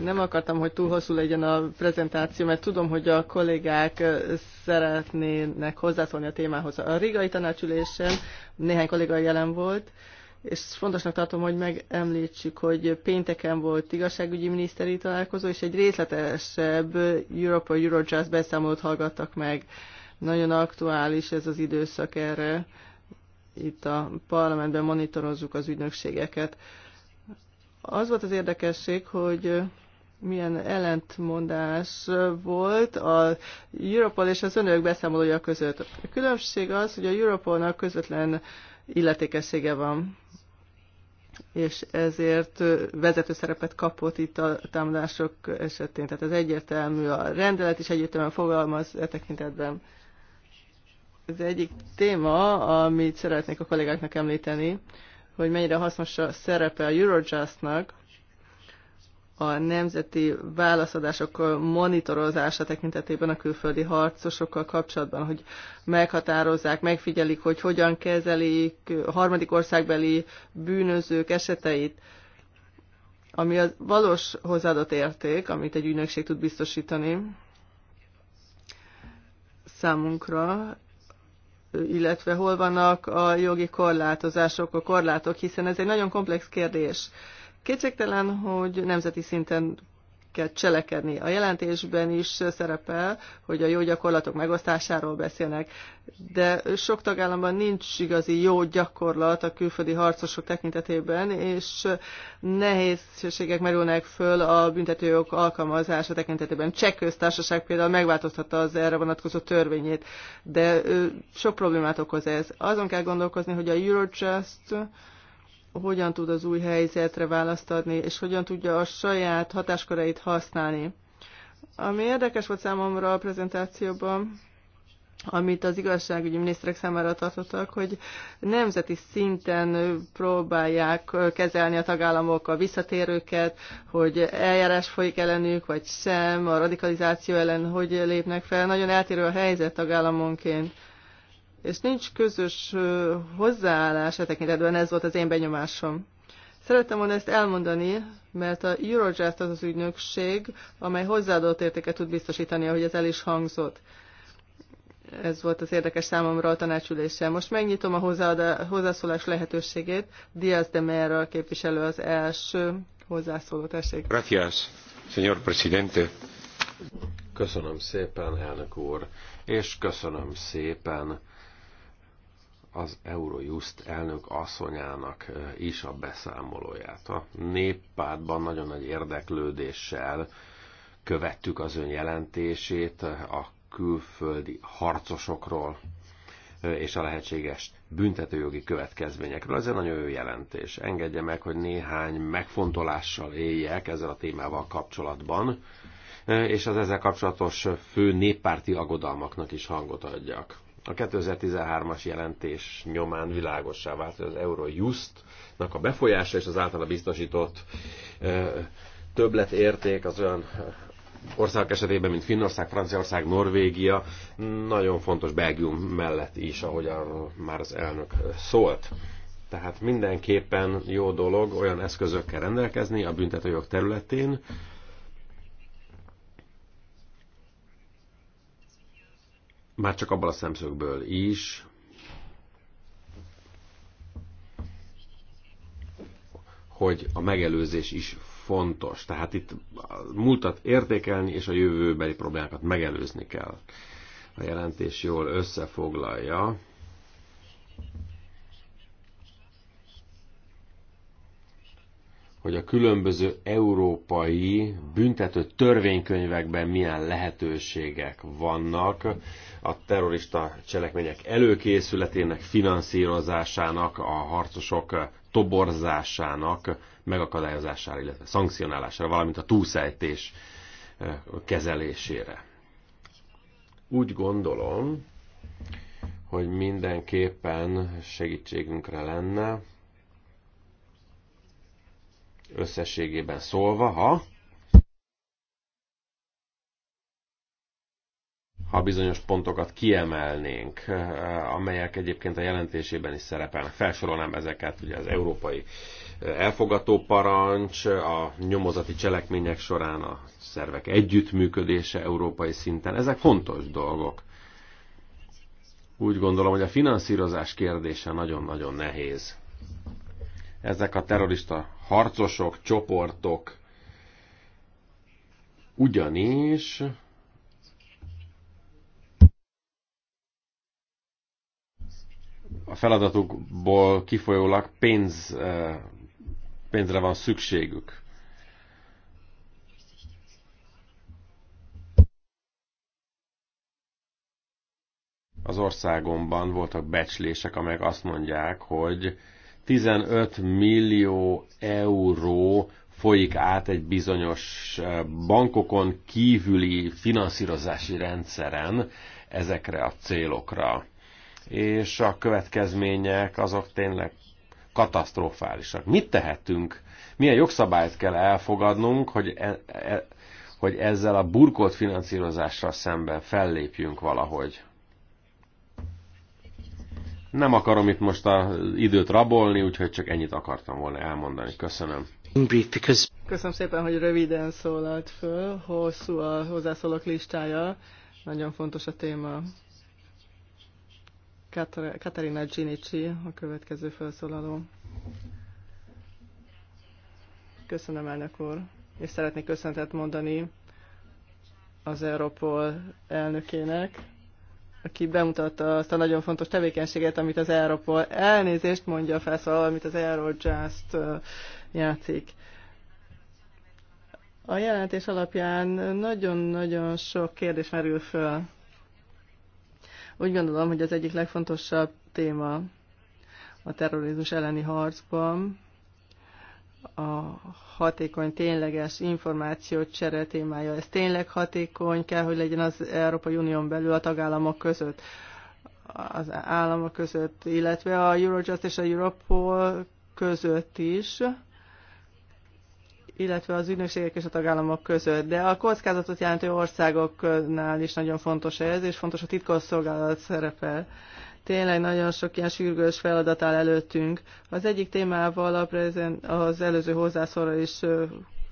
Nem akartam, hogy túl hosszú legyen a prezentáció, mert tudom, hogy a kollégák szeretnének hozzászólni a témához. A rigai tanácsülésen néhány kolléga jelen volt, és fontosnak tartom, hogy megemlítsük, hogy pénteken volt igazságügyi miniszteri találkozó, és egy részletesebb Europa Eurojust beszámolót hallgattak meg. Nagyon aktuális ez az időszak erre. Itt a parlamentben monitorozzuk az ügynökségeket. Az volt az érdekesség, hogy milyen ellentmondás volt a Europol és az önök beszámolója között. A különbség az, hogy a Europolnak közvetlen illetékessége van, és ezért vezető szerepet kapott itt a támadások esetén. Tehát ez egyértelmű, a rendelet is egyértelműen fogalmaz e tekintetben. Az egyik téma, amit szeretnék a kollégáknak említeni, hogy mennyire hasznos a szerepe a Eurojustnak a nemzeti válaszadások monitorozása tekintetében a külföldi harcosokkal kapcsolatban, hogy meghatározzák, megfigyelik, hogy hogyan kezelik harmadik országbeli bűnözők eseteit, ami a valós hozzáadott érték, amit egy ügynökség tud biztosítani számunkra, illetve hol vannak a jogi korlátozások, a korlátok, hiszen ez egy nagyon komplex kérdés. Kétségtelen, hogy nemzeti szinten kell cselekedni. A jelentésben is szerepel, hogy a jó gyakorlatok megosztásáról beszélnek, de sok tagállamban nincs igazi jó gyakorlat a külföldi harcosok tekintetében, és nehézségek merülnek föl a büntetőjog alkalmazása tekintetében. Cseh köztársaság például megváltoztatta az erre vonatkozó törvényét, de sok problémát okoz ez. Azon kell gondolkozni, hogy a Eurojust hogyan tud az új helyzetre választ adni, és hogyan tudja a saját hatáskorait használni. Ami érdekes volt számomra a prezentációban, amit az igazságügyi miniszterek számára tartottak, hogy nemzeti szinten próbálják kezelni a tagállamok a visszatérőket, hogy eljárás folyik ellenük, vagy sem, a radikalizáció ellen hogy lépnek fel. Nagyon eltérő a helyzet tagállamonként és nincs közös hozzáállás e tekintetben, ez volt az én benyomásom. Szerettem volna ezt elmondani, mert a Eurojust az az ügynökség, amely hozzáadott értéket tud biztosítani, ahogy ez el is hangzott. Ez volt az érdekes számomra a tanácsüléssel. Most megnyitom a hozzászólás lehetőségét. Diaz de Mera képviselő az első hozzászóló, tessék. Gracias, señor presidente. Köszönöm szépen, elnök úr, és köszönöm szépen az Eurojust elnök asszonyának is a beszámolóját. A néppártban nagyon nagy érdeklődéssel követtük az ön jelentését a külföldi harcosokról és a lehetséges büntetőjogi következményekről. Ez egy nagyon jó jelentés. Engedje meg, hogy néhány megfontolással éljek ezzel a témával kapcsolatban, és az ezzel kapcsolatos fő néppárti agodalmaknak is hangot adjak a 2013-as jelentés nyomán világossá vált, hogy az Eurojust-nak a befolyása és az általa biztosított többletérték az olyan országok esetében, mint Finnország, Franciaország, Norvégia, nagyon fontos Belgium mellett is, ahogy arról már az elnök szólt. Tehát mindenképpen jó dolog olyan eszközökkel rendelkezni a büntetőjog területén, Már csak abban a szemszögből is, hogy a megelőzés is fontos. Tehát itt a múltat értékelni és a jövőbeli problémákat megelőzni kell. A jelentés jól összefoglalja hogy a különböző európai büntető törvénykönyvekben milyen lehetőségek vannak a terrorista cselekmények előkészületének, finanszírozásának, a harcosok toborzásának megakadályozására, illetve szankcionálására, valamint a túlszejtés eh, kezelésére. Úgy gondolom, hogy mindenképpen segítségünkre lenne, összességében szólva, ha ha bizonyos pontokat kiemelnénk, eh, amelyek egyébként a jelentésében is szerepelnek. Felsorolnám ezeket, ugye az európai eh, elfogató parancs, a nyomozati cselekmények során a szervek együttműködése európai szinten. Ezek fontos dolgok. Úgy gondolom, hogy a finanszírozás kérdése nagyon-nagyon nehéz ezek a terrorista harcosok, csoportok, ugyanis a feladatukból kifolyólag pénz, eh, pénzre van szükségük. Az országomban voltak becslések, amelyek azt mondják, hogy 15 millió euró folyik át egy bizonyos eh, bankokon kívüli finanszírozási rendszeren ezekre a célokra. És a következmények azok tényleg katasztrofálisak. Mit tehetünk? Milyen jogszabályt kell elfogadnunk, hogy, e, e, hogy ezzel a burkolt finanszírozással szemben fellépjünk valahogy? Nem akarom itt most az időt rabolni, úgyhogy csak ennyit akartam volna elmondani. Köszönöm. Köszönöm szépen, hogy röviden szólalt föl, hosszú a hozzászólók listája, nagyon fontos a téma. Katarina Ginici a következő felszólaló. Köszönöm, elnök úr, és szeretnék köszöntet mondani az Europol elnökének, aki bemutatta azt a nagyon fontos tevékenységet, amit az Europol elnézést mondja a felszólal, amit az Eurojust játszik. A jelentés alapján nagyon-nagyon sok kérdés merül föl. Úgy gondolom, hogy az egyik legfontosabb téma a terrorizmus elleni harcban a hatékony, tényleges információt csere témája. Ez tényleg hatékony kell, hogy legyen az Európai Unión belül a tagállamok között, az államok között, illetve a Eurojust és a Europol között is illetve az ügynökségek és a tagállamok között. De a kockázatot jelentő országoknál is nagyon fontos ez, és fontos a titkosszolgálat szerepe. Tényleg nagyon sok ilyen sürgős feladat áll előttünk. Az egyik témával a prezen, az előző hozzászóra is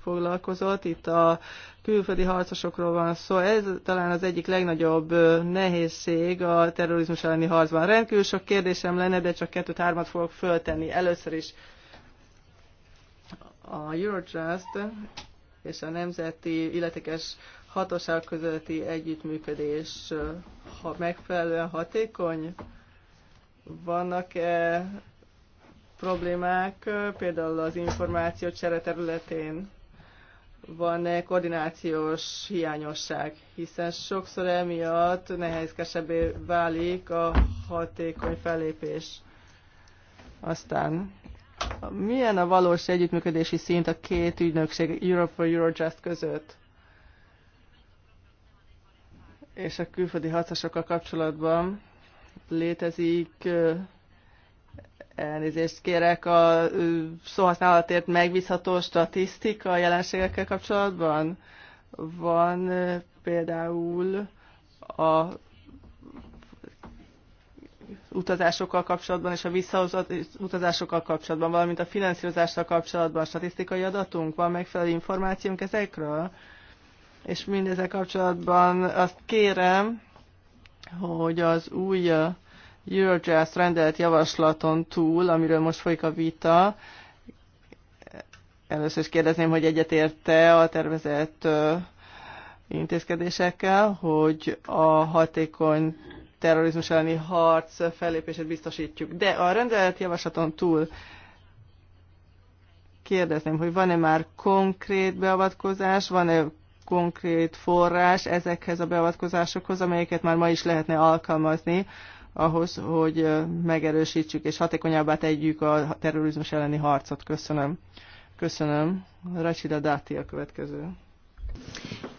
foglalkozott. Itt a külföldi harcosokról van szó. Ez talán az egyik legnagyobb nehézség a terrorizmus elleni harcban. Rendkívül sok kérdésem lenne, de csak kettőt-hármat fogok föltenni. Először is a Eurojust és a nemzeti illetékes hatóság közötti együttműködés ha megfelelően hatékony, vannak-e problémák például az információ csere területén? Van-e koordinációs hiányosság? Hiszen sokszor emiatt nehézkesebbé válik a hatékony fellépés. Aztán milyen a valós együttműködési szint a két ügynökség for Eurojust között? És a külföldi harcosokkal kapcsolatban létezik. Elnézést kérek a szóhasználatért megbízható statisztika a jelenségekkel kapcsolatban. Van például a utazásokkal kapcsolatban és a utazásokkal kapcsolatban, valamint a finanszírozással kapcsolatban statisztikai adatunk? Van megfelelő információnk ezekről? És mindezek kapcsolatban azt kérem, hogy az új Eurojust rendelt javaslaton túl, amiről most folyik a vita, először is kérdezném, hogy egyetérte a tervezett intézkedésekkel, hogy a hatékony terrorizmus elleni harc fellépését biztosítjuk. De a rendelet javaslaton túl kérdezném, hogy van-e már konkrét beavatkozás, van-e konkrét forrás ezekhez a beavatkozásokhoz, amelyeket már ma is lehetne alkalmazni ahhoz, hogy megerősítsük és hatékonyabbá tegyük a terrorizmus elleni harcot. Köszönöm. Köszönöm. Racsida Dáti a következő.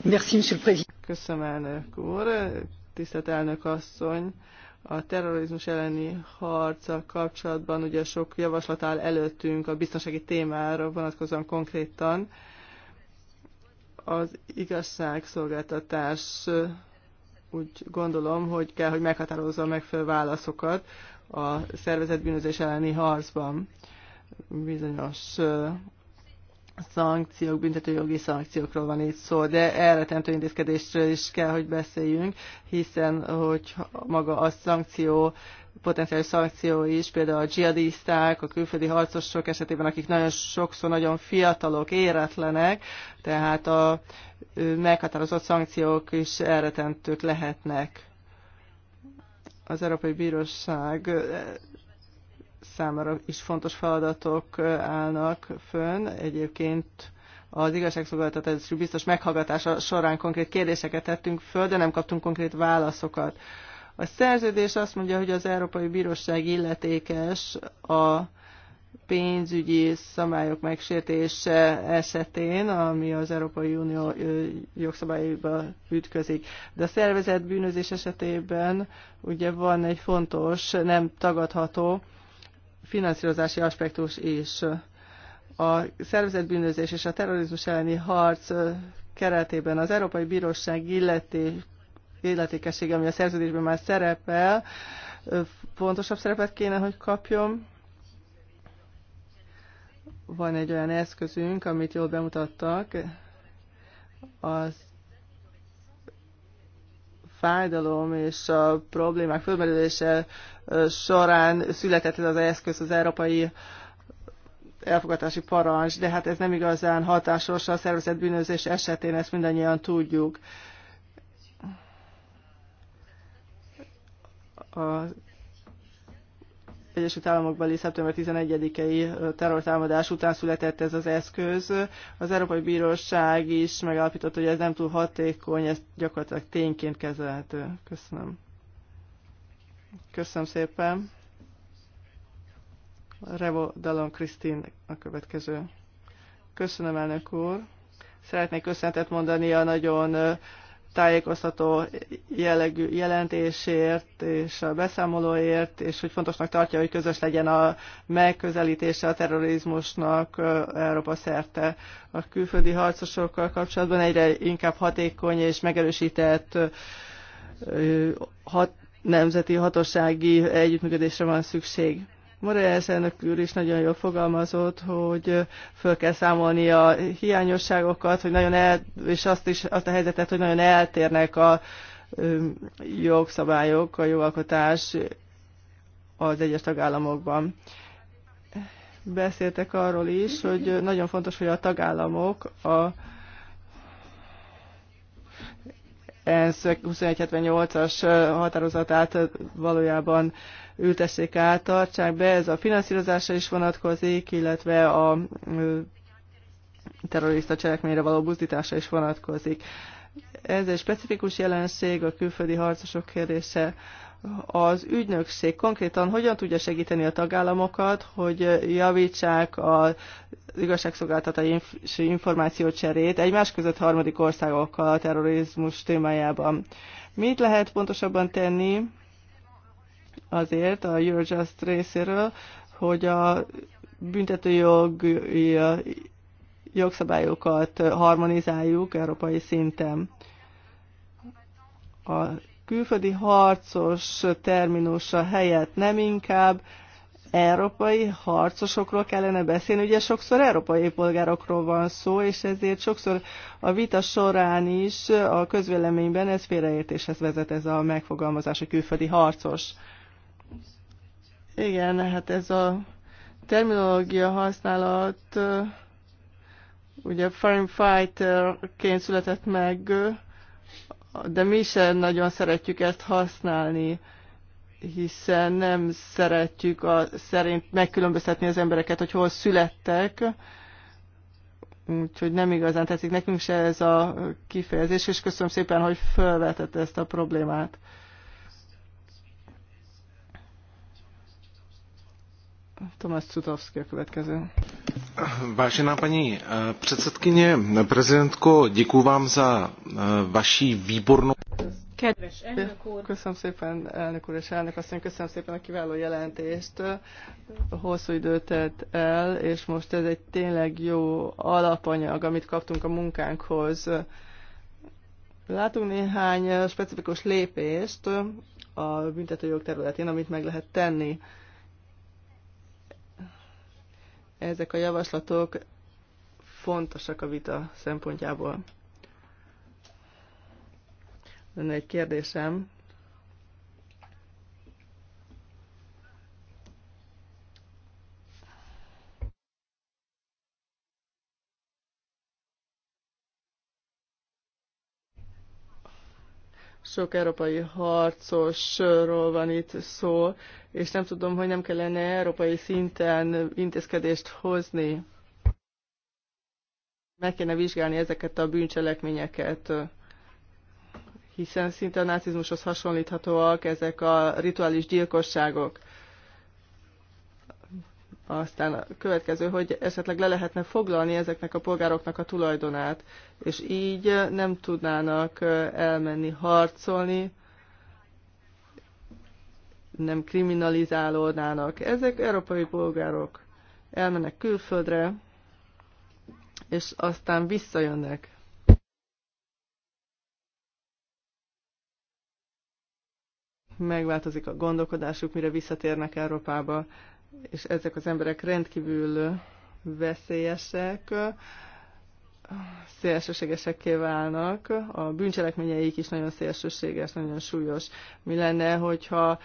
Merci, monsieur le président. Köszönöm, elnök úr. Tisztelt elnök asszony a terrorizmus elleni harca kapcsolatban ugye sok javaslat áll előttünk a biztonsági témára vonatkozóan konkrétan. Az igazságszolgáltatás úgy gondolom, hogy kell, hogy meghatározza a megfelelő válaszokat a szervezetbűnözés elleni harcban. Bizonyos szankciók, büntetőjogi szankciókról van itt szó, de elretentő intézkedésről is kell, hogy beszéljünk, hiszen hogy maga a szankció, potenciális szankció is, például a dzsihadisták, a külföldi harcosok esetében, akik nagyon sokszor nagyon fiatalok, éretlenek, tehát a meghatározott szankciók is elretentők lehetnek. Az Európai Bíróság számára is fontos feladatok állnak fönn. Egyébként az igazságszolgáltatási biztos meghallgatása során konkrét kérdéseket tettünk föl, de nem kaptunk konkrét válaszokat. A szerződés azt mondja, hogy az Európai Bíróság illetékes a pénzügyi szabályok megsértése esetén, ami az Európai Unió jogszabályaiba ütközik. De a szervezett bűnözés esetében ugye van egy fontos, nem tagadható finanszírozási aspektus is. A szervezetbűnözés és a terrorizmus elleni harc keretében az Európai Bíróság illeti, illetékessége, ami a szerződésben már szerepel, fontosabb szerepet kéne, hogy kapjon. Van egy olyan eszközünk, amit jól bemutattak, az fájdalom és a problémák fölmerülése során született ez az eszköz, az európai elfogadási parancs, de hát ez nem igazán hatásos a szervezett bűnözés esetén, ezt mindannyian tudjuk. A Egyesült Államokbeli szeptember 11-i terrortámadás után született ez az eszköz. Az Európai Bíróság is megállapított, hogy ez nem túl hatékony, ez gyakorlatilag tényként kezelhető. Köszönöm. Köszönöm szépen. Revo Dalon Krisztin a következő. Köszönöm, elnök úr. Szeretnék köszöntet mondani a nagyon tájékoztató jellegű jelentésért és a beszámolóért, és hogy fontosnak tartja, hogy közös legyen a megközelítése a terrorizmusnak Európa szerte. A külföldi harcosokkal kapcsolatban egyre inkább hatékony és megerősített hat, nemzeti hatósági együttműködésre van szükség. Morales elnök úr is nagyon jól fogalmazott, hogy föl kell számolni a hiányosságokat, hogy nagyon el, és azt is azt a helyzetet, hogy nagyon eltérnek a jogszabályok, a jogalkotás az egyes tagállamokban. Beszéltek arról is, hogy nagyon fontos, hogy a tagállamok a ENSZ 2178-as határozatát valójában ültessék át, tartsák be. Ez a finanszírozásra is vonatkozik, illetve a terrorista cselekményre való buzdítása is vonatkozik. Ez egy specifikus jelenség, a külföldi harcosok kérdése az ügynökség konkrétan hogyan tudja segíteni a tagállamokat, hogy javítsák az igazságszolgáltatási információcserét egymás között harmadik országokkal a terrorizmus témájában. Mit lehet pontosabban tenni azért a Eurojust részéről, hogy a büntetőjog jogszabályokat harmonizáljuk európai szinten. A külföldi harcos terminusa helyett nem inkább európai harcosokról kellene beszélni. Ugye sokszor európai polgárokról van szó, és ezért sokszor a vita során is a közvéleményben ez félreértéshez vezet ez a megfogalmazás, a külföldi harcos. Igen, hát ez a terminológia használat ugye foreign fighterként született meg de mi sem nagyon szeretjük ezt használni, hiszen nem szeretjük a, szerint megkülönböztetni az embereket, hogy hol születtek, úgyhogy nem igazán tetszik nekünk se ez a kifejezés, és köszönöm szépen, hogy felvetett ezt a problémát. Tomáš Cutovský a következő. Vážená paní eh, předsedkyně, prezidentko, děkuji vám za eh, vaší výbornou... Kedves elnök úr! Köszönöm szépen, elnök úr és elnök asszony, köszönöm szépen a kiváló jelentést. Hosszú időt telt el, és most ez egy tényleg jó alapanyag, amit kaptunk a munkánkhoz. Látunk néhány specifikus lépést a büntetőjog területén, amit meg lehet tenni ezek a javaslatok fontosak a vita szempontjából. Lenne egy kérdésem sok európai harcosról van itt szó, és nem tudom, hogy nem kellene európai szinten intézkedést hozni. Meg kéne vizsgálni ezeket a bűncselekményeket, hiszen szinte a nácizmushoz hasonlíthatóak ezek a rituális gyilkosságok. Aztán a következő, hogy esetleg le lehetne foglalni ezeknek a polgároknak a tulajdonát, és így nem tudnának elmenni harcolni, nem kriminalizálódnának. Ezek európai polgárok elmennek külföldre, és aztán visszajönnek. Megváltozik a gondolkodásuk, mire visszatérnek Európába és ezek az emberek rendkívül veszélyesek, szélsőségesekké válnak, a bűncselekményeik is nagyon szélsőséges, nagyon súlyos. Mi lenne, hogyha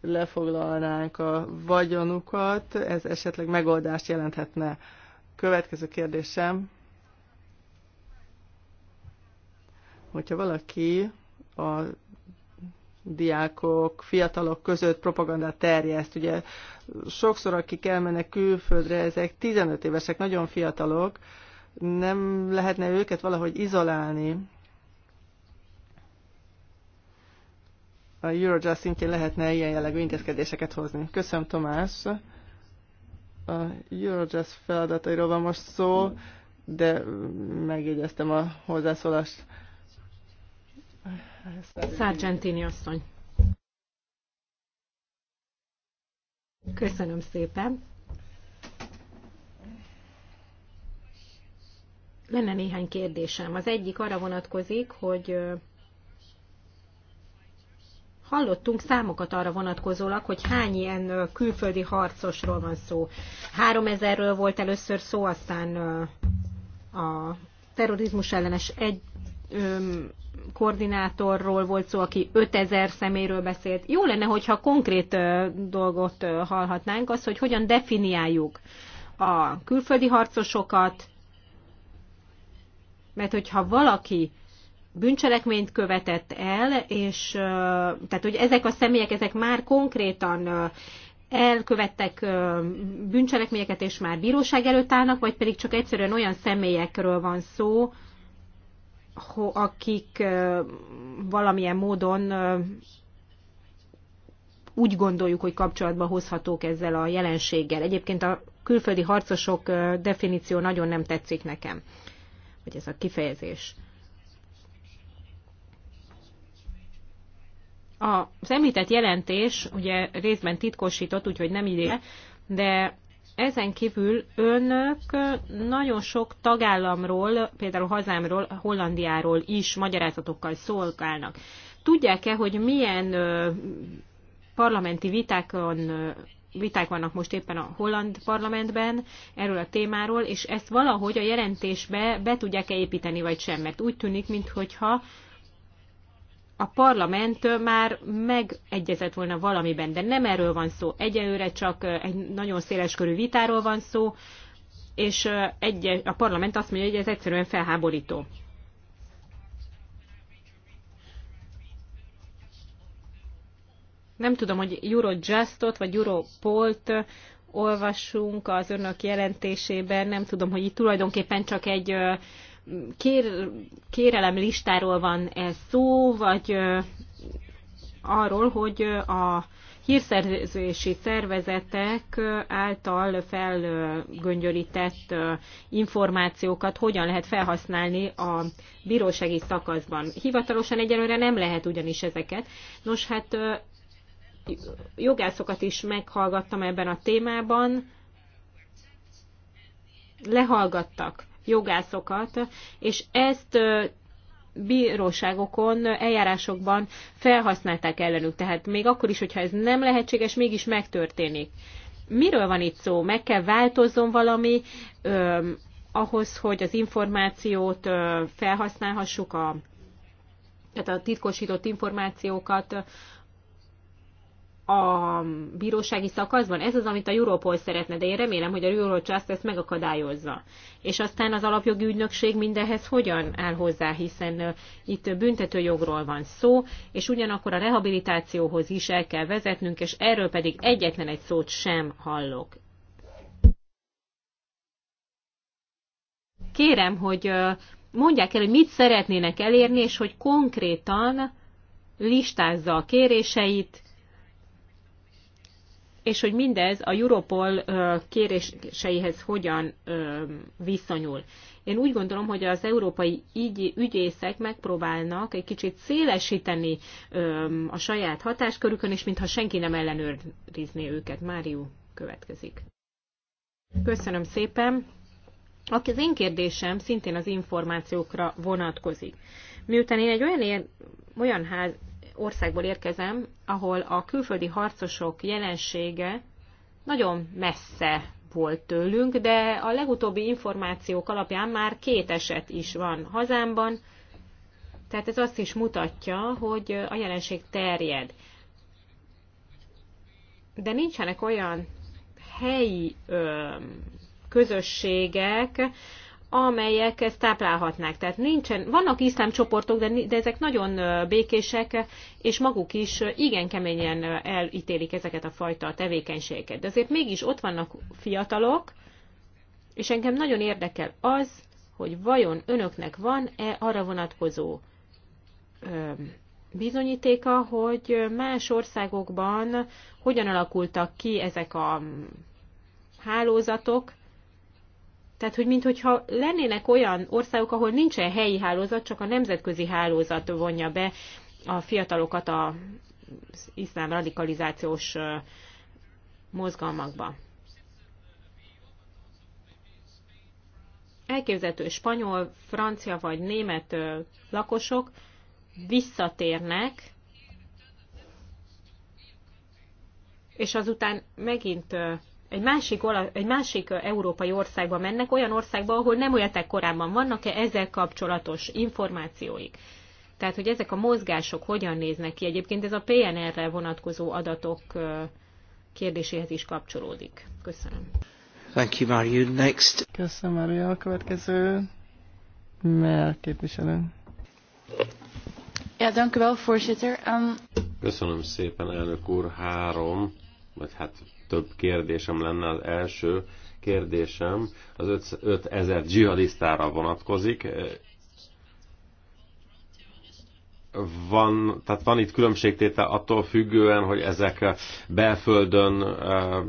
lefoglalnánk a vagyonukat, ez esetleg megoldást jelenthetne. Következő kérdésem, hogyha valaki a diákok, fiatalok között propagandát terjeszt. Ugye sokszor, akik elmennek külföldre, ezek 15 évesek, nagyon fiatalok, nem lehetne őket valahogy izolálni. A Eurojust szintjén lehetne ilyen jellegű intézkedéseket hozni. Köszönöm, Tomás. A Eurojust feladatairól van most szó, de megjegyeztem a hozzászólást. Sargentini asszony. Köszönöm szépen. Lenne néhány kérdésem. Az egyik arra vonatkozik, hogy hallottunk számokat arra vonatkozólag, hogy hány ilyen külföldi harcosról van szó. 3000-ről volt először szó, aztán a terrorizmus ellenes egy, koordinátorról volt szó, aki 5000 szeméről beszélt. Jó lenne, hogyha konkrét dolgot hallhatnánk, az, hogy hogyan definiáljuk a külföldi harcosokat, mert hogyha valaki bűncselekményt követett el, és tehát, hogy ezek a személyek, ezek már konkrétan elkövettek bűncselekményeket, és már bíróság előtt állnak, vagy pedig csak egyszerűen olyan személyekről van szó, akik valamilyen módon úgy gondoljuk, hogy kapcsolatba hozhatók ezzel a jelenséggel. Egyébként a külföldi harcosok definíció nagyon nem tetszik nekem, vagy ez a kifejezés. Az említett jelentés ugye részben titkosított, úgyhogy nem írja, de ezen kívül önök nagyon sok tagállamról, például hazámról, Hollandiáról is magyarázatokkal szolgálnak. Tudják-e, hogy milyen parlamenti vitákon viták vannak most éppen a holland parlamentben erről a témáról, és ezt valahogy a jelentésbe be tudják-e építeni, vagy sem, mert úgy tűnik, mintha a parlament már megegyezett volna valamiben, de nem erről van szó. Egyelőre csak egy nagyon széleskörű vitáról van szó, és egy, a parlament azt mondja, hogy ez egyszerűen felháborító. Nem tudom, hogy Eurojustot vagy Europolt olvasunk az önök jelentésében, nem tudom, hogy itt tulajdonképpen csak egy kér, kérelem listáról van ez szó, vagy arról, hogy a hírszerzési szervezetek által felgöngyölített információkat hogyan lehet felhasználni a bírósági szakaszban. Hivatalosan egyelőre nem lehet ugyanis ezeket. Nos, hát jogászokat is meghallgattam ebben a témában. Lehallgattak jogászokat, és ezt bíróságokon, eljárásokban felhasználták ellenük. Tehát még akkor is, hogyha ez nem lehetséges, mégis megtörténik. Miről van itt szó? Meg kell változzon valami ö, ahhoz, hogy az információt ö, felhasználhassuk, a, tehát a titkosított információkat a bírósági szakaszban. Ez az, amit a Europol szeretne, de én remélem, hogy a Trust ezt megakadályozza. És aztán az alapjogi ügynökség mindenhez hogyan áll hozzá, hiszen itt büntetőjogról van szó, és ugyanakkor a rehabilitációhoz is el kell vezetnünk, és erről pedig egyetlen egy szót sem hallok. Kérem, hogy mondják el, hogy mit szeretnének elérni, és hogy konkrétan listázza a kéréseit, és hogy mindez a Europol kéréseihez hogyan viszonyul. Én úgy gondolom, hogy az európai ügyészek megpróbálnak egy kicsit szélesíteni a saját hatáskörükön, és mintha senki nem ellenőrizné őket. Máriu következik. Köszönöm szépen. Az én kérdésem szintén az információkra vonatkozik. Miután én egy olyan, olyan ház, országból érkezem, ahol a külföldi harcosok jelensége nagyon messze volt tőlünk, de a legutóbbi információk alapján már két eset is van hazámban, tehát ez azt is mutatja, hogy a jelenség terjed. De nincsenek olyan helyi ö, közösségek, amelyek ezt táplálhatnák. Tehát nincsen, vannak iszlám csoportok, de, de ezek nagyon békések, és maguk is igen keményen elítélik ezeket a fajta tevékenységeket. De azért mégis ott vannak fiatalok, és engem nagyon érdekel az, hogy vajon önöknek van-e arra vonatkozó bizonyítéka, hogy más országokban hogyan alakultak ki ezek a hálózatok, tehát, hogy mintha lennének olyan országok, ahol nincsen helyi hálózat, csak a nemzetközi hálózat vonja be a fiatalokat az iszlám radikalizációs mozgalmakba. Elképzelhető spanyol, francia vagy német lakosok visszatérnek, és azután megint egy másik, egy másik európai országba mennek, olyan országba, ahol nem olyatek korábban, vannak-e ezzel kapcsolatos információik? Tehát, hogy ezek a mozgások hogyan néznek ki? Egyébként ez a PNR-re vonatkozó adatok kérdéséhez is kapcsolódik. Köszönöm. Thank you, Mario. Next. Köszönöm, Mario. A következő Mel képviselő. Ja, köszönöm, Um... Köszönöm szépen, elnök úr. Három, vagy hát több kérdésem lenne. Az első kérdésem az 5000 dzsihadisztára vonatkozik. Van, tehát van itt különbségtétel attól függően, hogy ezek belföldön eh,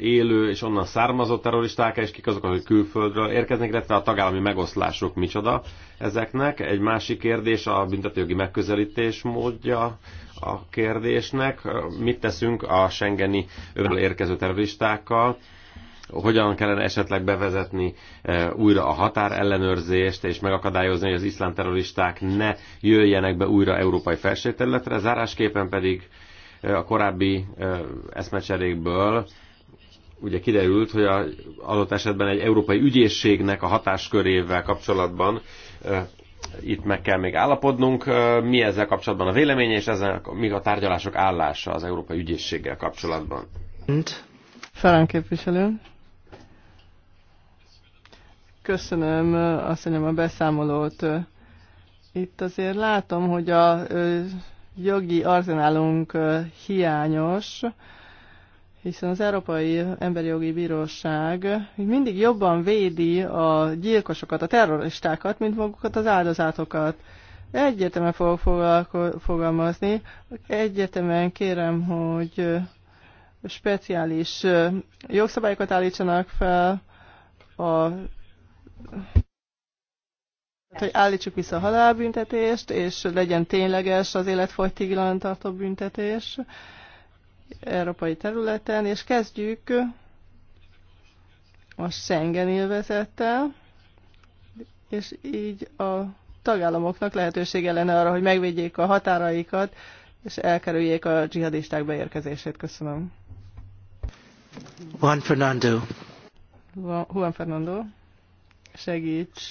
élő és onnan származó terroristák, és kik azok, akik külföldről érkeznek, illetve a tagállami megoszlások micsoda ezeknek. Egy másik kérdés a büntetőjogi megközelítés módja a kérdésnek. Mit teszünk a Schengeni övről érkező terroristákkal? Hogyan kellene esetleg bevezetni e, újra a határellenőrzést, és megakadályozni, hogy az iszlám terroristák ne jöjjenek be újra európai felségterületre? Zárásképpen pedig e, a korábbi e, eszmecserékből ugye kiderült, hogy a adott esetben egy európai ügyészségnek a hatáskörével kapcsolatban itt meg kell még állapodnunk. Mi ezzel kapcsolatban a véleménye, és ezzel még a tárgyalások állása az Európai Ügyészséggel kapcsolatban? Felán képviselő. Köszönöm, azt mondjam, a beszámolót. Itt azért látom, hogy a jogi arzenálunk hiányos, hiszen az Európai Emberi Jogi Bíróság mindig jobban védi a gyilkosokat, a terroristákat, mint magukat az áldozatokat. Egyértelműen fogok fogalmazni. Egyértelműen kérem, hogy speciális jogszabályokat állítsanak fel, a, hát, hogy állítsuk vissza a halálbüntetést, és legyen tényleges az életfogytiglan tartó büntetés európai területen, és kezdjük a Schengen élvezettel, és így a tagállamoknak lehetősége lenne arra, hogy megvédjék a határaikat, és elkerüljék a dzsihadisták beérkezését. Köszönöm. Juan Fernando. Juan Fernando, segíts.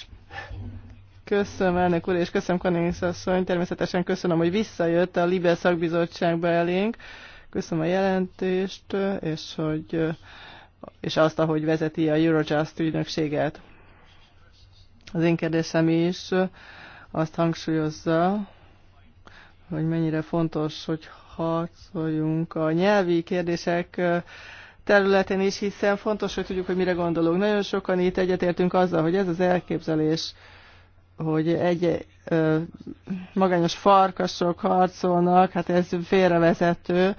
Köszönöm, elnök úr, és köszönöm Kanész asszony. Természetesen köszönöm, hogy visszajött a Libel szakbizottságba elénk. Köszönöm a jelentést, és, hogy, és azt, ahogy vezeti a Eurojust ügynökséget. Az én kérdésem is azt hangsúlyozza, hogy mennyire fontos, hogy harcoljunk a nyelvi kérdések területén is, hiszen fontos, hogy tudjuk, hogy mire gondolunk. Nagyon sokan itt egyetértünk azzal, hogy ez az elképzelés, hogy egy ö, magányos farkasok harcolnak, hát ez félrevezető,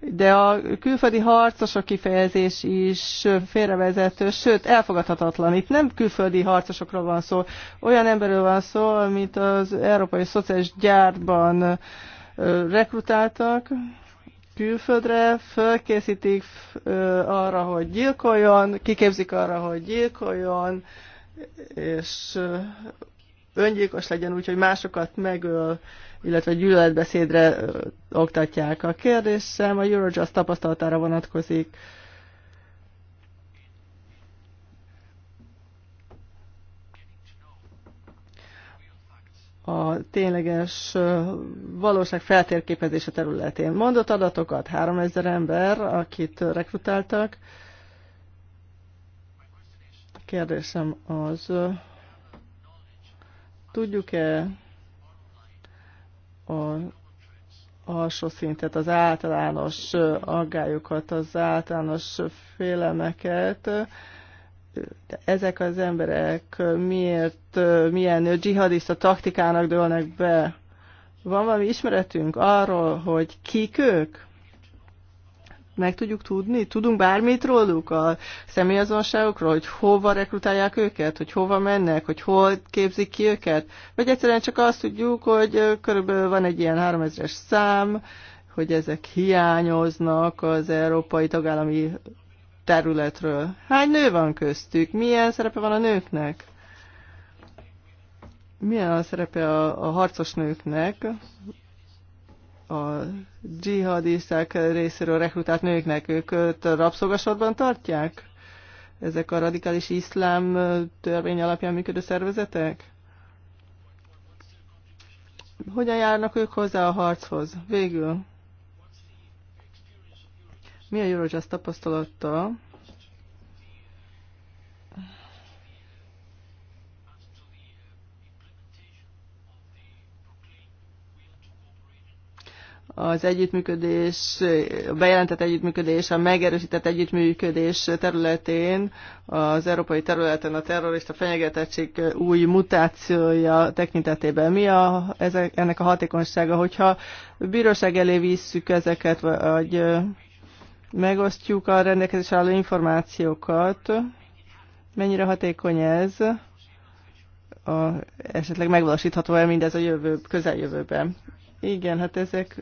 de a külföldi harcosok kifejezés is félrevezető, sőt elfogadhatatlan. Itt nem külföldi harcosokról van szó, olyan emberről van szó, mint az Európai Szociális Gyárban rekrutáltak külföldre, fölkészítik arra, hogy gyilkoljon, kiképzik arra, hogy gyilkoljon, és öngyilkos legyen, úgyhogy másokat megöl, illetve gyűlöletbeszédre oktatják. A kérdésem a Eurojust tapasztalatára vonatkozik. a tényleges valóság feltérképezése területén. Mondott adatokat, 3000 ember, akit rekrutáltak. Kérdésem az, Tudjuk-e a alsó szintet, az általános aggályokat, az általános félelmeket, ezek az emberek miért, milyen dzsihadista taktikának dőlnek be? Van valami ismeretünk arról, hogy kik ők? meg tudjuk tudni? Tudunk bármit róluk a személyazonságokról, hogy hova rekrutálják őket, hogy hova mennek, hogy hol képzik ki őket? Vagy egyszerűen csak azt tudjuk, hogy körülbelül van egy ilyen 3000-es szám, hogy ezek hiányoznak az európai tagállami területről. Hány nő van köztük? Milyen szerepe van a nőknek? Milyen a szerepe a, a harcos nőknek? a dzsihadisták részéről rekrutált nőknek, őket rabszolgasorban tartják? Ezek a radikális iszlám törvény alapján működő szervezetek? Hogyan járnak ők hozzá a harchoz? Végül. Mi a Eurojust tapasztalata az együttműködés, a bejelentett együttműködés, a megerősített együttműködés területén, az európai területen a terrorista fenyegetettség új mutációja tekintetében. Mi a, ezek, ennek a hatékonysága, hogyha bíróság elé visszük ezeket, vagy megosztjuk a rendelkezésre álló információkat, mennyire hatékony ez, a, esetleg megvalósítható-e mindez a jövő, közeljövőben. Igen, hát ezek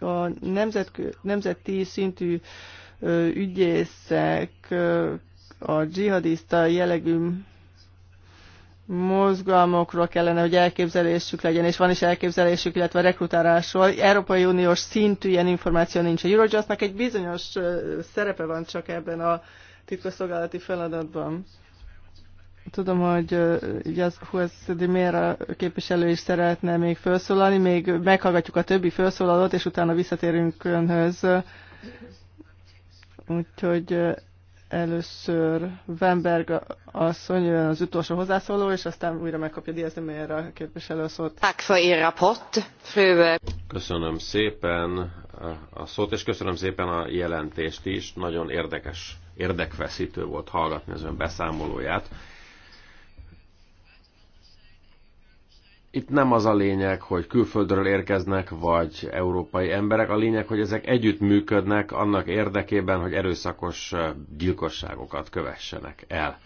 a nemzet, nemzeti szintű ügyészek, a dzsihadista jellegű mozgalmokról kellene, hogy elképzelésük legyen, és van is elképzelésük, illetve rekrutálásról. Európai Uniós szintű ilyen információ nincs. A Eurojustnak egy bizonyos szerepe van csak ebben a titkosszolgálati feladatban. Tudom, hogy mér a képviselő is szeretne még felszólalni, még meghallgatjuk a többi felszólalót, és utána visszatérünk önhöz. Úgyhogy először Wemberg asszony az utolsó hozzászóló, és aztán újra megkapja Diaz a képviselő szót. Er köszönöm szépen a szót, és köszönöm szépen a jelentést is. Nagyon érdekes, érdekfeszítő volt hallgatni az ön beszámolóját Itt nem az a lényeg, hogy külföldről érkeznek, vagy európai emberek, a lényeg, hogy ezek együtt működnek annak érdekében, hogy erőszakos gyilkosságokat kövessenek el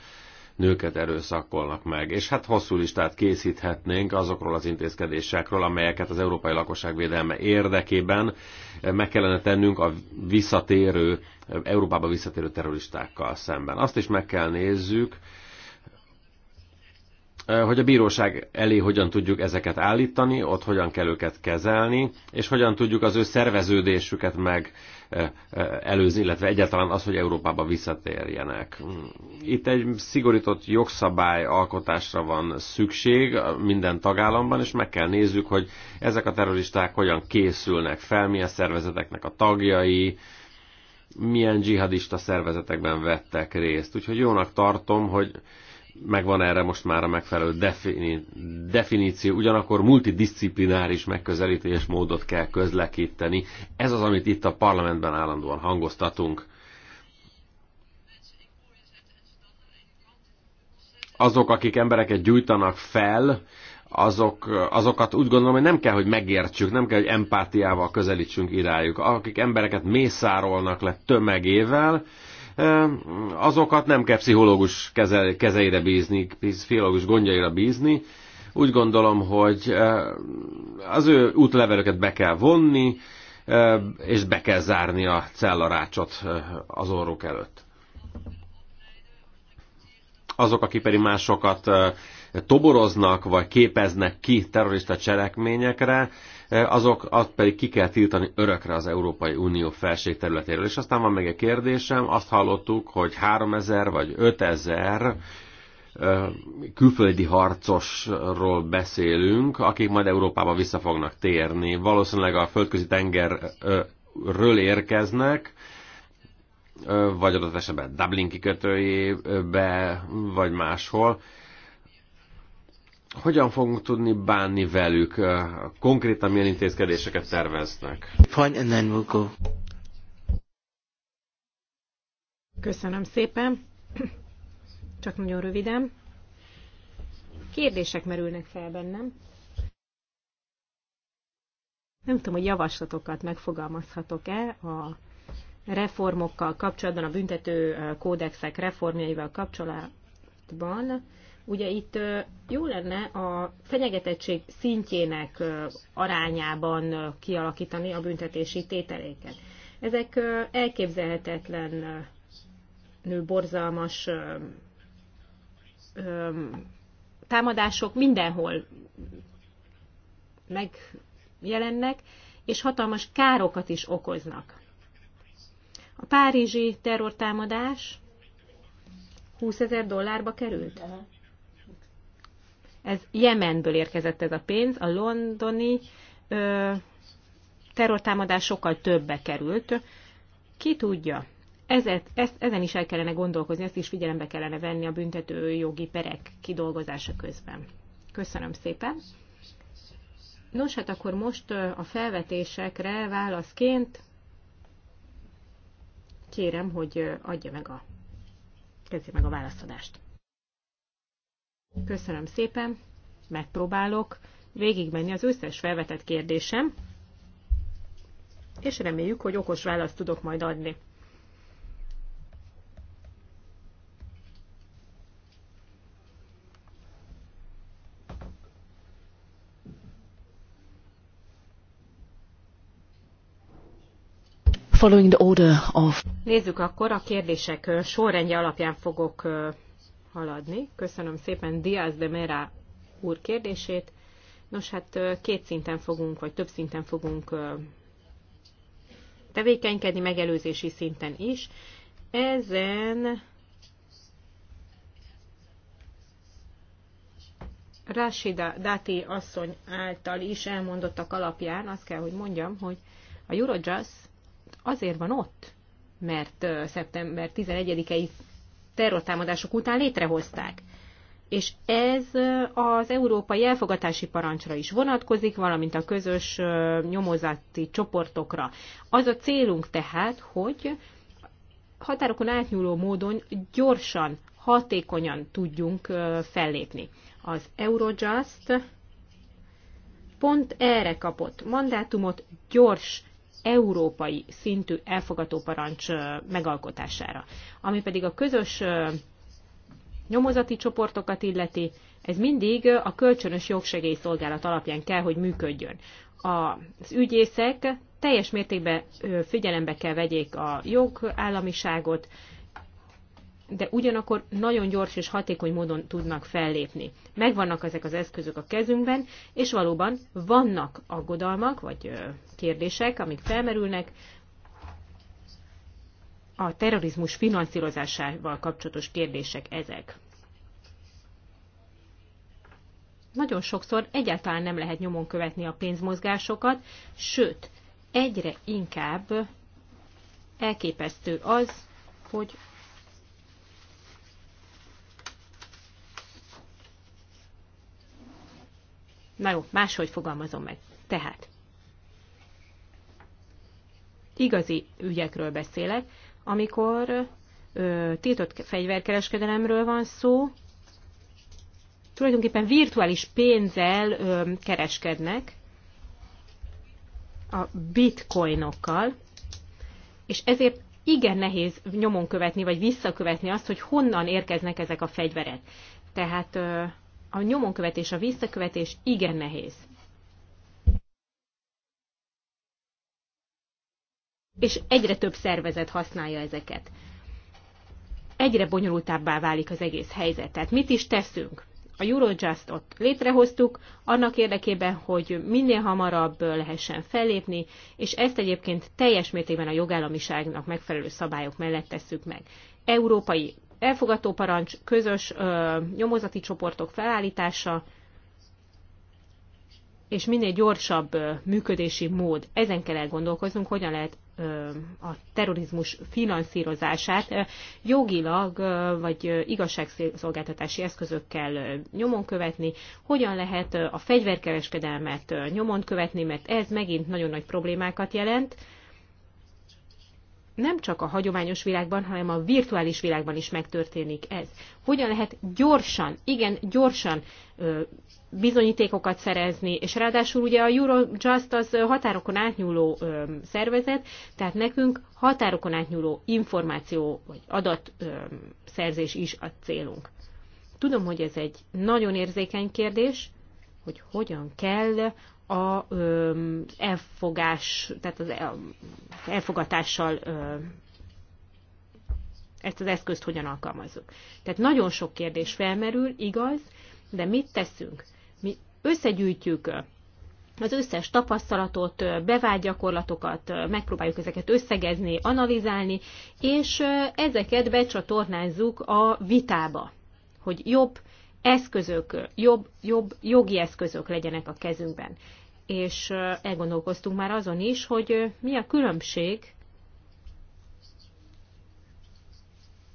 nőket erőszakolnak meg. És hát hosszú listát készíthetnénk azokról az intézkedésekről, amelyeket az európai lakosság védelme érdekében meg kellene tennünk a visszatérő, Európába visszatérő terroristákkal szemben. Azt is meg kell nézzük, Eh, hogy a bíróság elé hogyan tudjuk ezeket állítani, ott hogyan kell őket kezelni, és hogyan tudjuk az ő szerveződésüket meg eh, eh, előzni, illetve egyáltalán az, hogy Európába visszatérjenek. Itt egy szigorított jogszabály alkotásra van szükség minden tagállamban, és meg kell nézzük, hogy ezek a terroristák hogyan készülnek fel, milyen szervezeteknek a tagjai, milyen dzsihadista szervezetekben vettek részt. Úgyhogy jónak tartom, hogy megvan erre most már a megfelelő defini, definíció, ugyanakkor multidisciplináris megközelítés módot kell közlekíteni. Ez az, amit itt a parlamentben állandóan hangoztatunk. Azok, akik embereket gyújtanak fel, azok, azokat úgy gondolom, hogy nem kell, hogy megértsük, nem kell, hogy empátiával közelítsünk irájuk. Akik embereket mészárolnak le tömegével, azokat nem kell pszichológus keze, kezeire bízni, pszichológus gondjaira bízni. Úgy gondolom, hogy az ő útlevelöket be kell vonni, és be kell zárni a cellarácsot az orruk előtt. Azok, akik pedig másokat toboroznak, vagy képeznek ki terrorista cselekményekre, eh, azok azt pedig ki kell tiltani örökre az Európai Unió felség területéről. És aztán van meg egy kérdésem, azt hallottuk, hogy 3000 vagy 5000 eh, külföldi harcosról beszélünk, akik majd Európába vissza fognak térni. Valószínűleg a földközi tengerről eh, érkeznek, vagy adott esetben Dublin kikötőjébe, vagy máshol hogyan fogunk tudni bánni velük? Eh, konkrétan milyen intézkedéseket terveznek? Köszönöm szépen. Csak nagyon röviden. Kérdések merülnek fel bennem. Nem tudom, hogy javaslatokat megfogalmazhatok-e a reformokkal kapcsolatban, a büntető eh, kódexek reformjaival kapcsolatban Ugye itt jó lenne a fenyegetettség szintjének arányában kialakítani a büntetési tételéket. Ezek elképzelhetetlen borzalmas támadások mindenhol megjelennek, és hatalmas károkat is okoznak. A párizsi terrortámadás 20 ezer dollárba került. Ez Jemenből érkezett ez a pénz, a londoni ö, terrortámadás sokkal többbe került. Ki tudja? Ezet, ezt, ezen is el kellene gondolkozni, ezt is figyelembe kellene venni a büntető jogi perek kidolgozása közben. Köszönöm szépen. Nos, hát akkor most a felvetésekre válaszként kérem, hogy adja meg a, kezdje meg a válaszadást. Köszönöm szépen, megpróbálok végigmenni az összes felvetett kérdésem, és reméljük, hogy okos választ tudok majd adni. Following the order of... Nézzük akkor a kérdések sorrendje alapján fogok haladni. Köszönöm szépen Diaz de Mera úr kérdését. Nos, hát két szinten fogunk, vagy több szinten fogunk tevékenykedni, megelőzési szinten is. Ezen Rashida Dati asszony által is elmondottak alapján azt kell, hogy mondjam, hogy a Eurojust azért van ott, mert szeptember 11-i terrortámadások után létrehozták. És ez az európai elfogatási parancsra is vonatkozik, valamint a közös nyomozati csoportokra. Az a célunk tehát, hogy határokon átnyúló módon gyorsan, hatékonyan tudjunk fellépni. Az Eurojust pont erre kapott mandátumot, gyors európai szintű elfogató parancs megalkotására. Ami pedig a közös nyomozati csoportokat illeti, ez mindig a kölcsönös jogsegélyszolgálat alapján kell, hogy működjön. Az ügyészek teljes mértékben figyelembe kell vegyék a jogállamiságot, de ugyanakkor nagyon gyors és hatékony módon tudnak fellépni. Megvannak ezek az eszközök a kezünkben, és valóban vannak aggodalmak vagy kérdések, amik felmerülnek a terrorizmus finanszírozásával kapcsolatos kérdések ezek. Nagyon sokszor egyáltalán nem lehet nyomon követni a pénzmozgásokat, sőt, egyre inkább elképesztő az, hogy Na jó, máshogy fogalmazom meg. Tehát, igazi ügyekről beszélek, amikor ö, tiltott fegyverkereskedelemről van szó, tulajdonképpen virtuális pénzzel ö, kereskednek, a bitcoinokkal, és ezért igen nehéz nyomon követni, vagy visszakövetni azt, hogy honnan érkeznek ezek a fegyverek. Tehát a nyomonkövetés, a visszakövetés igen nehéz. És egyre több szervezet használja ezeket. Egyre bonyolultabbá válik az egész helyzet. Tehát mit is teszünk? A Eurojustot létrehoztuk annak érdekében, hogy minél hamarabb lehessen fellépni, és ezt egyébként teljes mértékben a jogállamiságnak megfelelő szabályok mellett tesszük meg. Európai elfogató parancs, közös ö, nyomozati csoportok felállítása, és minél gyorsabb ö, működési mód. Ezen kell elgondolkoznunk, hogyan lehet ö, a terrorizmus finanszírozását ö, jogilag ö, vagy ö, igazságszolgáltatási eszközökkel ö, nyomon követni, hogyan lehet ö, a fegyverkereskedelmet ö, nyomon követni, mert ez megint nagyon nagy problémákat jelent, ö, nem csak a hagyományos világban, hanem a virtuális világban is megtörténik ez. Hogyan lehet gyorsan, igen, gyorsan bizonyítékokat szerezni, és ráadásul ugye a Eurojust az határokon átnyúló szervezet, tehát nekünk határokon átnyúló információ vagy adatszerzés is a célunk. Tudom, hogy ez egy nagyon érzékeny kérdés, hogy hogyan kell a elfogás, tehát az elfogatással ezt az eszközt hogyan alkalmazzuk. Tehát nagyon sok kérdés felmerül, igaz, de mit teszünk? Mi összegyűjtjük az összes tapasztalatot, bevált gyakorlatokat, megpróbáljuk ezeket összegezni, analizálni, és ezeket becsatornázzuk a vitába, hogy jobb, eszközök, jobb, jobb jogi eszközök legyenek a kezünkben. És elgondolkoztunk már azon is, hogy mi a különbség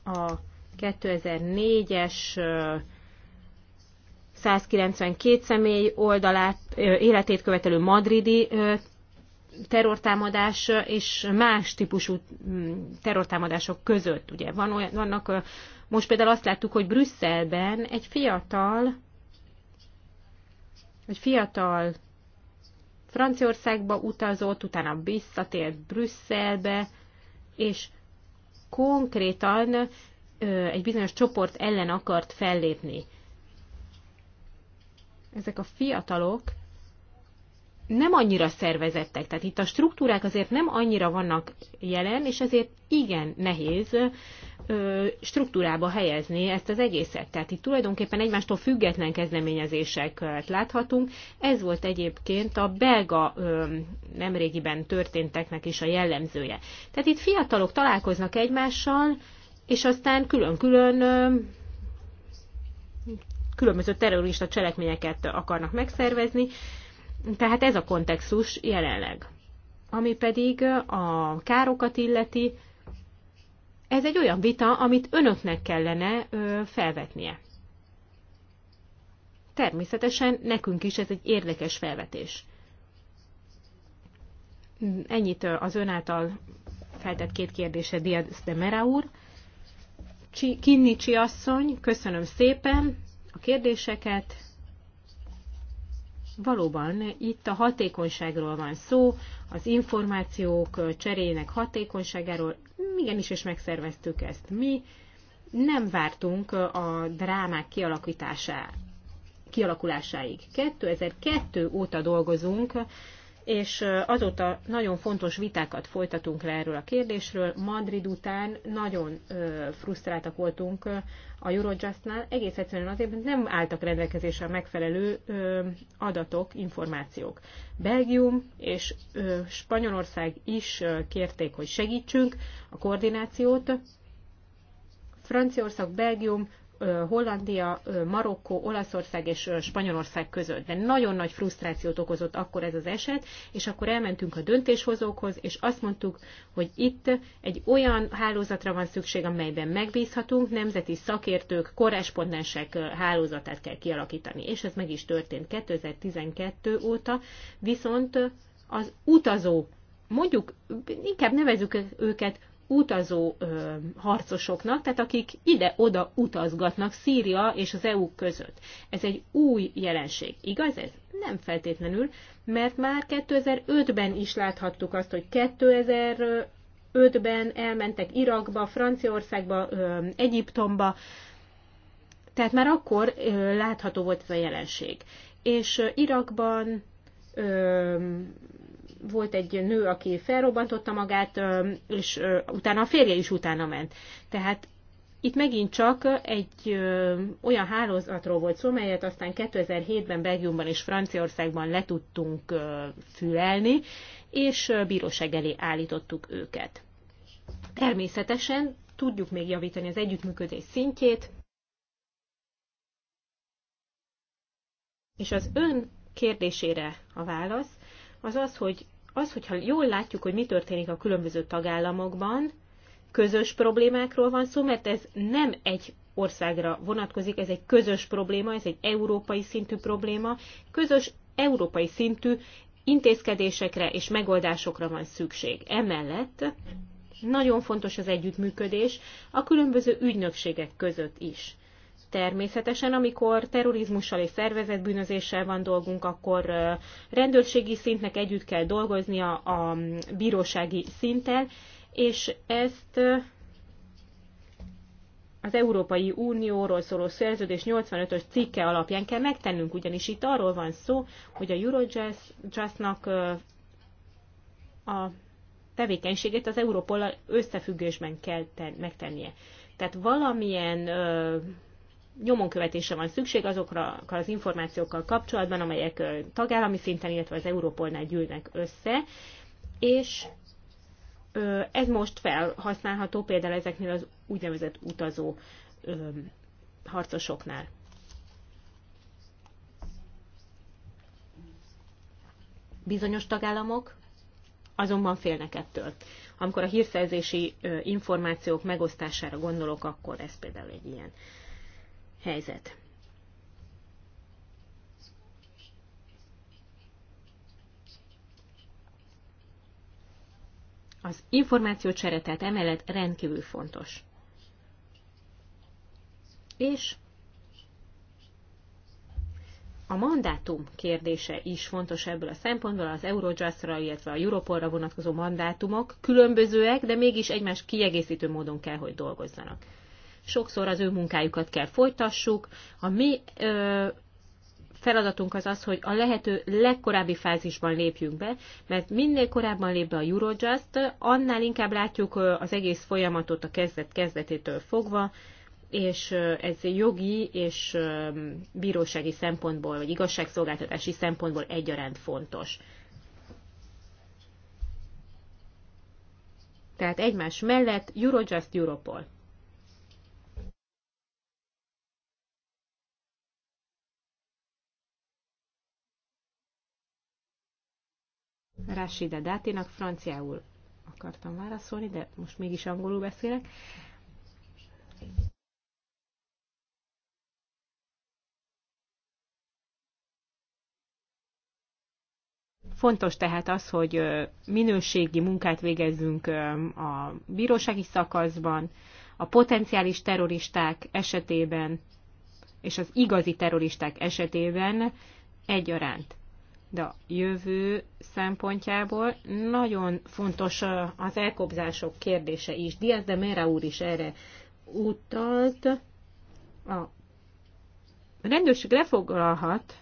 a 2004-es 192 személy oldalát, életét követelő madridi terrortámadás és más típusú mm, terrortámadások között. Ugye van olyan, vannak most például azt láttuk, hogy Brüsszelben egy fiatal, egy fiatal Franciaországba utazott, utána visszatért Brüsszelbe, és konkrétan egy bizonyos csoport ellen akart fellépni. Ezek a fiatalok nem annyira szervezettek, tehát itt a struktúrák azért nem annyira vannak jelen, és ezért igen nehéz struktúrába helyezni ezt az egészet. Tehát itt tulajdonképpen egymástól független kezdeményezéseket láthatunk. Ez volt egyébként a belga nemrégiben történteknek is a jellemzője. Tehát itt fiatalok találkoznak egymással, és aztán külön-külön különböző terrorista cselekményeket akarnak megszervezni. Tehát ez a kontextus jelenleg. Ami pedig a károkat illeti, ez egy olyan vita, amit önöknek kellene ö, felvetnie. Természetesen nekünk is ez egy érdekes felvetés. Ennyit az ön által feltett két kérdése Diaz de Mera úr. Kinnicsi asszony, köszönöm szépen a kérdéseket. Valóban itt a hatékonyságról van szó, az információk cserének hatékonyságáról. Igenis, és megszerveztük ezt mi. Nem vártunk a drámák kialakításá, kialakulásáig. 2002 óta dolgozunk és azóta nagyon fontos vitákat folytatunk le erről a kérdésről. Madrid után nagyon frusztráltak voltunk a Eurojustnál, egész egyszerűen azért, mert nem álltak rendelkezésre a megfelelő adatok, információk. Belgium és Spanyolország is kérték, hogy segítsünk a koordinációt. Franciaország, Belgium Hollandia, Marokkó, Olaszország és Spanyolország között. De nagyon nagy frusztrációt okozott akkor ez az eset, és akkor elmentünk a döntéshozókhoz, és azt mondtuk, hogy itt egy olyan hálózatra van szükség, amelyben megbízhatunk, nemzeti szakértők, korrespondensek hálózatát kell kialakítani. És ez meg is történt 2012 óta, viszont az utazó mondjuk inkább nevezzük őket utazó ö, harcosoknak, tehát akik ide-oda utazgatnak Szíria és az EU között. Ez egy új jelenség, igaz ez? Nem feltétlenül, mert már 2005-ben is láthattuk azt, hogy 2005-ben elmentek Irakba, Franciaországba, ö, Egyiptomba, tehát már akkor ö, látható volt ez a jelenség. És ö, Irakban, ö, volt egy nő, aki felrobbantotta magát, és utána a férje is utána ment. Tehát itt megint csak egy ö, olyan hálózatról volt szó, melyet aztán 2007-ben Belgiumban és Franciaországban le tudtunk ö, fülelni, és ö, bíróság elé állítottuk őket. Természetesen tudjuk még javítani az együttműködés szintjét, és az ön kérdésére a válasz az az, hogy az, hogyha jól látjuk, hogy mi történik a különböző tagállamokban, közös problémákról van szó, mert ez nem egy országra vonatkozik, ez egy közös probléma, ez egy európai szintű probléma, közös európai szintű intézkedésekre és megoldásokra van szükség. Emellett nagyon fontos az együttműködés a különböző ügynökségek között is. Természetesen, amikor terrorizmussal és szervezetbűnözéssel van dolgunk, akkor rendőrségi szintnek együtt kell dolgoznia a bírósági szinttel, és ezt az Európai Unióról szóló szerződés 85-ös cikke alapján kell megtennünk, ugyanis itt arról van szó, hogy a Eurojust-nak a tevékenységét az Európol összefüggésben kell ten- megtennie. Tehát valamilyen ö, Nyomon követése van szükség azokra az információkkal kapcsolatban, amelyek tagállami szinten, illetve az Európolnál gyűlnek össze, és ez most felhasználható például ezeknél az úgynevezett utazó harcosoknál. Bizonyos tagállamok azonban félnek ettől. Amikor a hírszerzési információk megosztására gondolok, akkor ez például egy ilyen helyzet. Az információcsere, tehát emellett rendkívül fontos. És a mandátum kérdése is fontos ebből a szempontból, az Eurojustra, illetve a Europolra vonatkozó mandátumok különbözőek, de mégis egymás kiegészítő módon kell, hogy dolgozzanak sokszor az ő munkájukat kell folytassuk. A mi ö, feladatunk az az, hogy a lehető legkorábbi fázisban lépjünk be, mert minél korábban lép be a Eurojust, annál inkább látjuk az egész folyamatot a kezdet kezdetétől fogva, és ez jogi és bírósági szempontból, vagy igazságszolgáltatási szempontból egyaránt fontos. Tehát egymás mellett Eurojust Europol. Rashida Dátinak franciául akartam válaszolni, de most mégis angolul beszélek. Fontos tehát az, hogy minőségi munkát végezzünk a bírósági szakaszban, a potenciális terroristák esetében és az igazi terroristák esetében egyaránt de a jövő szempontjából nagyon fontos az elkobzások kérdése is. Diaz de Mera úr is erre utalt. A rendőrség lefoglalhat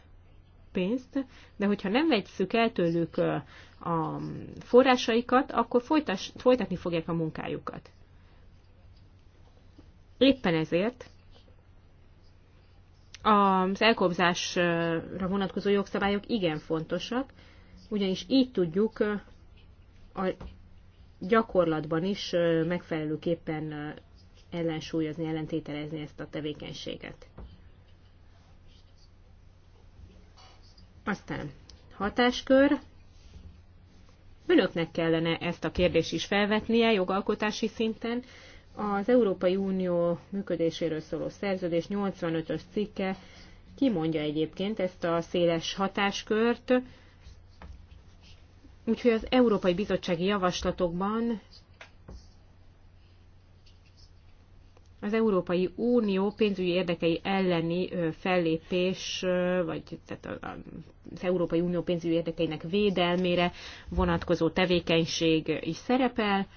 pénzt, de hogyha nem vegyszük el tőlük a forrásaikat, akkor folytas, folytatni fogják a munkájukat. Éppen ezért az elkobzásra vonatkozó jogszabályok igen fontosak, ugyanis így tudjuk a gyakorlatban is megfelelőképpen ellensúlyozni, ellentételezni ezt a tevékenységet. Aztán hatáskör. Önöknek kellene ezt a kérdést is felvetnie jogalkotási szinten, az Európai Unió működéséről szóló szerződés 85-ös cikke kimondja egyébként ezt a széles hatáskört, úgyhogy az Európai Bizottsági Javaslatokban az Európai Unió pénzügyi érdekei elleni fellépés, vagy tehát az Európai Unió pénzügyi érdekeinek védelmére vonatkozó tevékenység is szerepel.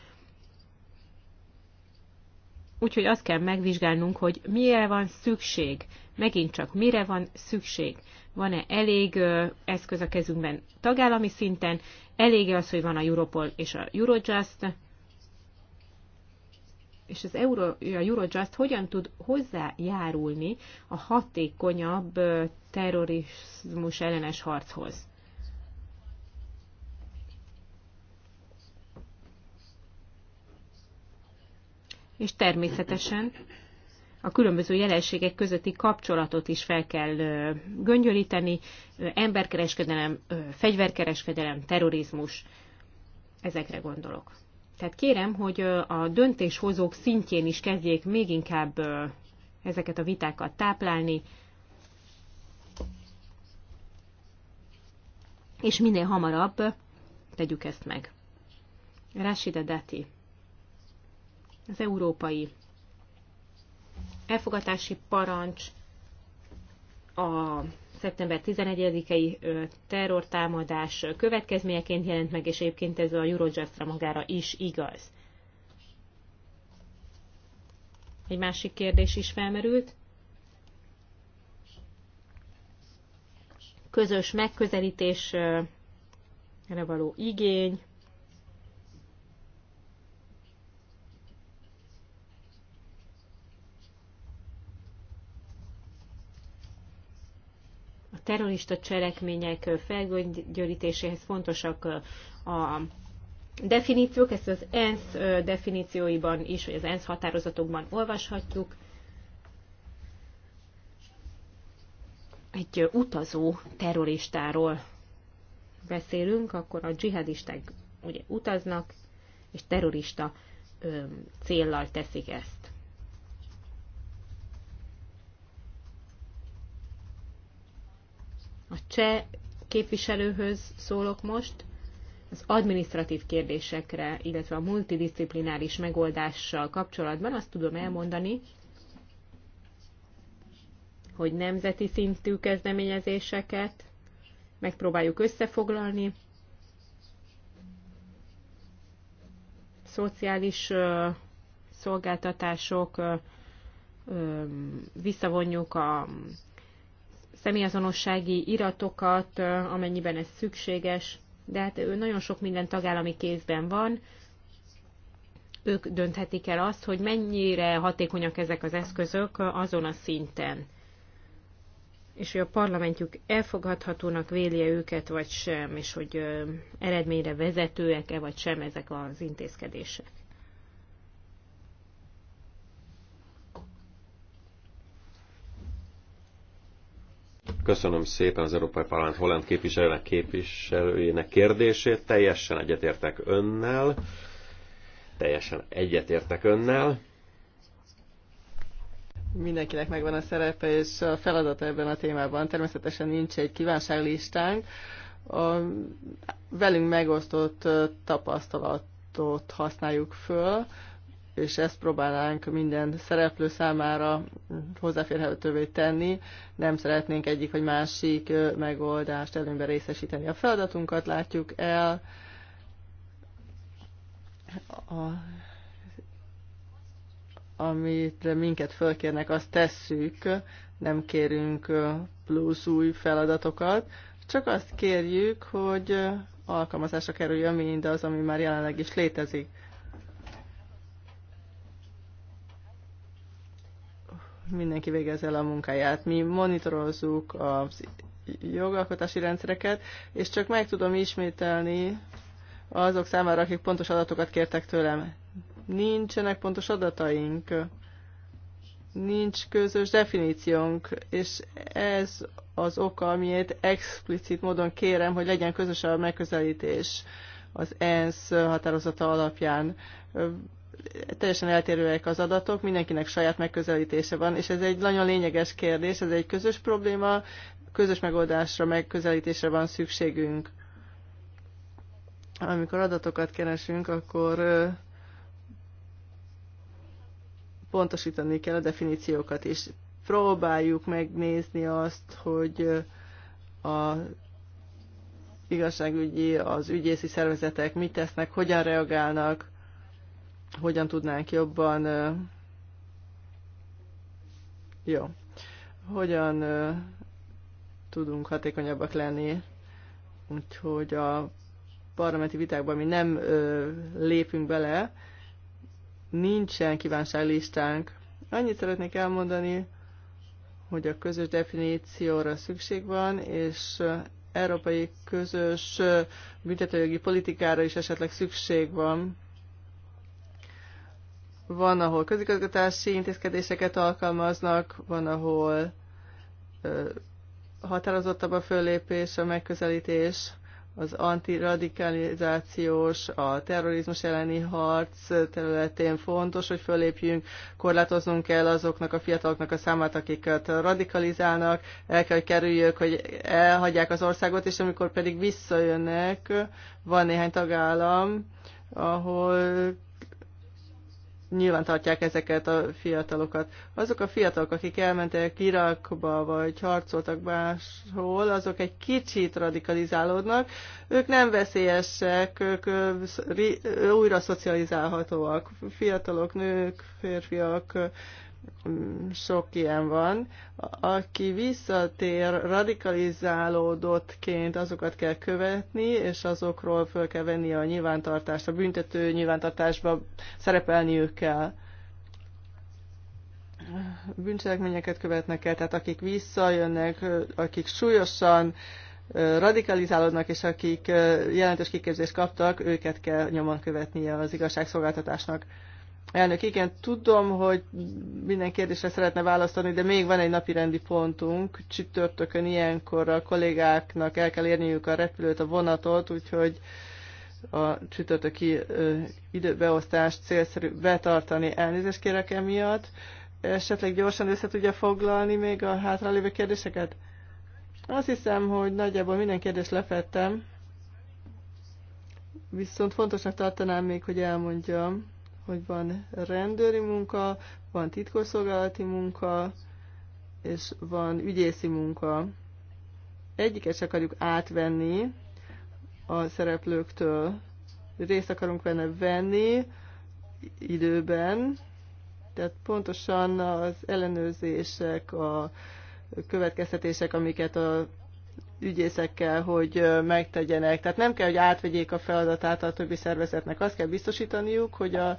Úgyhogy azt kell megvizsgálnunk, hogy mire van szükség, megint csak mire van szükség. Van-e elég eszköz a kezünkben tagállami szinten, elég az, hogy van a Europol és a Eurojust, és az Euro, a Eurojust hogyan tud hozzájárulni a hatékonyabb terrorizmus ellenes harchoz. és természetesen a különböző jelenségek közötti kapcsolatot is fel kell göngyölíteni, emberkereskedelem, fegyverkereskedelem, terrorizmus, ezekre gondolok. Tehát kérem, hogy a döntéshozók szintjén is kezdjék még inkább ezeket a vitákat táplálni, és minél hamarabb tegyük ezt meg. Rashida Dati az európai elfogatási parancs, a szeptember 11-i terrortámadás következményeként jelent meg, és egyébként ez a Eurojustra magára is igaz. Egy másik kérdés is felmerült. Közös megközelítésre való igény, terrorista cselekmények felgyőrítéséhez fontosak a definíciók, ezt az ENSZ definícióiban is, vagy az ENSZ határozatokban olvashatjuk. Egy utazó terroristáról beszélünk, akkor a dzsihadisták ugye utaznak, és terrorista céllal teszik ezt. A cseh képviselőhöz szólok most, az administratív kérdésekre, illetve a multidisciplináris megoldással kapcsolatban azt tudom elmondani, hogy nemzeti szintű kezdeményezéseket megpróbáljuk összefoglalni, szociális ö, szolgáltatások, ö, visszavonjuk a személyazonossági iratokat, amennyiben ez szükséges, de hát nagyon sok minden tagállami kézben van. Ők dönthetik el azt, hogy mennyire hatékonyak ezek az eszközök azon a szinten, és hogy a parlamentjük elfogadhatónak vélje őket, vagy sem, és hogy eredményre vezetőek-e, vagy sem ezek az intézkedések. Köszönöm szépen az Európai Parlament holland képviselőnek képviselőjének kérdését. Teljesen egyetértek önnel. Teljesen egyetértek önnel. Mindenkinek megvan a szerepe és a feladat ebben a témában. Természetesen nincs egy kívánságlistánk. A velünk megosztott tapasztalatot használjuk föl és ezt próbálnánk minden szereplő számára hozzáférhetővé tenni. Nem szeretnénk egyik vagy másik megoldást előnyben részesíteni. A feladatunkat látjuk el a amit minket fölkérnek, azt tesszük, nem kérünk plusz új feladatokat, csak azt kérjük, hogy alkalmazásra kerüljön mindaz, ami már jelenleg is létezik. mindenki végez el a munkáját. Mi monitorozzuk a jogalkotási rendszereket, és csak meg tudom ismételni azok számára, akik pontos adatokat kértek tőlem. Nincsenek pontos adataink, nincs közös definíciónk, és ez az oka, amiért explicit módon kérem, hogy legyen közös a megközelítés az ENSZ határozata alapján teljesen eltérőek az adatok, mindenkinek saját megközelítése van, és ez egy nagyon lényeges kérdés, ez egy közös probléma, közös megoldásra, megközelítésre van szükségünk. Amikor adatokat keresünk, akkor pontosítani kell a definíciókat is. Próbáljuk megnézni azt, hogy a igazságügyi, az ügyészi szervezetek mit tesznek, hogyan reagálnak, hogyan tudnánk jobban jó, hogyan tudunk hatékonyabbak lenni. Úgyhogy a parlamenti vitákban mi nem ö, lépünk bele, nincsen kívánságlistánk. Annyit szeretnék elmondani, hogy a közös definícióra szükség van, és európai közös büntetőjogi politikára is esetleg szükség van. Van, ahol közigazgatási intézkedéseket alkalmaznak, van, ahol határozottabb a föllépés, a megközelítés, az antiradikalizációs, a terrorizmus elleni harc területén fontos, hogy fölépjünk, korlátoznunk kell azoknak a fiataloknak a számát, akiket radikalizálnak, el kell, hogy kerüljük, hogy elhagyják az országot, és amikor pedig visszajönnek, van néhány tagállam, ahol nyilván tartják ezeket a fiatalokat. Azok a fiatalok, akik elmentek Irakba, vagy harcoltak máshol, azok egy kicsit radikalizálódnak. Ők nem veszélyesek, ők újra szocializálhatóak. Fiatalok, nők, férfiak, sok ilyen van, aki visszatér radikalizálódottként, azokat kell követni, és azokról föl kell venni a nyilvántartást, a büntető nyilvántartásba szerepelniük kell. Bűncselekményeket követnek el, tehát akik visszajönnek, akik súlyosan radikalizálódnak, és akik jelentős kiképzést kaptak, őket kell nyomon követnie az igazságszolgáltatásnak. Elnök, igen, tudom, hogy minden kérdésre szeretne választani, de még van egy napi rendi pontunk. Csütörtökön ilyenkor a kollégáknak el kell érniük a repülőt, a vonatot, úgyhogy a csütörtöki időbeosztást célszerű betartani. Elnézést kérek emiatt. Esetleg gyorsan össze tudja foglalni még a hátralévő kérdéseket? Azt hiszem, hogy nagyjából minden kérdést lefettem. Viszont fontosnak tartanám még, hogy elmondjam, hogy van rendőri munka, van titkosszolgálati munka, és van ügyészi munka. Egyiket se akarjuk átvenni a szereplőktől. Részt akarunk benne venni időben, tehát pontosan az ellenőrzések, a következtetések, amiket a ügyészekkel, hogy megtegyenek. Tehát nem kell, hogy átvegyék a feladatát a többi szervezetnek. Azt kell biztosítaniuk, hogy a,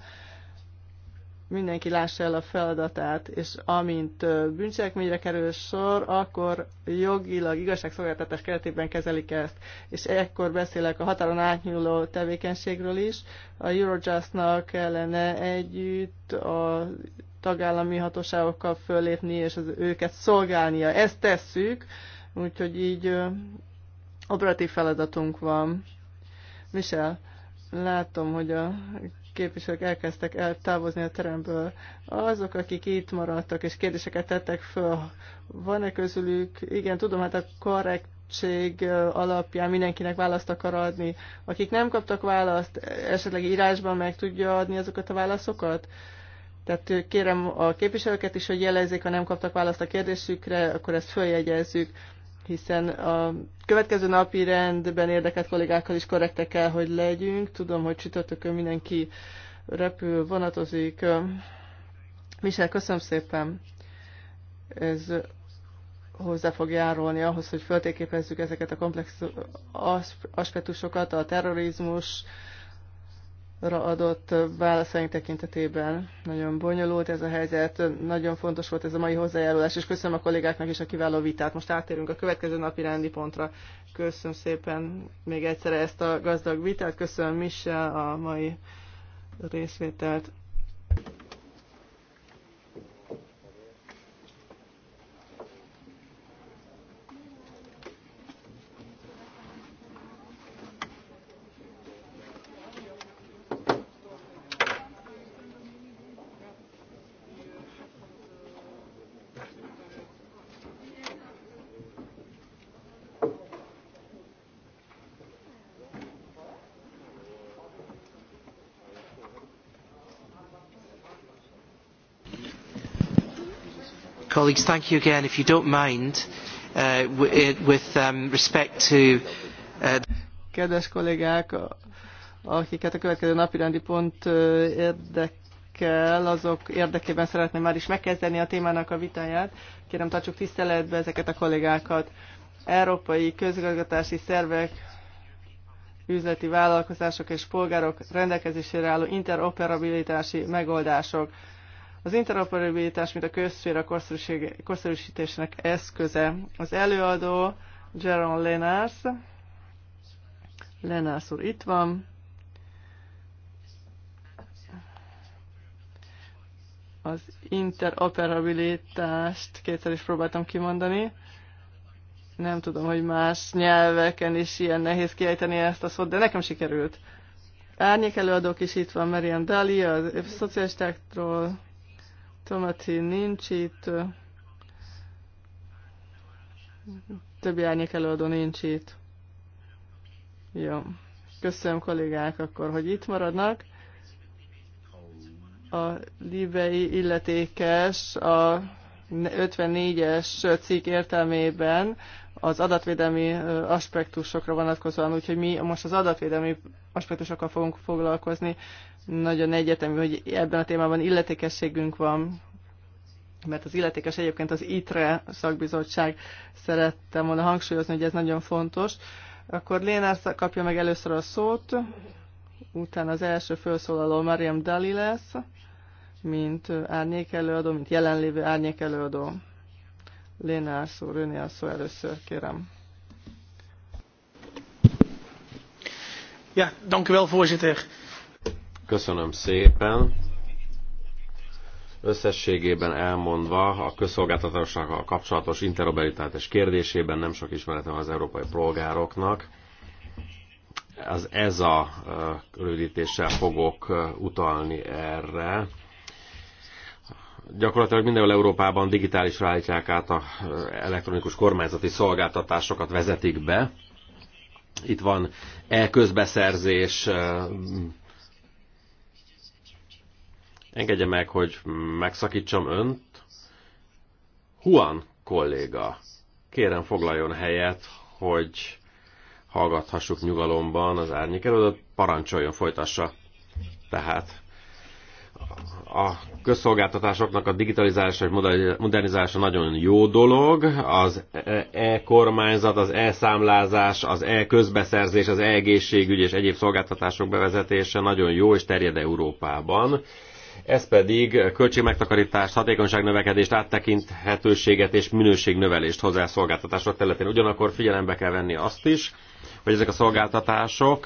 mindenki lássa el a feladatát, és amint bűncselekményre kerül sor, akkor jogilag igazságszolgáltatás keretében kezelik ezt. És ekkor beszélek a határon átnyúló tevékenységről is. A Eurojustnak kellene együtt a tagállami hatóságokkal fölépni és az őket szolgálnia. Ezt tesszük, Úgyhogy így operatív feladatunk van. Michel, látom, hogy a képviselők elkezdtek eltávozni a teremből. Azok, akik itt maradtak és kérdéseket tettek föl, van-e közülük? Igen, tudom, hát a korrekt alapján mindenkinek választ akar adni. Akik nem kaptak választ, esetleg írásban meg tudja adni azokat a válaszokat? Tehát kérem a képviselőket is, hogy jelezzék, ha nem kaptak választ a kérdésükre, akkor ezt följegyezzük hiszen a következő napi rendben érdekelt kollégákkal is korrektek kell, hogy legyünk. Tudom, hogy csütörtökön mindenki repül, vonatozik. Michel, köszönöm szépen. Ez hozzá fog járulni ahhoz, hogy föltéképezzük ezeket a komplex aspektusokat, a terrorizmus, ra adott válaszaink tekintetében. Nagyon bonyolult ez a helyzet, nagyon fontos volt ez a mai hozzájárulás, és köszönöm a kollégáknak is a kiváló vitát. Most átérünk a következő napi rendi pontra. Köszönöm szépen még egyszer ezt a gazdag vitát, köszönöm Michel a mai részvételt. Colleagues, thank you again. If you don't mind, uh, eh, with um, respect to... Uh... Kedves kollégák, akiket a következő napirendi pont érdekel, azok érdekében szeretném már is megkezdeni a témának a vitáját. Kérem, tartsuk tiszteletbe ezeket a kollégákat. Európai közigazgatási szervek üzleti vállalkozások és polgárok rendelkezésére álló interoperabilitási megoldások az interoperabilitás, mint a közszféra korszerűsítésnek eszköze. Az előadó Jaron Lenars. Lenars úr itt van. Az interoperabilitást kétszer is próbáltam kimondani. Nem tudom, hogy más nyelveken is ilyen nehéz kiejteni ezt a szót, de nekem sikerült. Árnyék előadók is itt van, Marian Dali, a szocialistáktól, Tomati nincs itt. Többi árnyék előadó nincs itt. Jó. Köszönöm kollégák akkor, hogy itt maradnak. A libei illetékes a 54-es cikk értelmében az adatvédelmi aspektusokra vonatkozóan, úgyhogy mi most az adatvédelmi aspektusokkal fogunk foglalkozni nagyon egyetemű, hogy ebben a témában illetékességünk van, mert az illetékes egyébként az ITRE szakbizottság szerettem volna hangsúlyozni, hogy ez nagyon fontos. Akkor Lénár kapja meg először a szót, utána az első felszólaló Mariam Dali lesz, mint árnyékelőadó, mint jelenlévő árnyékelőadó. Lénár szó, Rőné a szó először, kérem. Ja, dank u wel, voorzitter. Köszönöm szépen. Összességében elmondva, a közszolgáltatásokkal kapcsolatos interoperabilitás kérdésében nem sok ismeretem az európai polgároknak. Az ez a eh, rövidítéssel fogok eh, utalni erre gyakorlatilag mindenhol Európában digitális állítják át a eh, elektronikus kormányzati szolgáltatásokat vezetik be. Itt van e-közbeszerzés, Engedje meg, hogy megszakítsam önt. Juan kolléga, kérem foglaljon helyet, hogy hallgathassuk nyugalomban az árnyék előtt, parancsoljon, folytassa. Tehát a közszolgáltatásoknak a digitalizálása és modernizálása nagyon jó dolog, az e-kormányzat, az e-számlázás, az e-közbeszerzés, az e-egészségügy és egyéb szolgáltatások bevezetése nagyon jó és terjed Európában ez pedig költségmegtakarítást, hatékonyságnövekedést, áttekinthetőséget és minőségnövelést hozzá a szolgáltatások területén. Ugyanakkor figyelembe kell venni azt is, hogy ezek a szolgáltatások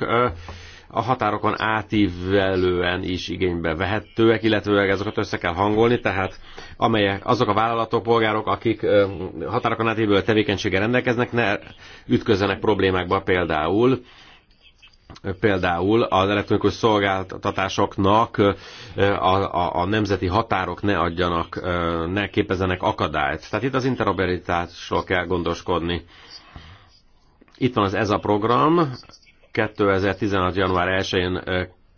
a határokon átívelően is igénybe vehetőek, illetőleg ezeket össze kell hangolni, tehát amelyek, azok a vállalatok, polgárok, akik határokon átívelő tevékenységgel rendelkeznek, ne ütközzenek problémákba például például az elektronikus szolgáltatásoknak a, a, a nemzeti határok ne adjanak, ne képezenek akadályt. Tehát itt az interoperitásról kell gondoskodni. Itt van az ez a program, 2016. január 1-én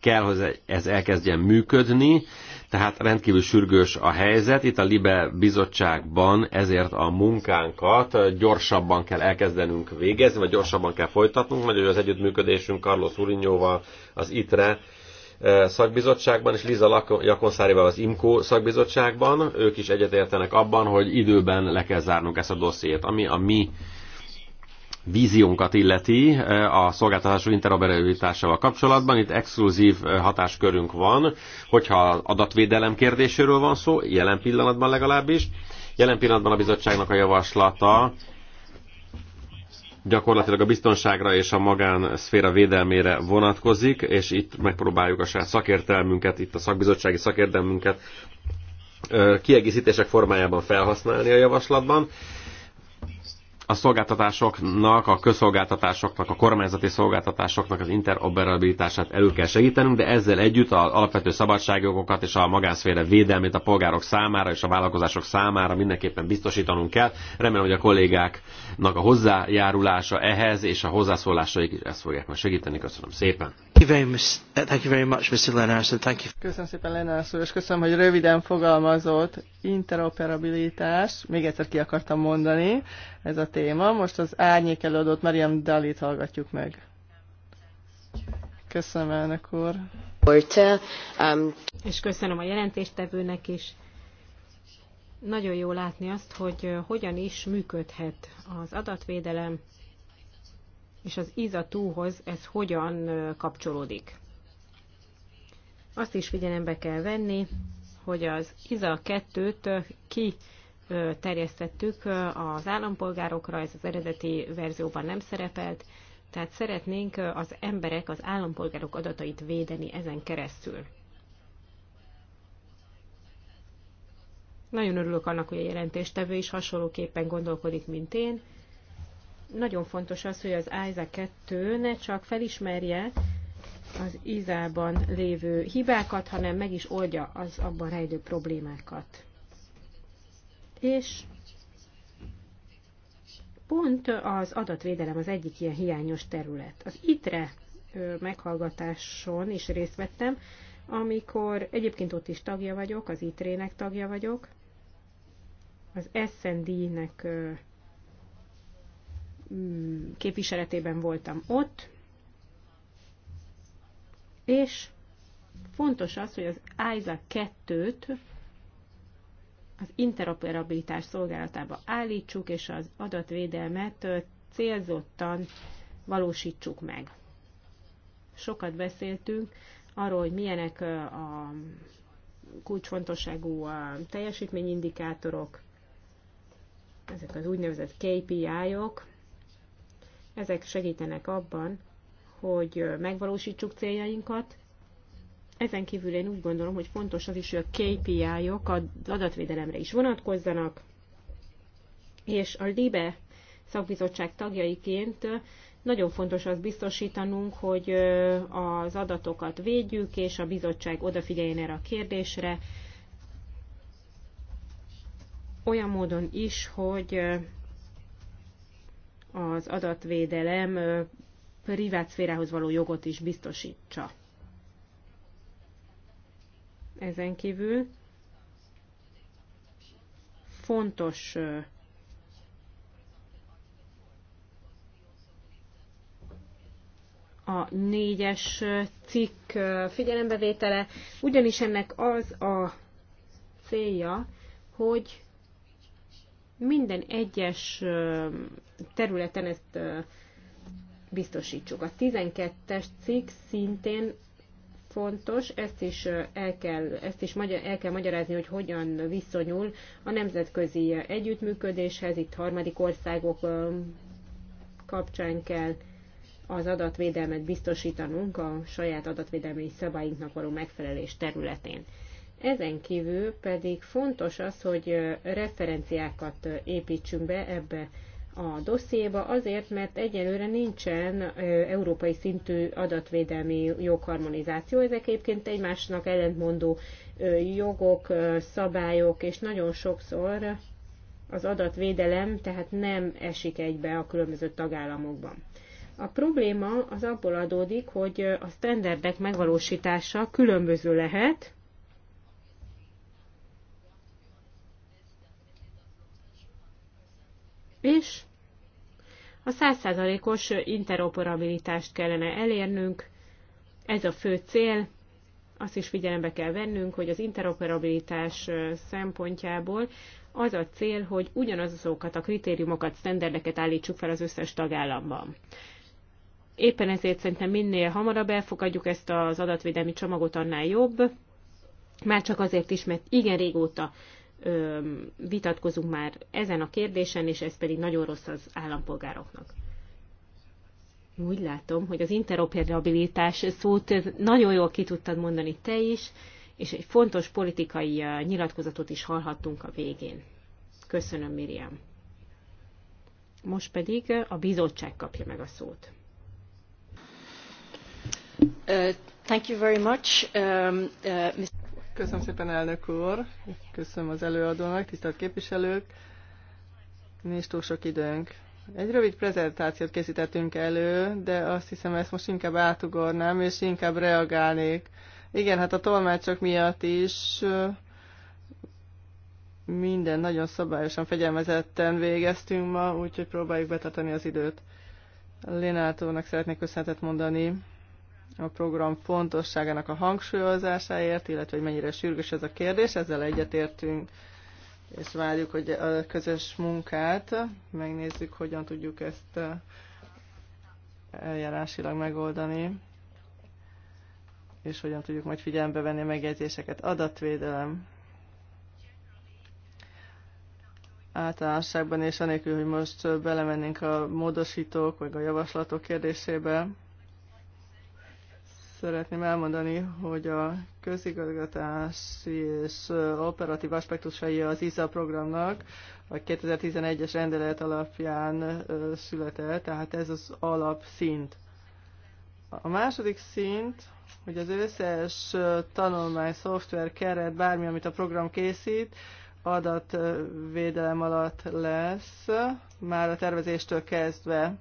kell, hogy ez elkezdjen működni, tehát rendkívül sürgős a helyzet. Itt a Libe bizottságban ezért a munkánkat gyorsabban kell elkezdenünk végezni, vagy gyorsabban kell folytatnunk, mert az együttműködésünk Carlos Urinyóval az ITRE eh, szakbizottságban, és Liza Jakonszárival az IMCO szakbizottságban. Ők is egyetértenek abban, hogy időben le kell zárnunk ezt a dossziét, ami a mi víziónkat illeti e, a szolgáltatású interoperabilitásával kapcsolatban. Itt exkluzív e, hatáskörünk van, hogyha adatvédelem kérdéséről van szó, jelen pillanatban legalábbis. Jelen pillanatban a bizottságnak a javaslata gyakorlatilag a biztonságra és a magánszféra védelmére vonatkozik, és itt megpróbáljuk a saját szakértelmünket, itt a szakbizottsági szakértelmünket e, kiegészítések formájában felhasználni a javaslatban a szolgáltatásoknak, a közszolgáltatásoknak, a kormányzati szolgáltatásoknak az interoperabilitását elő kell segítenünk, de ezzel együtt az alapvető szabadságjogokat és a magánszféra védelmét a polgárok számára és a vállalkozások számára mindenképpen biztosítanunk kell. Remélem, hogy a kollégáknak a hozzájárulása ehhez és a hozzászólásaik ezt fogják majd segíteni. Köszönöm szépen! Köszönöm szépen, Lenárs úr, és köszönöm, hogy röviden fogalmazott interoperabilitás. Még egyszer ki akartam mondani ez a téma. Most az árnyék előadót Mariam Dalit hallgatjuk meg. Köszönöm, elnök úr. Um, és köszönöm a jelentéstevőnek is. Nagyon jó látni azt, hogy uh, hogyan is működhet az adatvédelem és az IZA ez hogyan kapcsolódik. Azt is figyelembe kell venni, hogy az IZA 2 ki terjesztettük az állampolgárokra, ez az eredeti verzióban nem szerepelt, tehát szeretnénk az emberek, az állampolgárok adatait védeni ezen keresztül. Nagyon örülök annak, hogy a jelentéstevő is hasonlóképpen gondolkodik, mint én, nagyon fontos az, hogy az ISA 2 ne csak felismerje az ízában lévő hibákat, hanem meg is oldja az abban rejlő problémákat. És pont az adatvédelem az egyik ilyen hiányos terület. Az ITRE meghallgatáson is részt vettem, amikor egyébként ott is tagja vagyok, az ITRE-nek tagja vagyok, az SND-nek Mm, képviseletében voltam ott, és fontos az, hogy az ISA 2-t az interoperabilitás szolgálatába állítsuk, és az adatvédelmet célzottan valósítsuk meg. Sokat beszéltünk arról, hogy milyenek a kulcsfontosságú teljesítményindikátorok, ezek az úgynevezett KPI-ok, -ok. Ezek segítenek abban, hogy megvalósítsuk céljainkat. Ezen kívül én úgy gondolom, hogy fontos az is, hogy a KPI-ok az adatvédelemre is vonatkozzanak, és a LIBE szakbizottság tagjaiként nagyon fontos az biztosítanunk, hogy az adatokat védjük, és a bizottság odafigyeljen erre a kérdésre, olyan módon is, hogy az adatvédelem privát szférához való jogot is biztosítsa. Ezen kívül fontos a négyes cikk figyelembevétele, ugyanis ennek az a célja, hogy minden egyes területen ezt biztosítsuk. A 12-es cikk szintén fontos, ezt is el kell, ezt is magyar, el kell magyarázni, hogy hogyan viszonyul a nemzetközi együttműködéshez, itt harmadik országok kapcsán kell az adatvédelmet biztosítanunk a saját adatvédelmi szabályunknak való megfelelés területén. Ezen kívül pedig fontos az, hogy referenciákat építsünk be ebbe a dossziéba, azért, mert egyelőre nincsen európai szintű adatvédelmi jogharmonizáció. Ezek egyébként egymásnak ellentmondó jogok, szabályok, és nagyon sokszor az adatvédelem tehát nem esik egybe a különböző tagállamokban. A probléma az abból adódik, hogy a standardek megvalósítása különböző lehet, és a 100%-os interoperabilitást kellene elérnünk, ez a fő cél, azt is figyelembe kell vennünk, hogy az interoperabilitás szempontjából az a cél, hogy ugyanazokat a kritériumokat, sztenderdeket állítsuk fel az összes tagállamban. Éppen ezért szerintem minél hamarabb elfogadjuk ezt az adatvédelmi csomagot, annál jobb. Már csak azért is, mert igen régóta vitatkozunk már ezen a kérdésen, és ez pedig nagyon rossz az állampolgároknak. Úgy látom, hogy az interoperabilitás szót nagyon jól ki tudtad mondani te is, és egy fontos politikai nyilatkozatot is hallhattunk a végén. Köszönöm, Miriam. Most pedig a bizottság kapja meg a szót. Uh, thank you very much, um, uh, Mr. Köszönöm szépen, elnök úr. Köszönöm az előadónak, tisztelt képviselők. Nincs túl sok időnk. Egy rövid prezentációt készítettünk elő, de azt hiszem ezt most inkább átugornám, és inkább reagálnék. Igen, hát a tolmácsok miatt is minden nagyon szabályosan, fegyelmezetten végeztünk ma, úgyhogy próbáljuk betartani az időt. Lénátónak szeretnék köszönetet mondani a program fontosságának a hangsúlyozásáért, illetve hogy mennyire sürgős ez a kérdés, ezzel egyetértünk, és várjuk hogy a közös munkát, megnézzük, hogyan tudjuk ezt eh, eljárásilag megoldani, és hogyan tudjuk majd figyelembe venni a megjegyzéseket. Adatvédelem általánosságban, és anélkül, hogy most eh, belemennénk a módosítók, vagy a javaslatok kérdésébe, szeretném elmondani, hogy a közigazgatási és operatív aspektusai az ISA programnak a 2011-es rendelet alapján született, tehát ez az alapszint. A második szint, hogy az összes tanulmány, szoftver, keret, bármi, amit a program készít, adatvédelem alatt lesz, már a tervezéstől kezdve.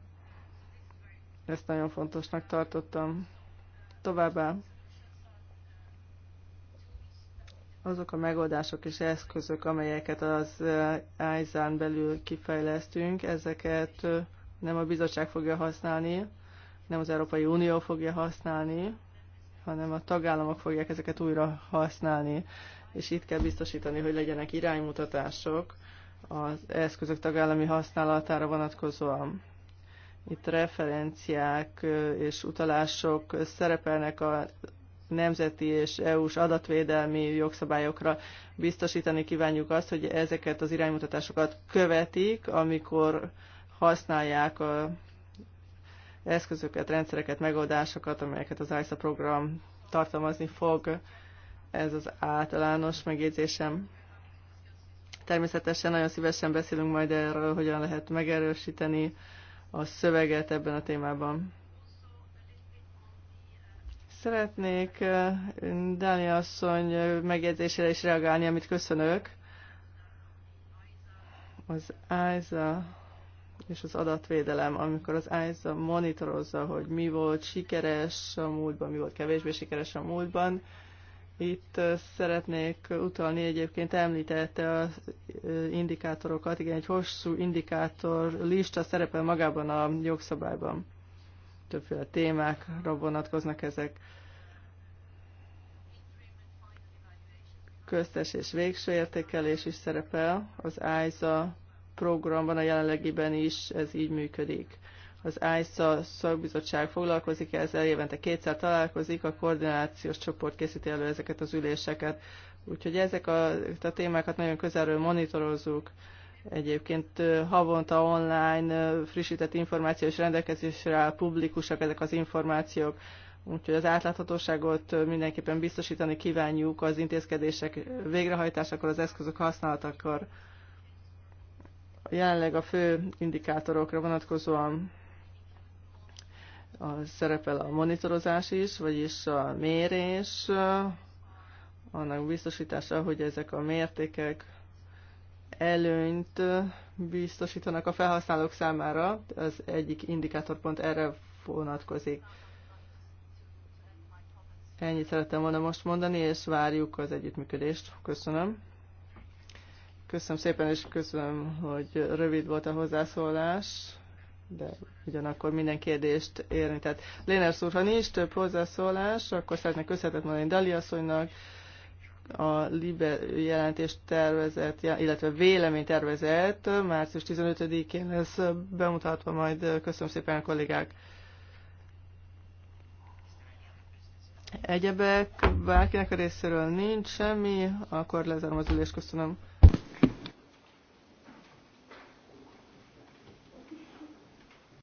Ezt nagyon fontosnak tartottam. Továbbá azok a megoldások és eszközök, amelyeket az eh, ISAN belül kifejlesztünk, ezeket eh, nem a bizottság fogja használni, nem az Európai Unió fogja használni, hanem a tagállamok fogják ezeket újra használni. És itt kell biztosítani, hogy legyenek iránymutatások az eszközök tagállami használatára vonatkozóan. Itt referenciák és utalások szerepelnek a nemzeti és EU-s adatvédelmi jogszabályokra biztosítani kívánjuk azt, hogy ezeket az iránymutatásokat követik, amikor használják a eszközöket, rendszereket, megoldásokat, amelyeket az ISA program tartalmazni fog. Ez az általános megjegyzésem. Természetesen nagyon szívesen beszélünk majd erről, hogyan lehet megerősíteni a szöveget ebben a témában. Szeretnék eh, Dáni asszony megjegyzésére is reagálni, amit köszönök. Az ISA és az adatvédelem, amikor az ISA monitorozza, hogy mi volt sikeres a múltban, mi volt kevésbé sikeres a múltban, itt szeretnék utalni egyébként említette az indikátorokat, igen, egy hosszú indikátor lista szerepel magában a jogszabályban. Többféle témákra vonatkoznak ezek. Köztes és végső értékelés is szerepel. Az ISA programban a jelenlegiben is ez így működik. Az ISA szakbizottság foglalkozik ezzel, évente kétszer találkozik, a koordinációs csoport készíti elő ezeket az üléseket. Úgyhogy ezek a, a témákat nagyon közelről monitorozzuk. Egyébként havonta online frissített információ és rendelkezésre áll publikusak ezek az információk. Úgyhogy az átláthatóságot mindenképpen biztosítani kívánjuk az intézkedések végrehajtásakor, az eszközök használatakor. Jelenleg a fő indikátorokra vonatkozóan a, szerepel a monitorozás is, vagyis a mérés, eh, annak biztosítása, hogy ezek a mértékek előnyt biztosítanak a felhasználók számára. Az egyik indikátor pont erre vonatkozik. Ennyit szerettem volna most mondani, és várjuk az együttműködést. Köszönöm. Köszönöm szépen, és köszönöm, hogy rövid volt a hozzászólás de ugyanakkor minden kérdést érni. Tehát Léners úr, ha nincs több hozzászólás, akkor szeretnék köszönetet mondani Dali asszonynak, a LIBE jelentést tervezett, illetve vélemény tervezett, március 15-én lesz bemutatva majd. Köszönöm szépen a kollégák! Egyebek, bárkinek a részéről nincs semmi, akkor lezárom az ülést, köszönöm.